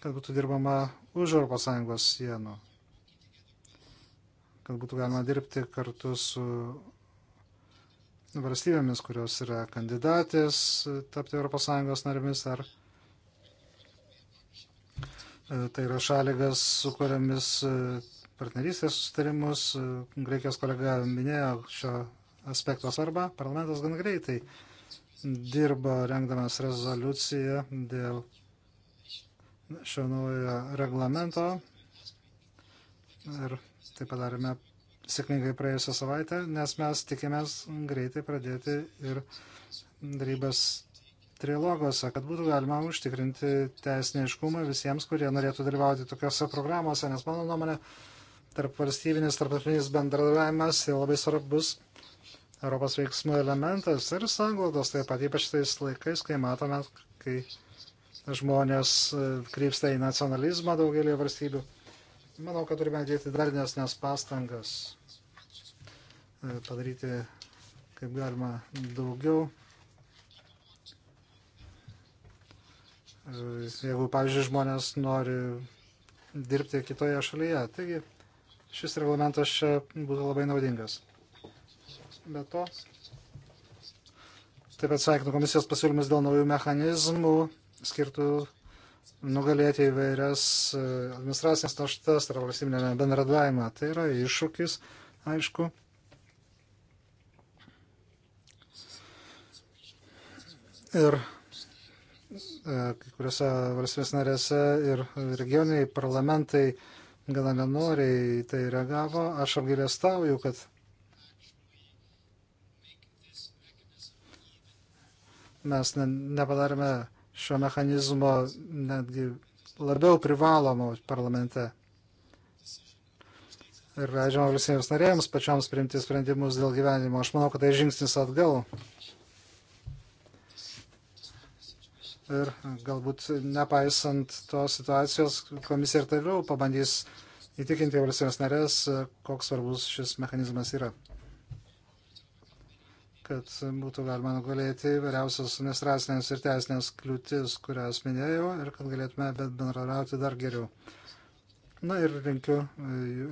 kad būtų dirbama už ES sienų, kad būtų galima dirbti kartu su valstybėmis, kurios yra kandidatės tapti ES narėmis ar E, tai yra šaligas, su kuriamis e, partnerystės sustarimus. E, Greikijos kolega minėjo šio aspekto svarbą. Parlamentas gan greitai dirba rengdamas rezoliuciją dėl šio naujo reglamento. Ir tai padarėme sėkmingai praėjusią savaitę, nes mes tikimės greitai pradėti ir darybas trilogose, kad būtų galima užtikrinti teisinį iškumą visiems, kurie norėtų dalyvauti tokiuose programuose, nes mano nuomonė, tarp valstybinis, tarptautinis bendradavimas yra labai svarbus Europos veiksmų elementas ir sanglaudos taip pat, ypač tais laikais, kai matome, kai žmonės e, krypsta į nacionalizmą daugelį valstybių. Manau, kad turime dėti dar nesnes pastangas e, padaryti kaip galima daugiau jeigu, pavyzdžiui, žmonės nori dirbti kitoje šalyje. Taigi šis reglamentas čia būtų labai naudingas. Be to, taip pat sveikinu komisijos pasiūlymus dėl naujų mechanizmų skirtų nugalėti įvairias e, administracinės naštas ar valstybinėme bendradavimą. Tai yra iššūkis, aišku. Ir E, kai kuriuose valstybės narėse ir regioniai parlamentai gana nenoriai tai reagavo. Aš apgailestauju, kad mes ne, nepadarėme šio mechanizmo netgi labiau privalomo parlamente. Ir leidžiama valstybėms narėjams pačioms priimti sprendimus dėl gyvenimo. Aš manau, kad tai žingsnis atgal. ir galbūt nepaisant tos situacijos komisija ir toliau pabandys įtikinti valstybės narės, koks svarbus šis mechanizmas yra. Kad būtų galima nugalėti vairiausias administracinės ir teisinės kliūtis, kurias minėjau, ir kad galėtume bendrarauti dar geriau. Na ir linkiu,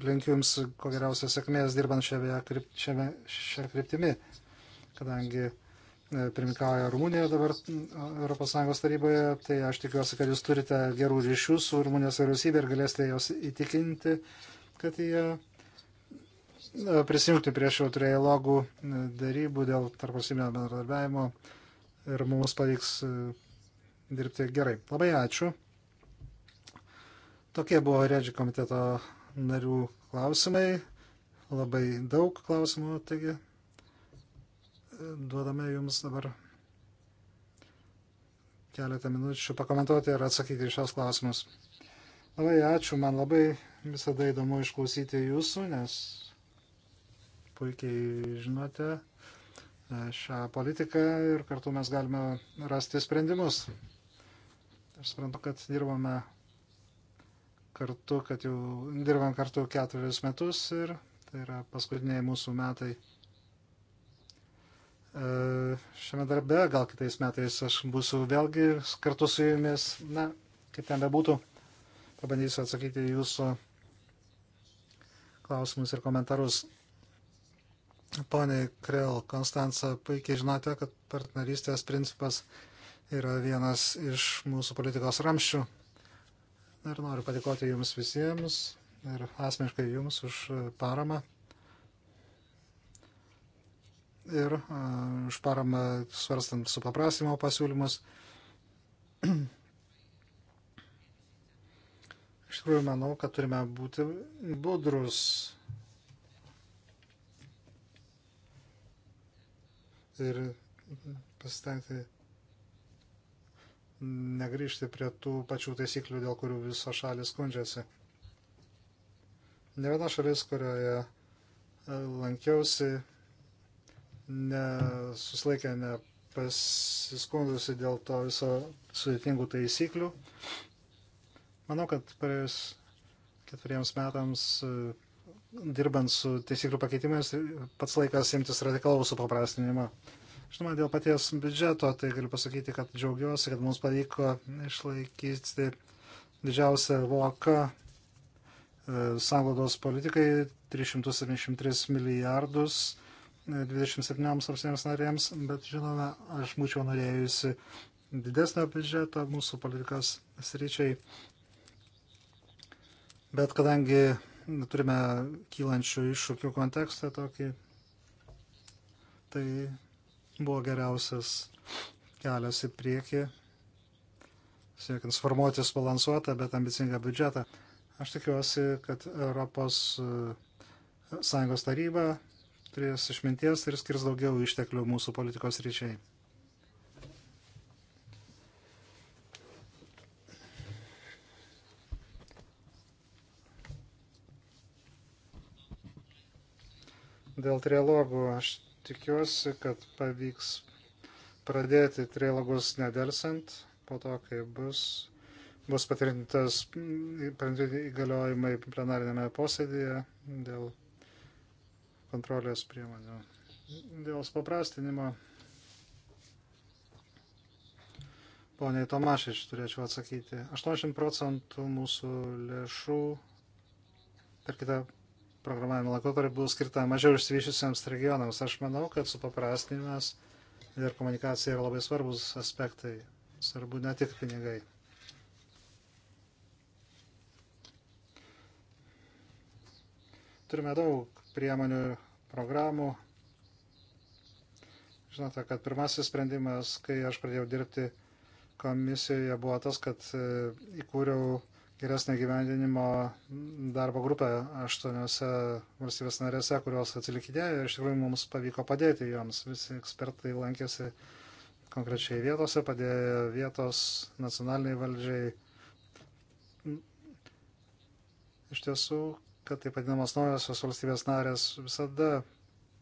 linkiu Jums ko geriausios sėkmės dirbant šiame, šiame, šią kryptimį, kadangi E, pirmininkauja Rumunija dabar ES taryboje, tai aš tikiuosi, kad jūs turite gerų ryšių su Rumunijos vyriausybė ir galėsite jos įtikinti, kad jie e, prisijungti prie šio trialogų e, darybų dėl tarpusiminio bendradarbiavimo ir mums pavyks dirbti gerai. Labai ačiū. Tokie buvo Redži komiteto narių klausimai. Labai daug klausimų, taigi duodame jums dabar keletą minučių pakomentuoti ir atsakyti į šios klausimus. Labai ačiū, man labai visada įdomu išklausyti jūsų, nes puikiai žinote e, šią politiką ir kartu mes galime rasti sprendimus. Aš suprantu, kad dirbame kartu, kad jau dirbam kartu keturis metus ir tai yra paskutiniai mūsų metai E, šiame darbe, gal kitais metais aš būsiu vėlgi kartu su jumis, na, kaip ten bebūtų, pabandysiu atsakyti jūsų klausimus ir komentarus. Pone Krell, Konstanca, puikiai žinote, kad partnerystės principas yra vienas iš mūsų politikos ramščių. Ir noriu padėkoti jums visiems ir asmeniškai jums už paramą ir už paramą svarstant supaprastinimo pasiūlymus. Iš tikrųjų, manau, kad turime būti budrus. Ir pasitengti negrįžti prie tų pačių taisyklių, dėl kurių visos šalis skundžiasi. Ne viena šalis, kurioje lankiausi, nesusilaikę, nepasiskundusi dėl to viso sudėtingų taisyklių. Manau, kad praėjus ketveriems metams dirbant su taisyklių pakeitimais, pats laikas imtis radikalų supaprastinimą. Žinoma, dėl paties biudžeto, tai galiu pasakyti, kad džiaugiuosi, kad mums pavyko išlaikyti didžiausią voką e, sąnaudos politikai 373 milijardus 27 valstybėms narėms, bet žinome, aš būčiau norėjusi didesnio biudžeto mūsų politikos sričiai. Bet kadangi turime kylančių iššūkių kontekstą tokį, tai buvo geriausias kelias į priekį, siekiant sformuoti subalansuotą, bet ambicingą biudžetą. Aš tikiuosi, kad Europos Sąjungos taryba turės išminties ir skirs daugiau išteklių mūsų politikos ryčiai. Dėl trialogų aš tikiuosi, kad pavyks pradėti trialogus nedelsant po to, kai bus bus patvirtintas įgaliojimai plenarinėme posėdėje dėl kontrolės priemonių. Dėl supaprastinimo, poniai Tomašič, turėčiau atsakyti. 80 procentų mūsų lėšų per kitą programavimo laikotarpį buvo skirta mažiau išsivyšusiems regionams. Aš manau, kad supaprastinimas ir komunikacija yra labai svarbus aspektai. Svarbu ne tik pinigai. turime daug priemonių ir programų. Žinote, kad pirmasis sprendimas, kai aš pradėjau dirbti komisijoje, buvo tas, kad e, įkūriau geresnio gyvendinimo darbo grupę aštuoniuose valstybės narėse, kurios atsilikidėjo ir iš tikrųjų mums pavyko padėti joms. Visi ekspertai lankėsi konkrečiai vietose, padėjo vietos nacionaliniai valdžiai. Iš tiesų, kad taip vadinamos naujosios valstybės narės visada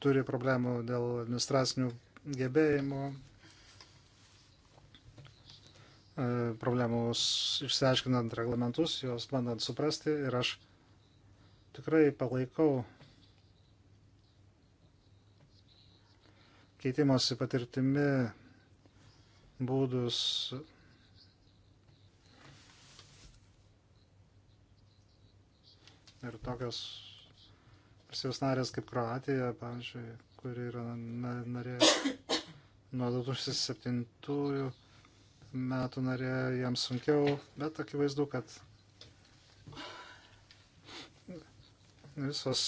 turi problemų dėl administracinių gebėjimų, e, problemų išsiaiškinant reglamentus, juos bandant suprasti ir aš tikrai palaikau keitimosi patirtimi būdus Ir tokios valstybės narės kaip Kroatija, pavyzdžiui, kuri yra narė nuo 2007 metų narė, jiems sunkiau, bet akivaizdu, kad visos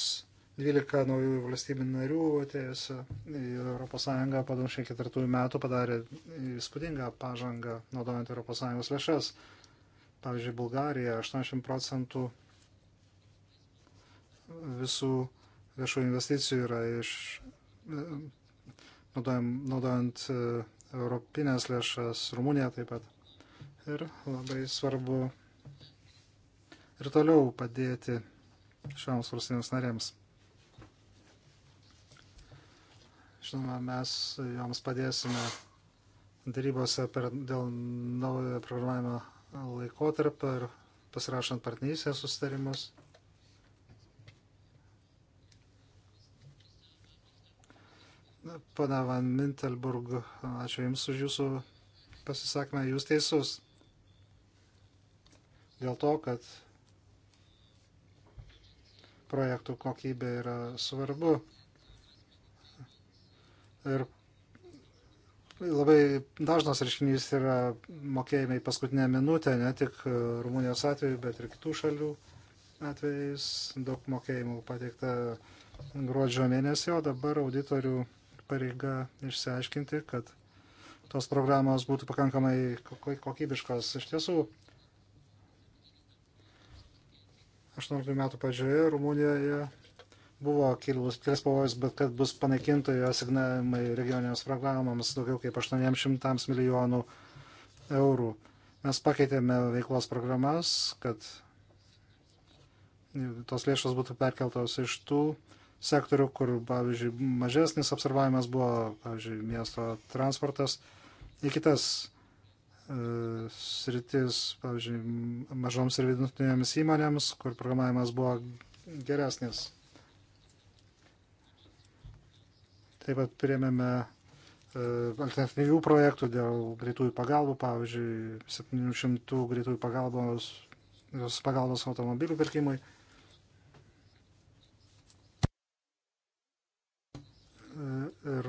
12 naujų valstybių narių atėjusio į ES po 2004 metų padarė įspūdingą pažangą naudojant ES lėšas. Pavyzdžiui, Bulgarija 80 procentų visų viešų investicijų yra iš e, naudojant, naudojant e, europinės lėšas Rumunija taip pat. Ir labai svarbu ir toliau padėti šioms valstybėms narėms. Žinoma, mes joms padėsime darybose per, dėl naujo programavimo laikotarpio ir pasirašant partnerystės sustarimus. Pana Van Mintelburg, ačiū Jums už Jūsų pasisakymą. Jūs teisus. Dėl to, kad projektų kokybė yra svarbu. Ir labai dažnas reiškinys yra mokėjimai paskutinę minutę, ne tik Rumunijos atveju, bet ir kitų šalių atvejais. Daug mokėjimų pateikta gruodžio mėnesio, dabar auditorių pareiga išsiaiškinti, kad tos programos būtų pakankamai kokybiškos. Iš tiesų, 18 metų pradžioje Rumunijoje buvo kilus kilęs pavojus, bet kad bus panaikinti jo asignavimai regioniniams programams daugiau kaip 800 milijonų eurų. Mes pakeitėme veiklos programas, kad tos lėšos būtų perkeltos iš tų sektorių, kur, pavyzdžiui, mažesnis apsarvavimas buvo, pavyzdžiui, miesto transportas, į kitas e, sritis, pavyzdžiui, mažoms ir vidutinėms įmonėms, kur programavimas buvo geresnis. Taip pat priemėme e, alternatyvių projektų dėl greitųjų pagalbų, pavyzdžiui, 700 greitųjų pagalbos, pagalbos automobilių pirkimui. ir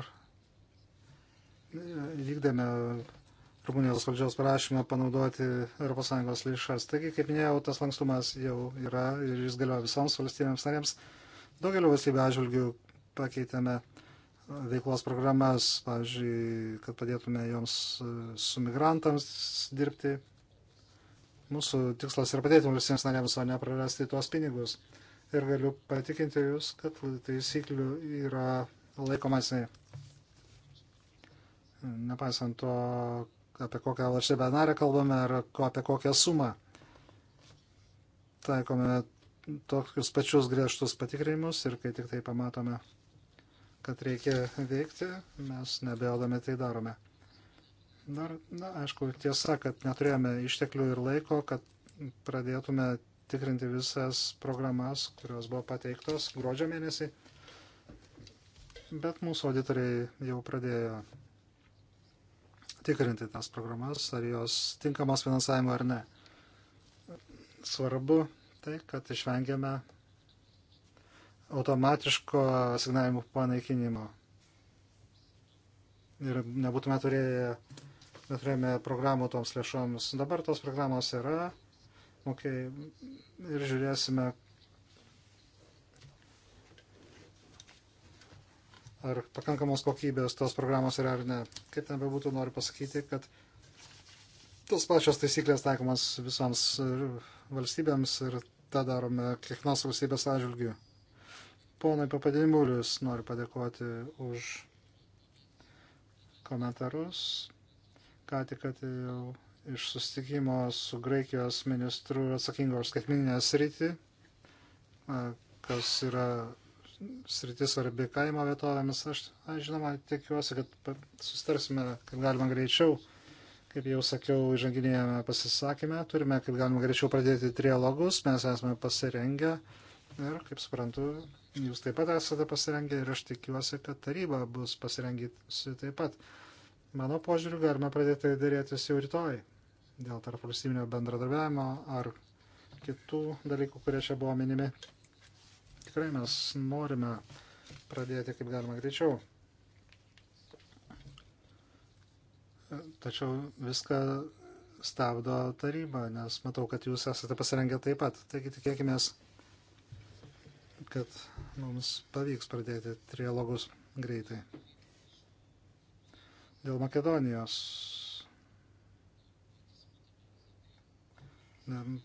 vykdėme Rumunijos valdžios prašymą panaudoti ES lėšas. Taigi, kaip minėjau, tas lankstumas jau yra ir jis galioja visoms valstybėms narėms. Daugelio valstybių atžvilgių pakeitėme veiklos programas, pavyzdžiui, kad padėtume joms e, su migrantams dirbti. Mūsų tikslas yra padėti valstybėms narėms, o ne prarasti tuos pinigus. Ir galiu patikinti Jūs, kad taisyklių yra laikomasi, nepaisant to, apie kokią valstybę narę kalbame ar apie kokią sumą. Taikome tokius pačius griežtus patikrinimus ir kai tik tai pamatome, kad reikia veikti, mes nebejodami tai darome. Dar, na, aišku, tiesa, kad neturėjome išteklių ir laiko, kad pradėtume tikrinti visas programas, kurios buvo pateiktos gruodžio mėnesį bet mūsų auditoriai jau pradėjo tikrinti tas programas, ar jos tinkamos finansavimo ar ne. Svarbu tai, kad išvengiame automatiško asignavimų panaikinimo. Ir nebūtume turėję, neturėjome programų toms lėšoms. Dabar tos programos yra, mokėjai, ir žiūrėsime, ar pakankamos kokybės tos programos yra ar ne. Kaip ten bebūtų, noriu pasakyti, kad tos pačios taisyklės taikomas visoms e, valstybėms ir tą darome kiekvienos valstybės atžvilgių. Ponai Papadimulius noriu padėkoti už komentarus. Ką tik atėjau iš sustikimo su Graikijos ministru atsakingo už skaitmininę sritį, e, kas yra sritis svarbi kaimo vietovėmis. Aš, aš žinoma, tikiuosi, kad sustarsime, kaip galima greičiau. Kaip jau sakiau, žanginėjame pasisakymę, turime, kaip galima greičiau pradėti trialogus, mes esame pasirengę ir, kaip suprantu, jūs taip pat esate pasirengę ir aš tikiuosi, kad taryba bus pasirengusi taip pat. Mano požiūriu, galima pradėti dėrėtis jau rytoj dėl tarp valstybinio bendradarbiavimo ar kitų dalykų, kurie čia buvo minimi tikrai mes norime pradėti kaip galima greičiau. Tačiau viską stabdo taryba, nes matau, kad jūs esate pasirengę taip pat. Taigi tikėkime, kad mums pavyks pradėti trialogus greitai. Dėl Makedonijos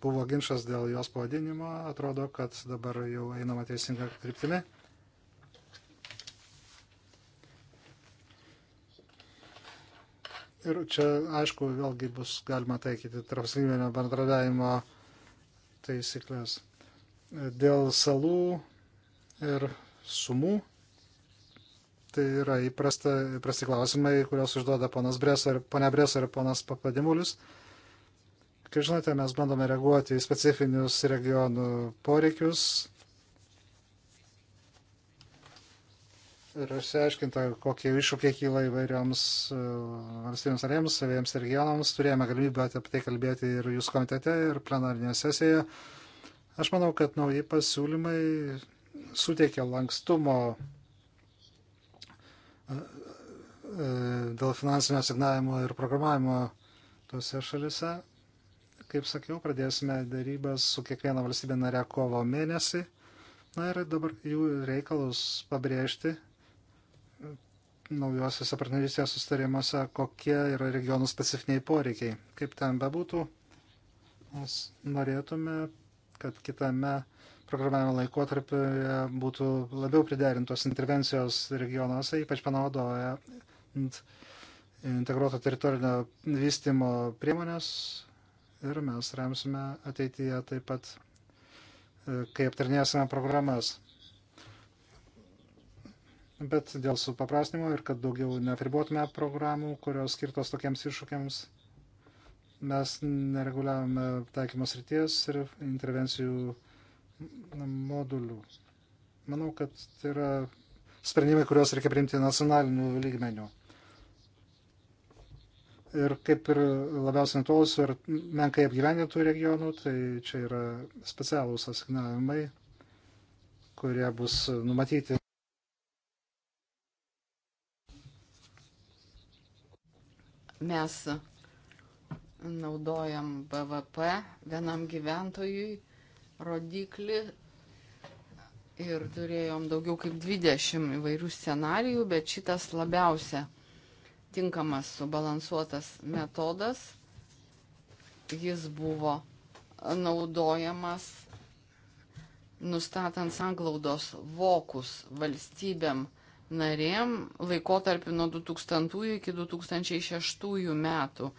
buvo ginčas dėl jos pavadinimo, atrodo, kad dabar jau einama teisinga kryptimi. Ir čia, aišku, vėlgi bus galima taikyti tarpslyvinio bendradavimo taisyklės. Dėl salų ir sumų, tai yra įprasta, įprasti klausimai, kuriuos užduoda ponas Breso ir ponia Breso ir ponas Papadimulis. Breso Kaip žinote, mes bandome reaguoti į specifinius regionų poreikius. Ir išsiaiškinta, kokie iššūkiai kyla įvairioms e, valstybėms narėms, įvairiems regionams. Turėjome galimybę apie tai kalbėti ir jūsų komitete, ir plenarinėje sesijoje. Aš manau, kad nauji pasiūlymai suteikia lankstumo e, e, dėl finansinio asignavimo ir programavimo tose šalise. Kaip sakiau, pradėsime darybas su kiekviena valstybė nare kovo mėnesį. Na ir dabar jų reikalus pabrėžti naujosiuose partnerystės sustarimuose, kokie yra regionų specifiniai poreikiai. Kaip ten bebūtų, mes norėtume, kad kitame programavimo laikotarpiu būtų labiau priderintos intervencijos regionuose, ypač panaudojant integruoto teritorinio vystimo priemonės ir mes remsime ateityje taip pat, e, kai aptarnėsime programas. Bet dėl supaprastinimo ir kad daugiau neapribuotume programų, kurios skirtos tokiems iššūkiams, mes nereguliavome taikymos ryties ir intervencijų modulių. Manau, kad tai yra sprendimai, kuriuos reikia priimti nacionalinių lygmenių ir kaip ir labiausiai nutolusių ir menkai apgyvendintų regionų, tai čia yra specialūs asignavimai, kurie bus numatyti. Mes naudojam BVP vienam gyventojui rodiklį ir turėjom daugiau kaip 20 įvairių scenarijų, bet šitas labiausia tinkamas subalansuotas metodas. Jis buvo naudojamas nustatant sanglaudos vokus valstybėm narėm laikotarpiu nuo 2000 iki 2006 metų.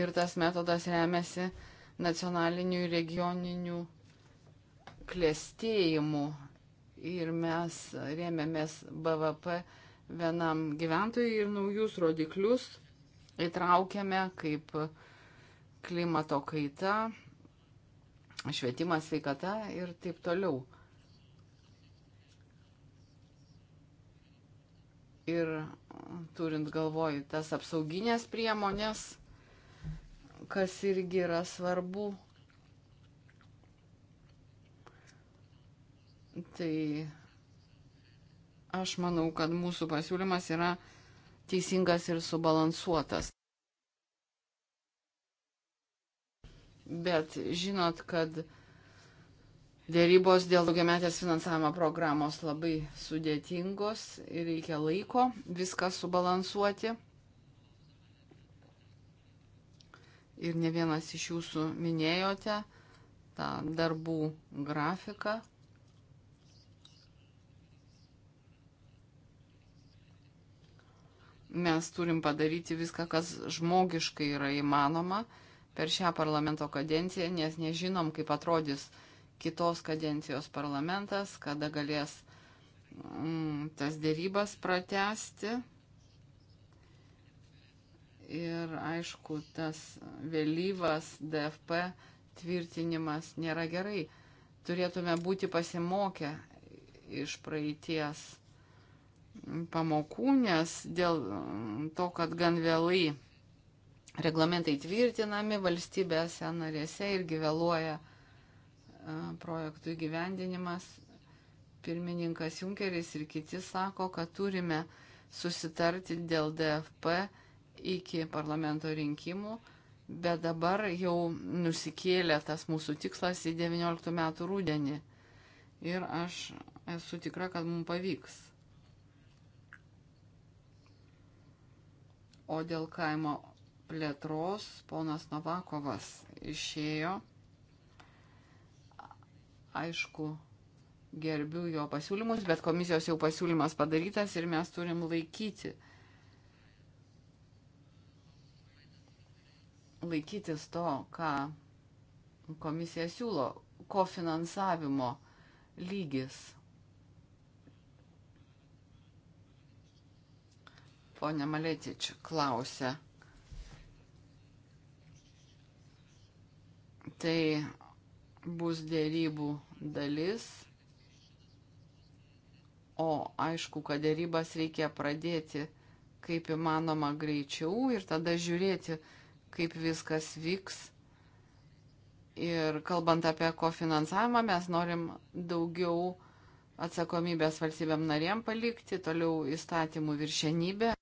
Ir tas metodas remiasi nacionalinių ir regioninių klėstėjimų. Ir mes rėmėmės BVP vienam gyventojui ir naujus rodiklius įtraukiame kaip klimato kaita, švietimas, sveikata ir taip toliau. Ir turint galvoj tas apsauginės priemonės, kas irgi yra svarbu, tai Aš manau, kad mūsų pasiūlymas yra teisingas ir subalansuotas. Bet žinot, kad dėrybos dėl daugiametės finansavimo programos labai sudėtingos ir reikia laiko viską subalansuoti. Ir ne vienas iš jūsų minėjote tą darbų grafiką. Mes turim padaryti viską, kas žmogiškai yra įmanoma per šią parlamento kadenciją, nes nežinom, kaip atrodys kitos kadencijos parlamentas, kada galės mm, tas dėrybas pratesti. Ir aišku, tas vėlyvas DFP tvirtinimas nėra gerai. Turėtume būti pasimokę iš praeities pamokų, nes dėl mm, to, kad gan vėlai reglamentai tvirtinami valstybėse narėse irgi vėluoja e, projektų įgyvendinimas, pirmininkas Junkeris ir kiti sako, kad turime susitarti dėl DFP iki parlamento rinkimų, bet dabar jau nusikėlė tas mūsų tikslas į 19 metų rūdienį. Ir aš esu tikra, kad mums pavyks. O dėl kaimo plėtros ponas Novakovas išėjo. Aišku, gerbiu jo pasiūlymus, bet komisijos jau pasiūlymas padarytas ir mes turim laikyti. Laikytis to, ką komisija siūlo, kofinansavimo lygis Pone Maletič klausia. Tai bus dėrybų dalis, o aišku, kad dėrybas reikia pradėti kaip įmanoma greičiau ir tada žiūrėti, kaip viskas vyks. Ir kalbant apie kofinansavimą, mes norim daugiau atsakomybės valstybėm narėm palikti, toliau įstatymų viršenybę.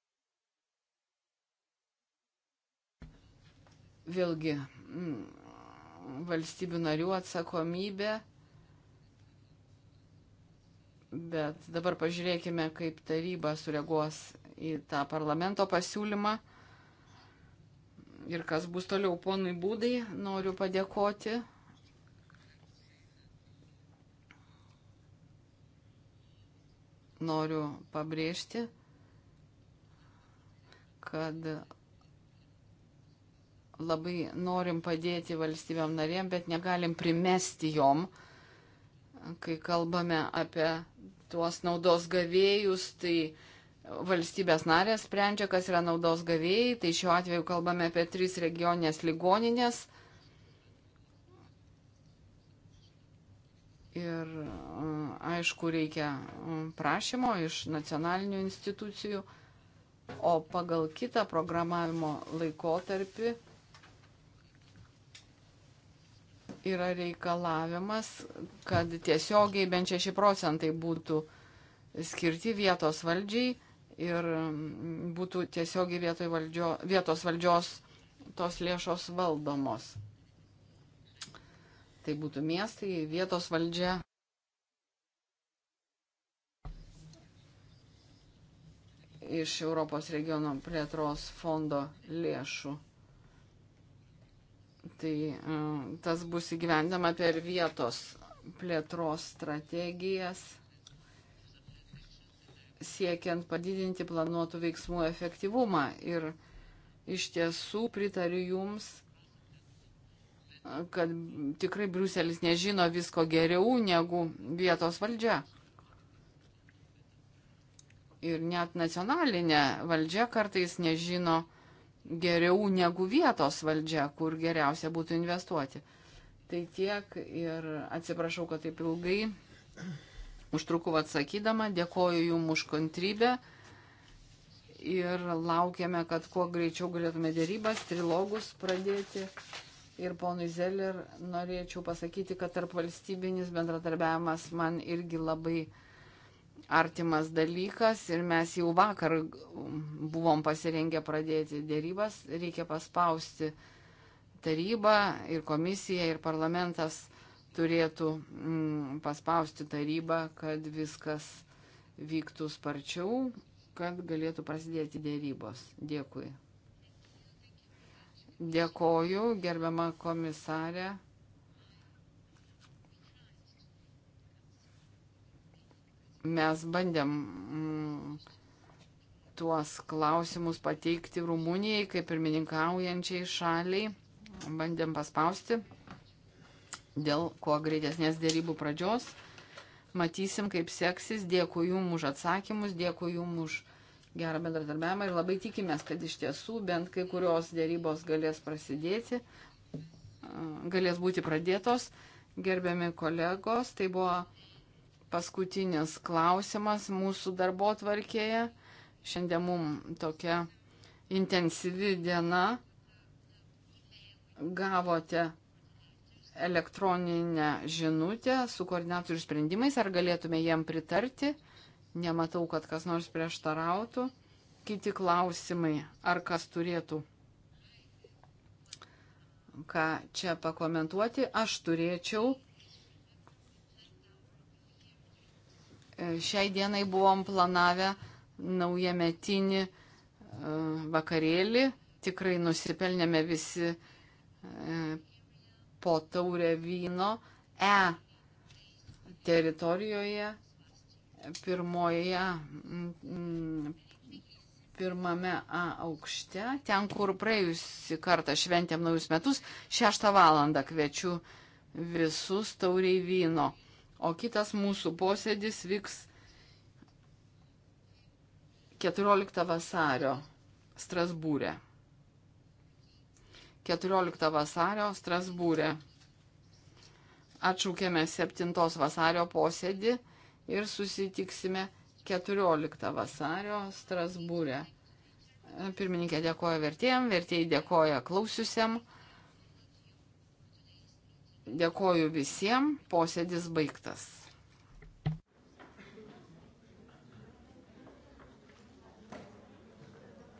vėlgi mm, valstybių narių atsakomybė. Bet dabar pažiūrėkime, kaip taryba sureaguos į tą parlamento pasiūlymą ir kas bus toliau ponui būdai. Noriu padėkoti. Noriu pabrėžti, kad labai norim padėti valstybėm narėm, bet negalim primesti jom, kai kalbame apie tuos naudos gavėjus, tai valstybės narės sprendžia, kas yra naudos gavėjai, tai šiuo atveju kalbame apie tris regioninės ligoninės. Ir aišku, reikia prašymo iš nacionalinių institucijų, o pagal kitą programavimo laikotarpį yra reikalavimas, kad tiesiogiai bent 6 procentai būtų skirti vietos valdžiai ir mm, būtų tiesiogiai valdžio, vietos valdžios tos lėšos valdomos. Tai būtų miestai, vietos valdžia. Iš Europos regiono plėtros fondo lėšų. Tai e, tas bus įgyvendama per vietos plėtros strategijas, siekiant padidinti planuotų veiksmų efektyvumą. Ir iš tiesų pritariu Jums, kad tikrai Bruselis nežino visko geriau negu vietos valdžia. Ir net nacionalinė valdžia kartais nežino, geriau negu vietos valdžia, kur geriausia būtų investuoti. Tai tiek ir atsiprašau, kad taip ilgai užtrukau atsakydama, dėkoju Jums už kantrybę ir laukiame, kad kuo greičiau galėtume dėrybas, trilogus pradėti. Ir ponui Zeller norėčiau pasakyti, kad tarp valstybinis bendradarbiavimas man irgi labai artimas dalykas ir mes jau vakar buvom pasirengę pradėti dėrybas, reikia paspausti tarybą ir komisija ir parlamentas turėtų mm, paspausti tarybą, kad viskas vyktų sparčiau, kad galėtų prasidėti dėrybos. Dėkui. Dėkoju, gerbiama komisarė. Mes bandėm mm, tuos klausimus pateikti Rumunijai kaip pirmininkaujančiai šaliai. Bandėm paspausti dėl kuo greitesnės dėrybų pradžios. Matysim, kaip seksis. Dėkui Jums už atsakymus, dėkui Jums už gerą bendradarbiavimą ir labai tikimės, kad iš tiesų bent kai kurios dėrybos galės prasidėti, galės būti pradėtos. Gerbiami kolegos, tai buvo paskutinis klausimas mūsų darbo tvarkėje. Šiandien mums tokia intensyvi diena. Gavote elektroninę žinutę su koordinatorių sprendimais, ar galėtume jiem pritarti. Nematau, kad kas nors prieštarautų. Kiti klausimai, ar kas turėtų ką čia pakomentuoti, aš turėčiau E, šiai dienai buvom planavę naujametinį e, vakarėlį, tikrai nusipelnėme visi e, po taurę vyno E teritorijoje, pirmoje, pirmame A aukšte, ten, kur praėjusį kartą šventėm naujus metus, šeštą valandą kviečiu visus tauriai vyno o kitas mūsų posėdis vyks 14 vasario Strasbūrė. 14 vasario Strasbūrė. Atšaukėme 7 vasario posėdį ir susitiksime 14 vasario Strasbūrė. Pirmininkė dėkoja vertėjim, vertėjai dėkoja klausiusiam. Dėkoju visiems, posėdis baigtas.